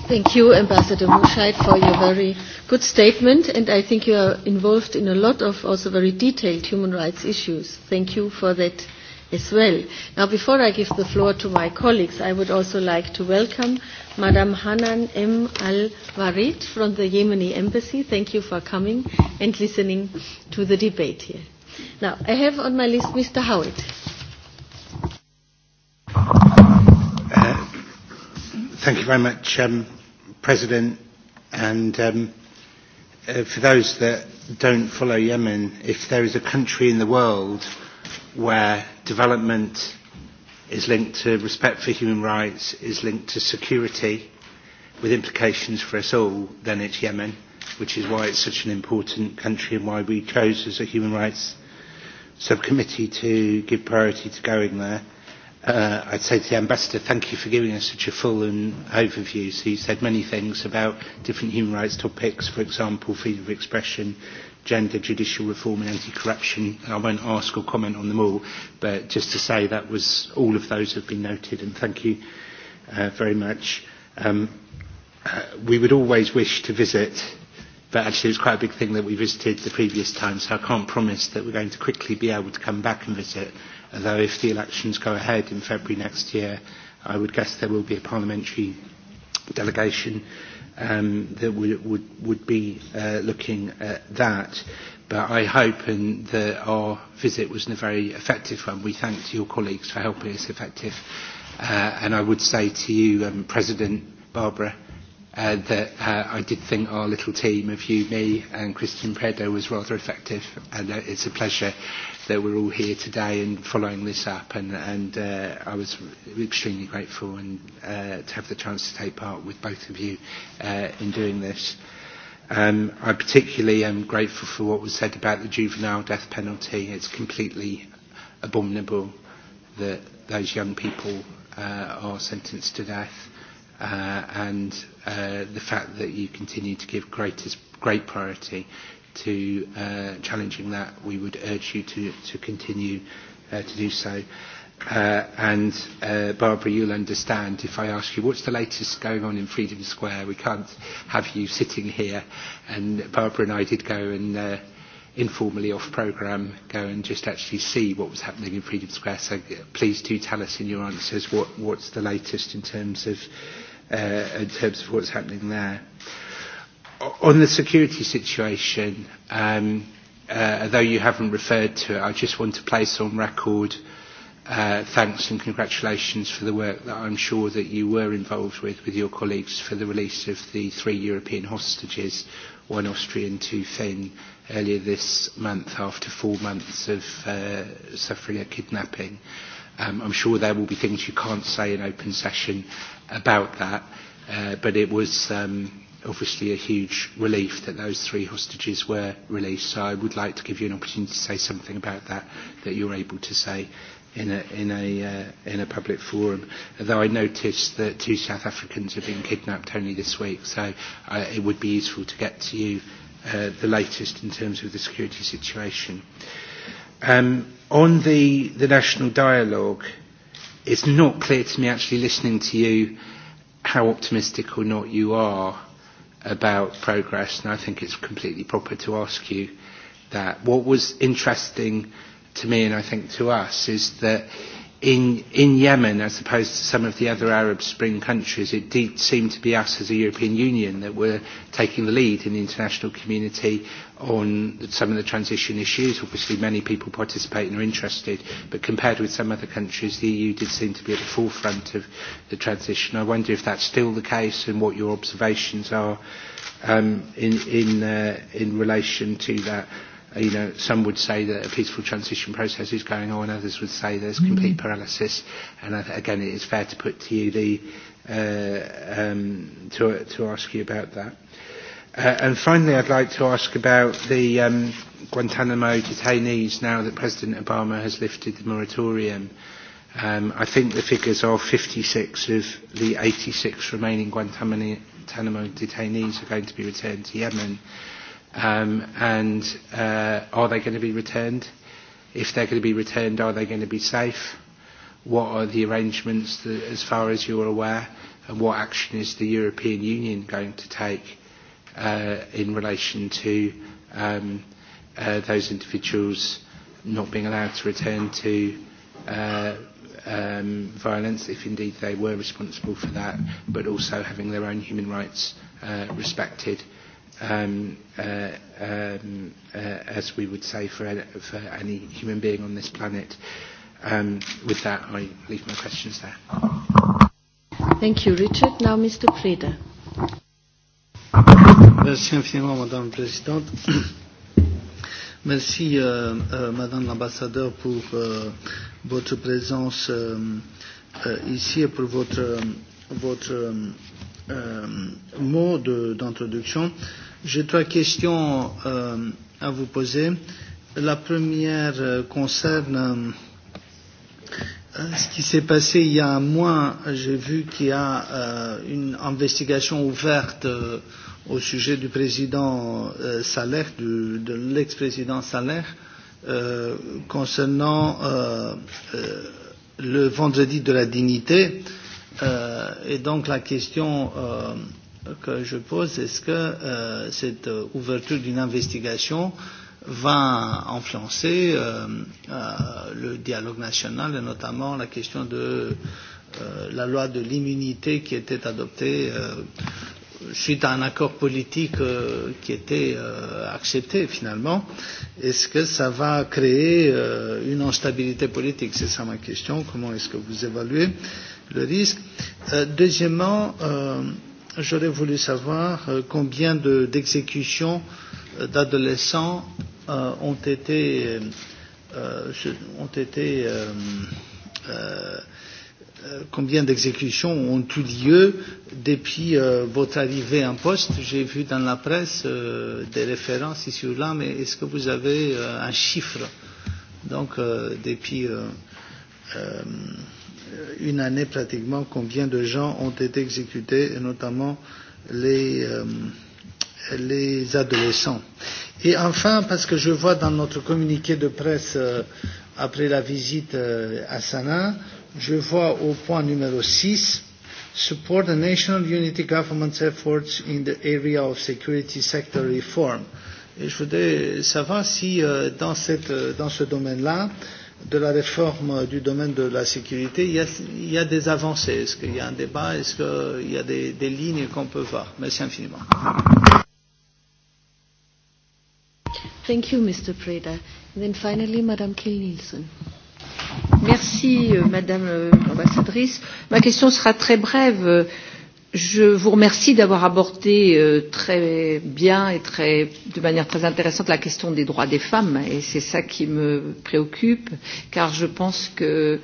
Thank you, Ambassador Mushaid, for your very good statement, and I think you are involved in a lot of also very detailed human rights issues. Thank you for that as well. Now, before I give the floor to my colleagues, I would also like to welcome Madam Hanan M. Al Warid from the Yemeni Embassy. Thank you for coming and listening to the debate here. Now, I have on my list Mr. Howitt. Uh, thank you very much, um, President. And um, uh, for those that don't follow Yemen, if there is a country in the world where development is linked to respect for human rights, is linked to security with implications for us all, then it's Yemen, which is why it's such an important country and why we chose as a human rights subcommittee to give priority to going there. Uh, I'd say to the Ambassador, thank you for giving us such a full and overview. So you said many things about different human rights topics, for example, freedom of expression, gender, judicial reform and anti-corruption. I won't ask or comment on them all, but just to say that was all of those have been noted and thank you uh, very much. Um, uh, we would always wish to visit, but actually it was quite a big thing that we visited the previous time, so I can't promise that we're going to quickly be able to come back and visit, although if the elections go ahead in February next year, I would guess there will be a parliamentary delegation um, that would, would, would be uh, looking at that. But I hope and that our visit was a very effective one. We thank your colleagues for helping us effective. Uh, and I would say to you, um, President Barbara, uh, that uh, I did think our little team of you, me and Christian Predo was rather effective and uh, it's a pleasure that we're all here today and following this up. And, and uh, I was extremely grateful and, uh, to have the chance to take part with both of you uh, in doing this. Um, I particularly am grateful for what was said about the juvenile death penalty. It's completely abominable that those young people uh, are sentenced to death uh, and uh, the fact that you continue to give greatest, great priority to uh, challenging that, we would urge you to, to continue uh, to do so. Uh, and uh, Barbara, you'll understand if I ask you what's the latest going on in Freedom Square. We can't have you sitting here. And Barbara and I did go and uh, informally off programme go and just actually see what was happening in Freedom Square. So please do tell us in your answers what, what's the latest in terms of uh, in terms of what's happening there on the security situation, um, uh, you haven't referred to it, I just want to place on record uh, thanks and congratulations for the work that I'm sure that you were involved with, with your colleagues for the release of the three European hostages, one Austrian, two Finn, earlier this month after four months of uh, suffering a kidnapping. Um, I'm sure there will be things you can't say in open session about that, uh, but it was... Um, obviously a huge relief that those three hostages were released. So I would like to give you an opportunity to say something about that that you're able to say in a, in a, uh, in a public forum. Although I noticed that two South Africans have been kidnapped only this week, so uh, it would be useful to get to you uh, the latest in terms of the security situation. Um, on the, the national dialogue, it's not clear to me actually listening to you how optimistic or not you are about progress, and I think it's completely proper to ask you that. What was interesting to me, and I think to us, is that in, in Yemen, as opposed to some of the other Arab Spring countries, it did seem to be us as a European Union that were taking the lead in the international community on some of the transition issues. Obviously, many people participate and are interested, but compared with some other countries, the EU did seem to be at the forefront of the transition. I wonder if that's still the case and what your observations are um, in, in, uh, in relation to that you know, some would say that a peaceful transition process is going on, others would say there's mm-hmm. complete paralysis. And again, it is fair to put to you the, uh, um, to, to ask you about that. Uh, and finally, I'd like to ask about the um, Guantanamo detainees now that President Obama has lifted the moratorium. Um, I think the figures are 56 of the 86 remaining Guantanamo detainees are going to be returned to Yemen Um, and uh, are they going to be returned? If they're going to be returned, are they going to be safe? What are the arrangements, that, as far as you're aware, and what action is the European Union going to take uh, in relation to um, uh, those individuals not being allowed to return to uh, um, violence, if indeed they were responsible for that, but also having their own human rights uh, respected um, uh, um, uh, as we would say for, for any human being on this planet. Um, with that, I leave my questions there. Thank you, Richard. Now, Mr. Preda. Merci infiniment, Madame la Présidente. (coughs) Merci, euh, euh, Madame l'ambassadeur, pour euh, votre présence euh, euh, ici et pour votre, votre euh, euh mot d'introduction. De, J'ai trois questions euh, à vous poser. La première euh, concerne euh, ce qui s'est passé il y a un mois. J'ai vu qu'il y a euh, une investigation ouverte au sujet du président Saleh, du, de l'ex-président Saler, euh, concernant euh, euh, le vendredi de la dignité. Euh, et donc la question que je pose, est-ce que euh, cette euh, ouverture d'une investigation va influencer euh, euh, le dialogue national et notamment la question de euh, la loi de l'immunité qui était adoptée euh, suite à un accord politique qui était accepté finalement. Est-ce que ça va créer une instabilité politique C'est ça ma question. Comment est-ce que vous évaluez le risque Deuxièmement, j'aurais voulu savoir euh, combien d'exécutions de, euh, d'adolescents euh, ont été, euh, euh ont été euh, combien d'exécutions ont eu lieu depuis votre arrivée en poste. J'ai vu dans la presse des références ici ou là, mais est-ce que vous avez un chiffre donc depuis Euh, une année pratiquement combien de gens ont été exécutés, et notamment les, euh, les adolescents. Et enfin, parce que je vois dans notre communiqué de presse euh, après la visite euh, à Sanaa, je vois au point numéro 6 support the national unity government's efforts in the area of security sector reform. Et je voudrais savoir si euh, dans, cette, euh, dans ce domaine-là, euh, de la réforme du domaine de la sécurité, il y a, il y a des avancées. Est-ce qu'il y a un débat Est-ce qu'il y a des, des lignes qu'on peut voir Merci infiniment. Thank you, Mr. Preda. And then finally, Madame Kiel-Nielsen. Merci, euh, Madame euh, l'ambassadrice. Ma question sera très brève. Euh, je vous remercie d'avoir abordé euh, très bien et très, de manière très intéressante la question des droits des femmes et c'est ça qui me préoccupe car je pense que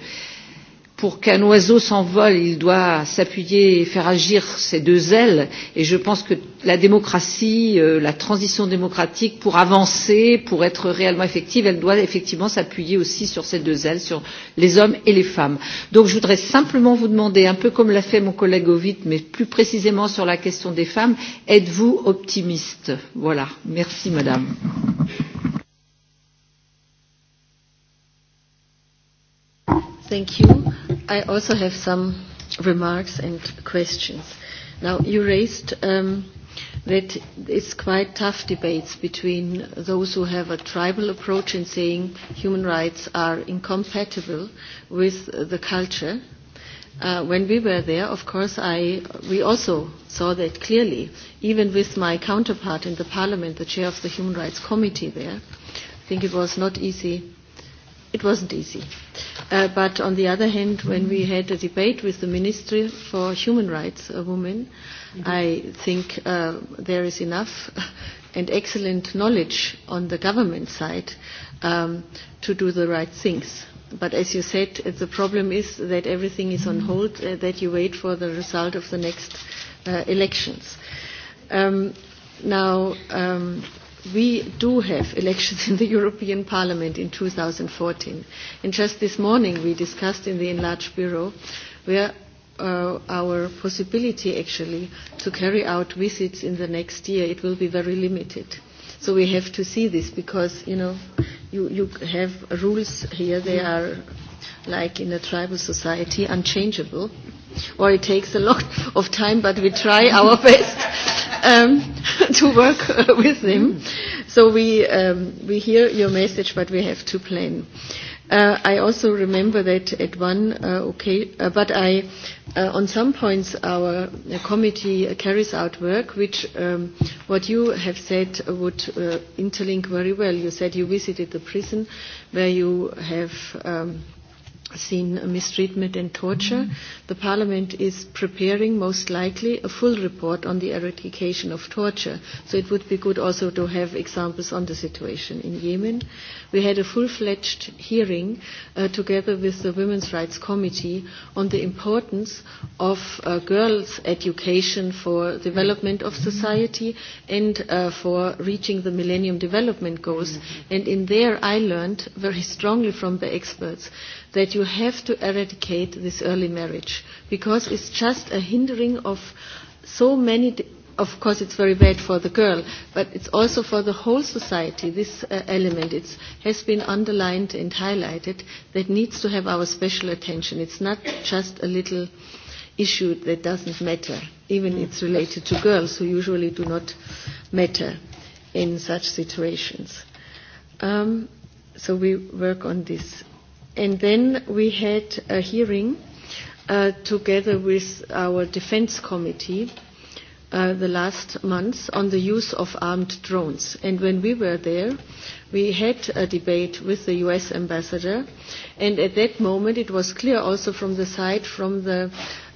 pour qu'un oiseau s'envole, il doit s'appuyer et faire agir ses deux ailes. Et je pense que la démocratie, euh, la transition démocratique, pour avancer, pour être réellement effective, elle doit effectivement s'appuyer aussi sur ces deux ailes, sur les hommes et les femmes. Donc je voudrais simplement vous demander, un peu comme l'a fait mon collègue Ovid, mais plus précisément sur la question des femmes, êtes-vous optimiste Voilà. Merci Madame. Thank you. I also have some remarks and questions. Now, you raised um, that it's quite tough debates between those who have a tribal approach in saying human rights are incompatible with the culture. Uh, when we were there, of course, I, we also saw that clearly, even with my counterpart in the parliament, the chair of the Human Rights Committee there. I think it was not easy It wasn't easy. Uh, but on the other hand, when we had a debate with the Ministry for Human Rights, a woman, mm-hmm. I think uh, there is enough and excellent knowledge on the government side um, to do the right things. But as you said, the problem is that everything is on hold, uh, that you wait for the result of the next uh, elections. Um, now, um, we do have elections (laughs) in the European Parliament in 2014. And just this morning we discussed in the enlarged bureau where uh, our possibility actually to carry out visits in the next year, it will be very limited. So we have to see this because, you know, you, you have rules here, they are like in a tribal society, unchangeable. Or it takes a lot (laughs) of time, but we try our (laughs) best um, (laughs) to work uh, with him. So we, um, we hear your message, but we have to plan. Uh, I also remember that at one uh, okay, uh, but I, uh, on some points, our uh, committee carries out work, which um, what you have said would uh, interlink very well. You said you visited the prison where you have. Um, seen mistreatment and torture. The Parliament is preparing, most likely, a full report on the eradication of torture. So it would be good also to have examples on the situation in Yemen. We had a full-fledged hearing uh, together with the Women's Rights Committee on the importance of uh, girls' education for development of society and uh, for reaching the Millennium Development Goals. And in there I learned very strongly from the experts that you have to eradicate this early marriage because it's just a hindering of so many of course it's very bad for the girl but it's also for the whole society this uh, element it's has been underlined and highlighted that needs to have our special attention it's not just a little issue that doesn't matter even it's related to girls who usually do not matter in such situations um so we work on this And then we had a hearing uh, together with our Defense Committee uh, the last month on the use of armed drones. And when we were there, we had a debate with the US ambassador. And at that moment, it was clear also from the side from the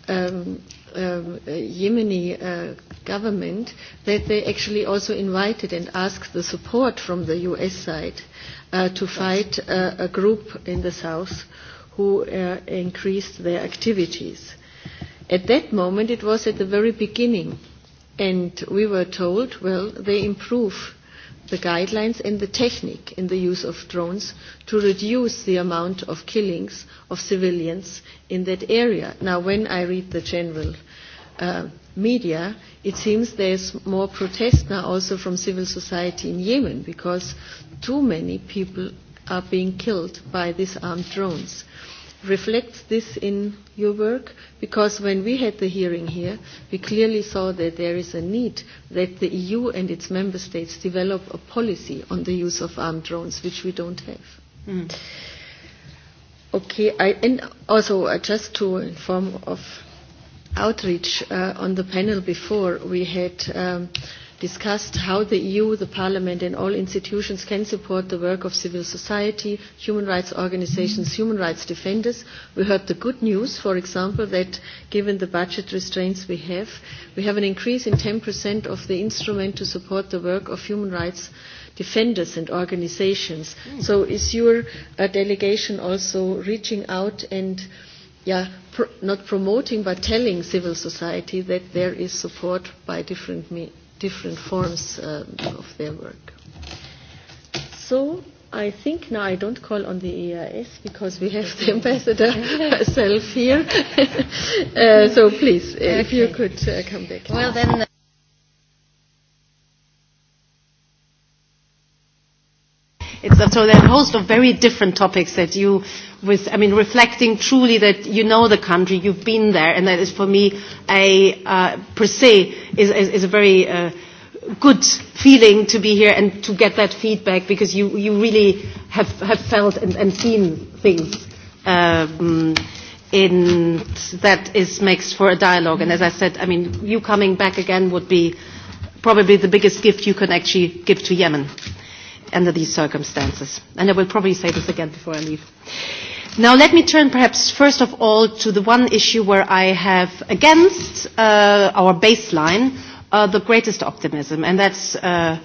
um, um, Yemeni uh, government that they actually also invited and asked the support from the US side Uh, to fight uh, a group in the south who uh, increased their activities. At that moment, it was at the very beginning, and we were told, well, they improve the guidelines and the technique in the use of drones to reduce the amount of killings of civilians in that area. Now, when I read the general uh, media, it seems there is more protest now also from civil society in Yemen because too many people are being killed by these armed drones. Reflect this in your work? Because when we had the hearing here, we clearly saw that there is a need that the EU and its member states develop a policy on the use of armed drones, which we don't have. Mm. Okay, I, and also uh, just to inform of outreach uh, on the panel before, we had um, discussed how the EU, the Parliament and all institutions can support the work of civil society, human rights organisations, human rights defenders. We heard the good news, for example, that given the budget restraints we have, we have an increase in 10% of the instrument to support the work of human rights defenders and organisations. Hmm. So is your uh, delegation also reaching out and yeah, pr not promoting but telling civil society that there is support by different, different forms um, of their work. So I think now I don't call on the EIS because we have the ambassador (laughs) herself here. (laughs) Uh, so please, if you could uh, come back. Well, then. so there are a host of very different topics that you with I mean reflecting truly that you know the country, you've been there and that is for me a uh, per se is is, is a very uh, good feeling to be here and to get that feedback because you you really have have felt and, and seen things. Um, in that is makes for a dialogue and as I said, I mean you coming back again would be probably the biggest gift you can actually give to Yemen under these circumstances. And I will probably say this again before I leave. Now let me turn perhaps first of all to the one issue where I have against uh, our baseline uh, the greatest optimism, and that's uh,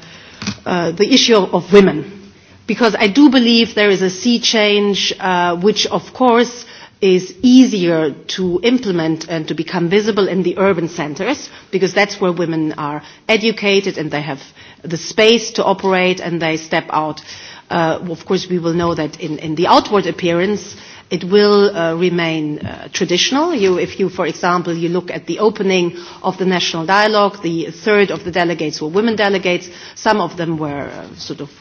uh, the issue of women. Because I do believe there is a sea change which of course is easier to implement and to become visible in the urban centers because that's where women are educated and they have the space to operate and they step out. Uh, of course, we will know that in, in the outward appearance, it will uh, remain uh, traditional. You, if you, for example, you look at the opening of the national dialogue, the third of the delegates were women delegates. Some of them were sort of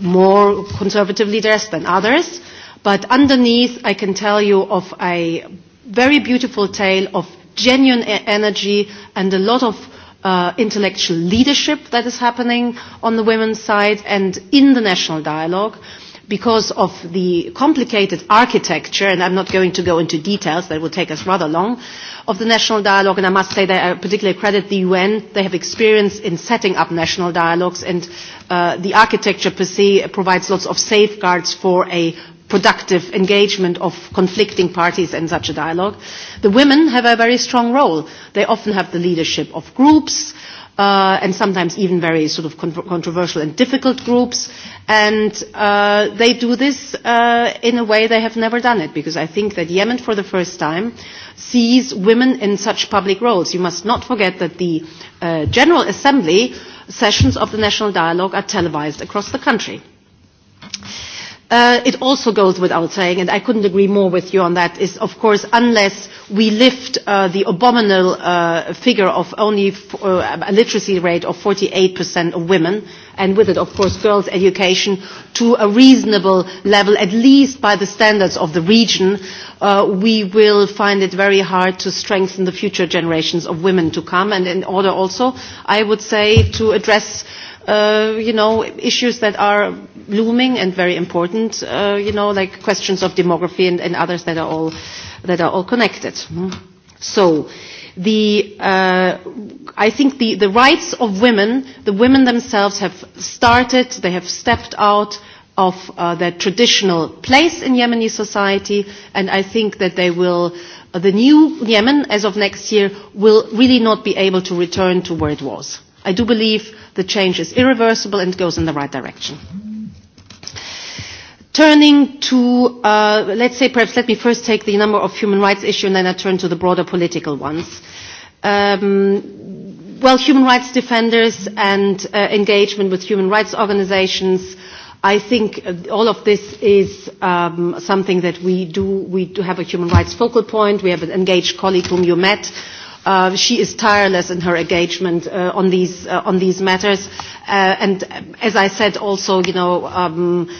more conservatively dressed than others. But underneath, I can tell you of a very beautiful tale of genuine e-, energy and a lot of uh, intellectual leadership that is happening on the women's side and in the national dialogue because of the complicated architecture, and I'm not going to go into details, that will take us rather long, of the national dialogue, and I must say that I particularly credit the UN. They have experience in setting up national dialogues, and uh, the architecture per se provides lots of safeguards for a productive engagement of conflicting parties in such a dialogue. The women have a very strong role. They often have the leadership of groups, uh, and sometimes even very sort of controversial and difficult groups. And uh, they do this uh, in a way they have never done it, because I think that Yemen, for the first time, sees women in such public roles. You must not forget that the General Assembly sessions of the National Dialogue are televised across the country Uh, it also goes without saying, and I couldn't agree more with you on that, is of course unless we lift uh, the abominable uh, figure of only uh, a literacy rate of 48% of women, and with it of course girls' education, to a reasonable level, at least by the standards of the region, we will find it very hard to strengthen the future generations of women to come. And in order also, I would say, to address Uh, you know, issues that are looming and very important, uh, you know, like questions of demography and, and others that are all, that are all connected. Hmm. So, the, uh, I think the, the rights of women, the women themselves have started, they have stepped out of uh, their traditional place in Yemeni society, and I think that they will, uh, the new Yemen as of next year will really not be able to return to where it was. I do believe the change is irreversible and goes in the right direction. Turning to, uh, let's say, perhaps let me first take the number of human rights issues and then I turn to the broader political ones. Um, well, human rights defenders and uh, engagement with human rights organizations, I think all of this is um, something that we do. We do have a human rights focal point. We have an engaged colleague whom you met Uh, she is tireless in her engagement uh, on these uh, on these matters, uh, and as I said, also you know, um,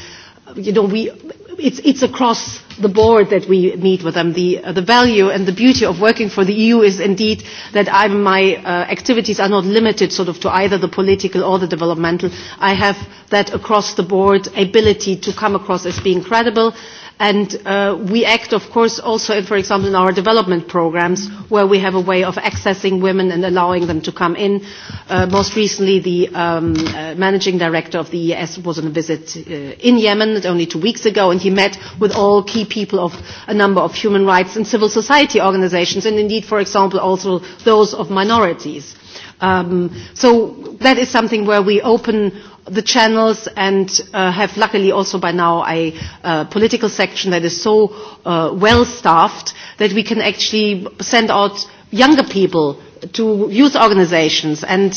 you know, we it's it's across the board that we meet with them. The uh, the value and the beauty of working for the EU is indeed that I my activities are not limited sort of to either the political or the developmental. I have that across the board ability to come across as being credible and uh, we act of course also for example in our development programs where we have a way of accessing women and allowing them to come in uh, most recently the um, uh, managing director of the ES was on a visit uh, in Yemen only two weeks ago and he met with all key people of a number of human rights and civil society organizations and indeed for example also those of minorities um, so that is something where we open the channels and uh, have luckily also by now a uh, political section that is so uh, well staffed that we can actually send out younger people to youth organizations and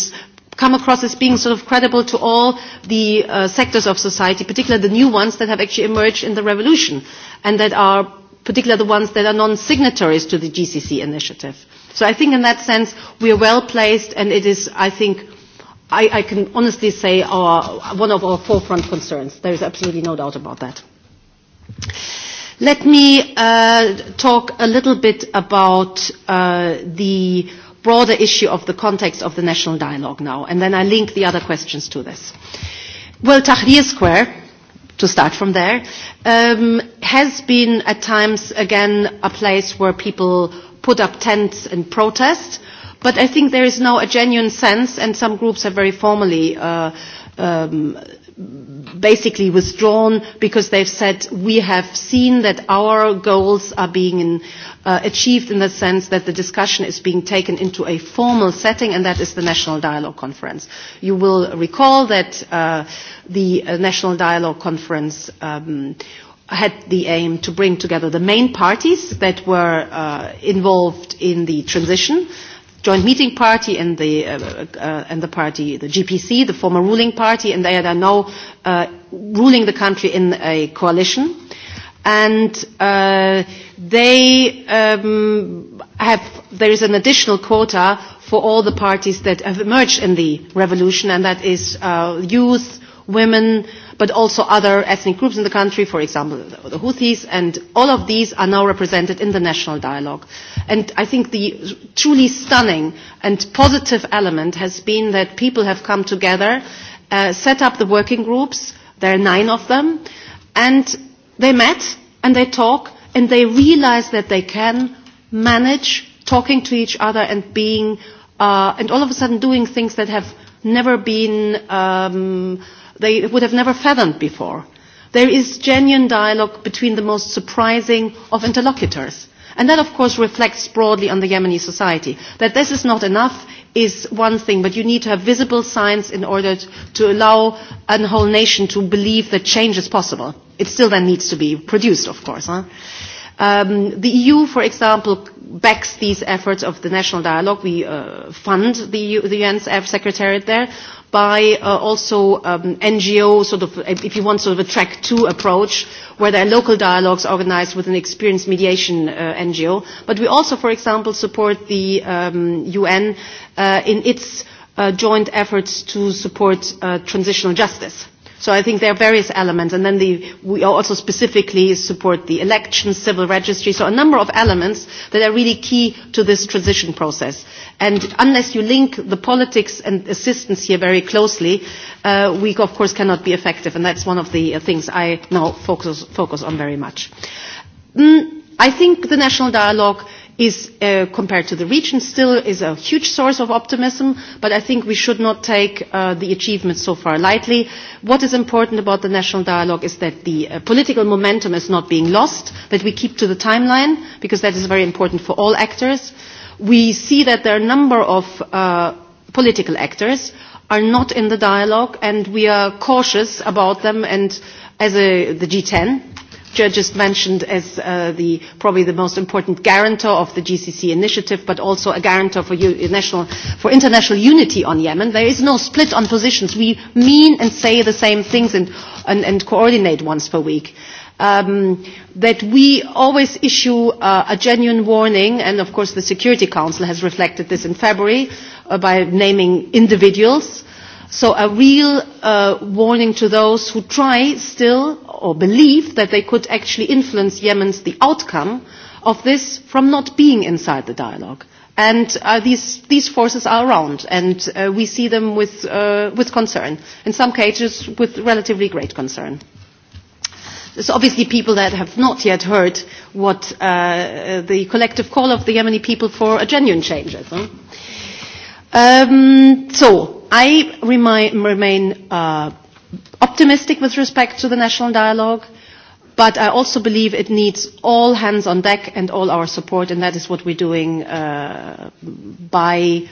come across as being sort of credible to all the uh, sectors of society, particularly the new ones that have actually emerged in the revolution and that are particularly the ones that are non-signatories to the GCC initiative. So I think in that sense we are well placed and it is, I think, i, I can honestly say are uh, one of our forefront concerns. There is absolutely no doubt about that. Let me uh, talk a little bit about uh, the broader issue of the context of the national dialogue now, and then I link the other questions to this. Well, Tahrir Square, to start from there, um, has been at times, again, a place where people put up tents and protest, But I think there is now a genuine sense, and some groups are very formally uh, um, basically withdrawn because they've said we have seen that our goals are being in, uh, achieved in the sense that the discussion is being taken into a formal setting and that is the National Dialogue Conference. You will recall that uh, the uh, National Dialogue Conference um, had the aim to bring together the main parties that were uh, involved in the transition Joint Meeting Party and the, uh, uh, and the party, the GPC, the former ruling party, and they are now uh, ruling the country in a coalition. And uh, they um, have, there is an additional quota for all the parties that have emerged in the revolution, and that is uh, youth, women, but also other ethnic groups in the country, for example, the Houthis, and all of these are now represented in the national dialogue. And I think the truly stunning and positive element has been that people have come together, uh, set up the working groups, there are nine of them, and they met and they talk and they realize that they can manage talking to each other and being uh, and all of a sudden doing things that have never been um, they would have never fathomed before. There is genuine dialogue between the most surprising of interlocutors. And that, of course, reflects broadly on the Yemeni society. That this is not enough is one thing, but you need to have visible signs in order to allow a whole nation to believe that change is possible. It still then needs to be produced, of course. Huh? Um, the EU, for example, backs these efforts of the national dialogue. We uh, fund the, EU, the secretariat there by uh, also um, NGO, sort of, if you want, sort of a track two approach, where there are local dialogues organized with an experienced mediation uh, NGO. But we also, for example, support the UN um, in its joint efforts to support transitional justice So I think there are various elements. And then the, we also specifically support the elections, civil registry. So a number of elements that are really key to this transition process. And unless you link the politics and assistance here very closely, uh, we of course cannot be effective. And that's one of the uh, things I now focus, focus on very much. Mm, I think the national dialogue is uh, compared to the region still is a huge source of optimism but i think we should not take uh, the achievements so far lightly what is important about the national dialogue is that the uh, political momentum is not being lost that we keep to the timeline because that is very important for all actors we see that there are a number of uh, political actors are not in the dialogue and we are cautious about them and as a, the G10 just mentioned as uh, the, probably the most important guarantor of the GCC initiative, but also a guarantor for, national, for international unity on Yemen. There is no split on positions. We mean and say the same things and, and, and coordinate once per week. Um, that we always issue uh, a genuine warning, and of course the Security Council has reflected this in February uh, by naming individuals So a real uh, warning to those who try still or believe that they could actually influence Yemen's the outcome of this from not being inside the dialogue. And uh, these, these forces are around and uh, we see them with, uh, with concern, in some cases with relatively great concern. There's obviously people that have not yet heard what uh, the collective call of the Yemeni people for a genuine change is. Um, so, i remain uh, optimistic with respect to the national dialogue, but I also believe it needs all hands on deck and all our support, and that is what we're doing uh, by,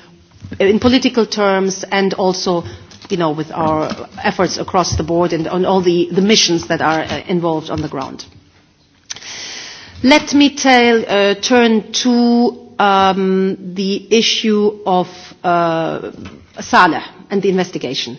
in political terms and also you know, with our efforts across the board and on all the, the missions that are uh, involved on the ground. Let me tell, uh, turn to um, the issue of uh, Saleh and the investigation.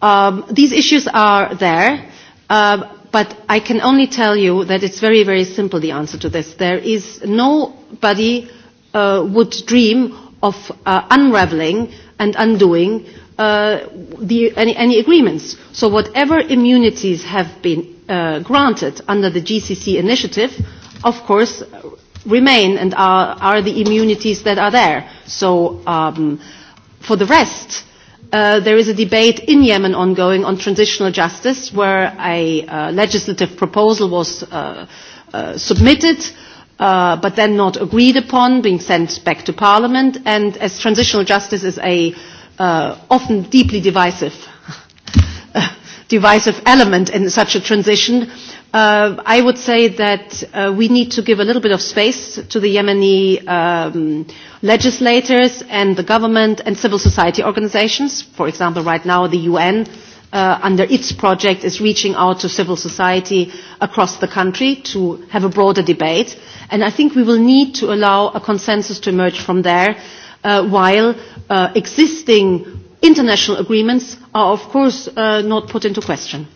Um, these issues are there, um, but I can only tell you that it's very, very simple, the answer to this. There is nobody uh, would dream of uh, unraveling and undoing uh, any, agreements. So whatever immunities have been uh, granted under the GCC initiative, of course, remain and are, are the immunities that are there. So um, For the rest, uh, there is a debate in Yemen ongoing on transitional justice where a uh, legislative proposal was uh, uh, submitted uh, but then not agreed upon, being sent back to Parliament. And as transitional justice is a uh, often deeply divisive, (laughs) divisive element in such a transition, Uh, I would say that uh, we need to give a little bit of space to the Yemeni um, legislators and the government and civil society organizations. For example, right now the UN uh, under its project is reaching out to civil society across the country to have a broader debate. And I think we will need to allow a consensus to emerge from there uh, while uh, existing international agreements are of course uh, not put into question.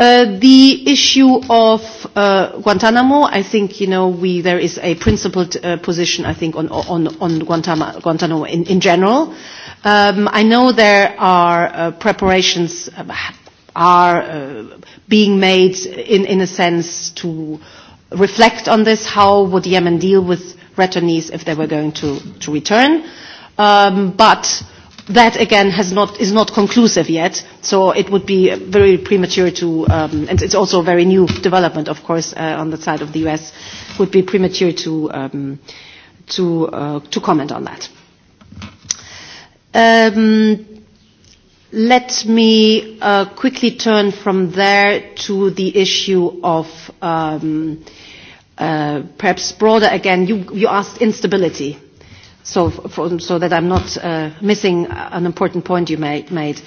Uh, the issue of uh, Guantanamo, I think, you know, we, there is a principled uh, position, I think, on, on, on Guantanamo, Guantanamo in, in general. Um, I know there are uh, preparations uh, are uh, being made in, in a sense to reflect on this, how would Yemen deal with returnees if they were going to, to return. Um, but that again has not, is not conclusive yet, so it would be very premature to, um, and it's also a very new development, of course, uh, on the side of the US, would be premature to, um, to, uh, to comment on that. Um, let me uh, quickly turn from there to the issue of um, uh, perhaps broader again, you, you asked instability so, for, so that I'm not uh, missing an important point you made. made.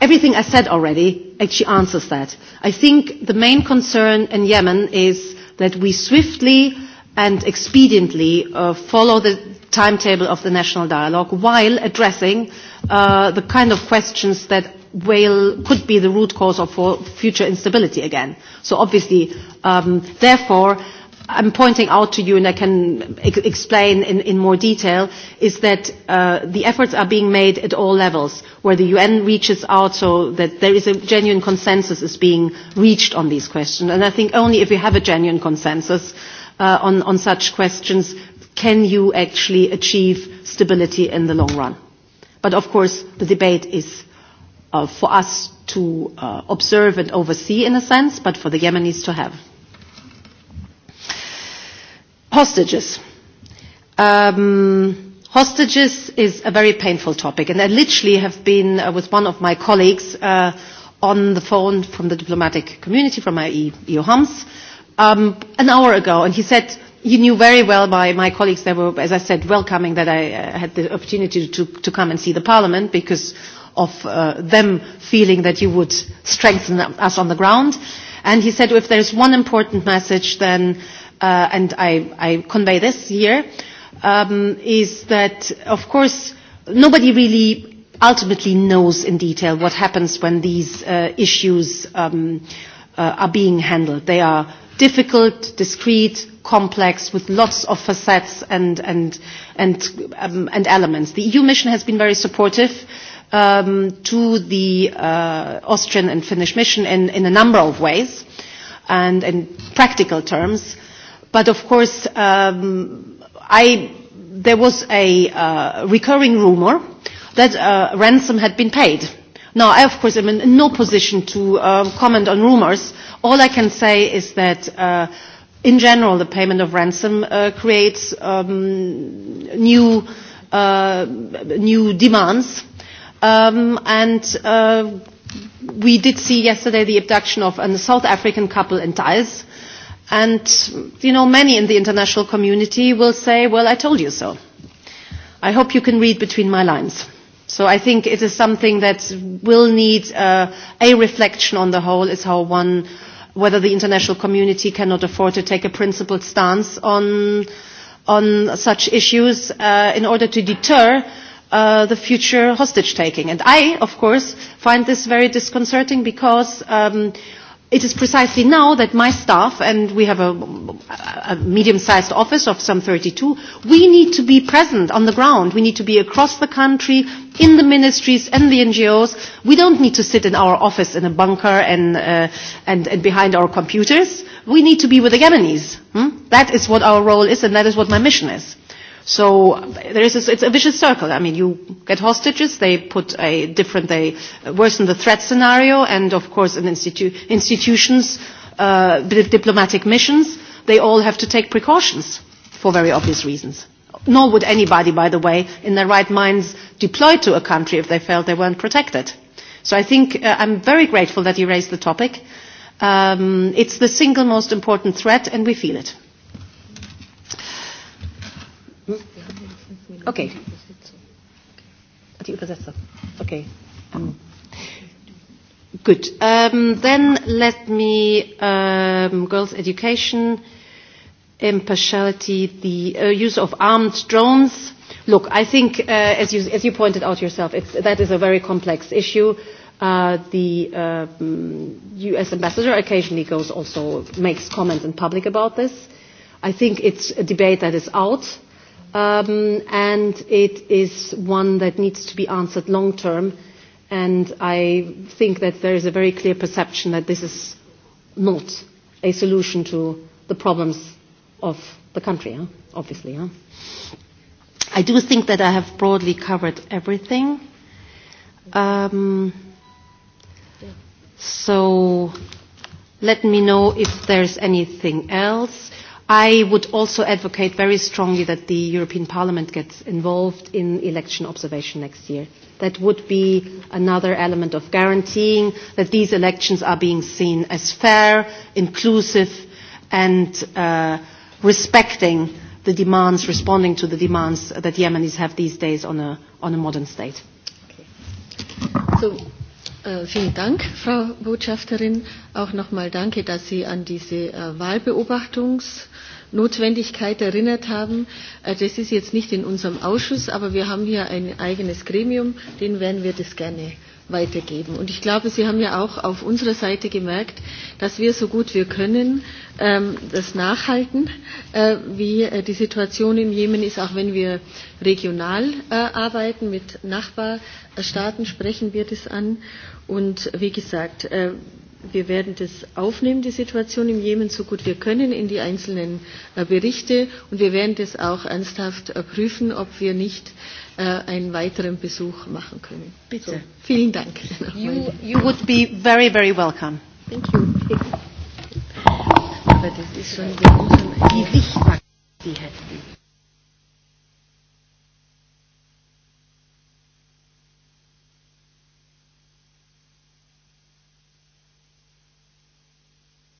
Everything I said already actually answers that. I think the main concern in Yemen is that we swiftly and expediently uh, follow the timetable of the national dialogue while addressing uh, the kind of questions that will, could be the root cause of future instability again. So obviously, um, therefore, I'm pointing out to you, and I can ex explain in, in more detail, is that uh, the efforts are being made at all levels, where the UN reaches out so that there is a genuine consensus is being reached on these questions. And I think only if you have a genuine consensus uh, on, on such questions can you actually achieve stability in the long run. But of course, the debate is uh, for us to uh, observe and oversee in a sense, but for the Yemenis to have. Hostages. Um, hostages is a very painful topic, and I literally have been uh, with one of my colleagues uh, on the phone from the diplomatic community, from my EU e Homs um, an hour ago, and he said he knew very well by my colleagues that were, as I said, welcoming that I uh, had the opportunity to, to come and see the parliament because of them feeling that you would strengthen us on the ground. And he said, if there is one important message, then Uh, and I, I convey this here, um, is that, of course, nobody really ultimately knows in detail what happens when these uh, issues um, uh, are being handled. They are difficult, discrete, complex, with lots of facets and, and, and, um, elements. The EU mission has been very supportive to the Austrian and Finnish mission in a number of ways and in practical terms But of course, um, I, there was a uh, recurring rumor that uh, ransom had been paid. Now, I, of course, am in no position to uh, comment on rumors. All I can say is that, uh, in general, the payment of ransom uh, creates um, new, uh, new demands. Um, and uh, we did see yesterday the abduction of a South African couple in Thais And, you know, many in the international community will say, well, I told you so. I hope you can read between my lines. So I think it is something that will need uh, a reflection on the whole is how one, whether the international community cannot afford to take a principled stance on, on such issues uh, in order to deter uh, the future hostage taking. And I, of course, find this very disconcerting because um, It is precisely now that my staff, and we have a, a medium-sized office of some 32, we need to be present on the ground. We need to be across the country, in the ministries and the NGOs. We don't need to sit in our office in a bunker and, uh, and, and behind our computers. We need to be with the Yemenis. Hmm? That is what our role is, and that is what my mission is. So there is a, it's a vicious circle. I mean, you get hostages, they put a different, they worsen the threat scenario, and of course, an institu institutions, uh, diplomatic missions, they all have to take precautions for very obvious reasons. Nor would anybody, by the way, in their right minds deploy to a country if they felt they weren't protected. So I think uh, I'm very grateful that you raised the topic. Um, it's the single most important threat, and we feel it. Hm? Okay. Die Übersetzer. Okay. Um. Good. Um, then let me, um, girls' education, impartiality, the uh, use of armed drones. Look, I think, uh, as, you, as you pointed out yourself, it's, that is a very complex issue. Uh, the uh, um, U.S. ambassador occasionally goes also makes comments in public about this. I think it's a debate that is out um, and it is one that needs to be answered long term. And I think that there is a very clear perception that this is not a solution to the problems of the country, huh? obviously. Huh? I do think that I have broadly covered everything. Um, so let me know if there's anything else. I would also advocate very strongly that the European Parliament gets involved in election observation next year. That would be another element of guaranteeing that these elections are being seen as fair, inclusive and uh, respecting the demands, responding to the demands that Yemenis have these days on a, modern state. Äh, vielen Dank, Frau Botschafterin. Auch nochmal danke, dass Sie an diese äh, Wahlbeobachtungsnotwendigkeit erinnert haben. Äh, das ist jetzt nicht in unserem Ausschuss, aber wir haben hier ein eigenes Gremium, den werden wir das gerne weitergeben. Und ich glaube, Sie haben ja auch auf unserer Seite gemerkt, dass wir so gut wir können ähm, das nachhalten, äh, wie äh, die Situation im Jemen ist, auch wenn wir regional äh, arbeiten, mit Nachbarstaaten sprechen wir das an. Und wie gesagt, äh, wir werden das aufnehmen, die Situation im Jemen, so gut wir können, in die einzelnen äh, Berichte. Und wir werden das auch ernsthaft äh, prüfen, ob wir nicht Äh, einen weiteren Besuch machen können. Bitte. So. Vielen Dank. You, you would be very, very welcome. Thank you. Aber das ist schon die Wichtigkeit, die hätten.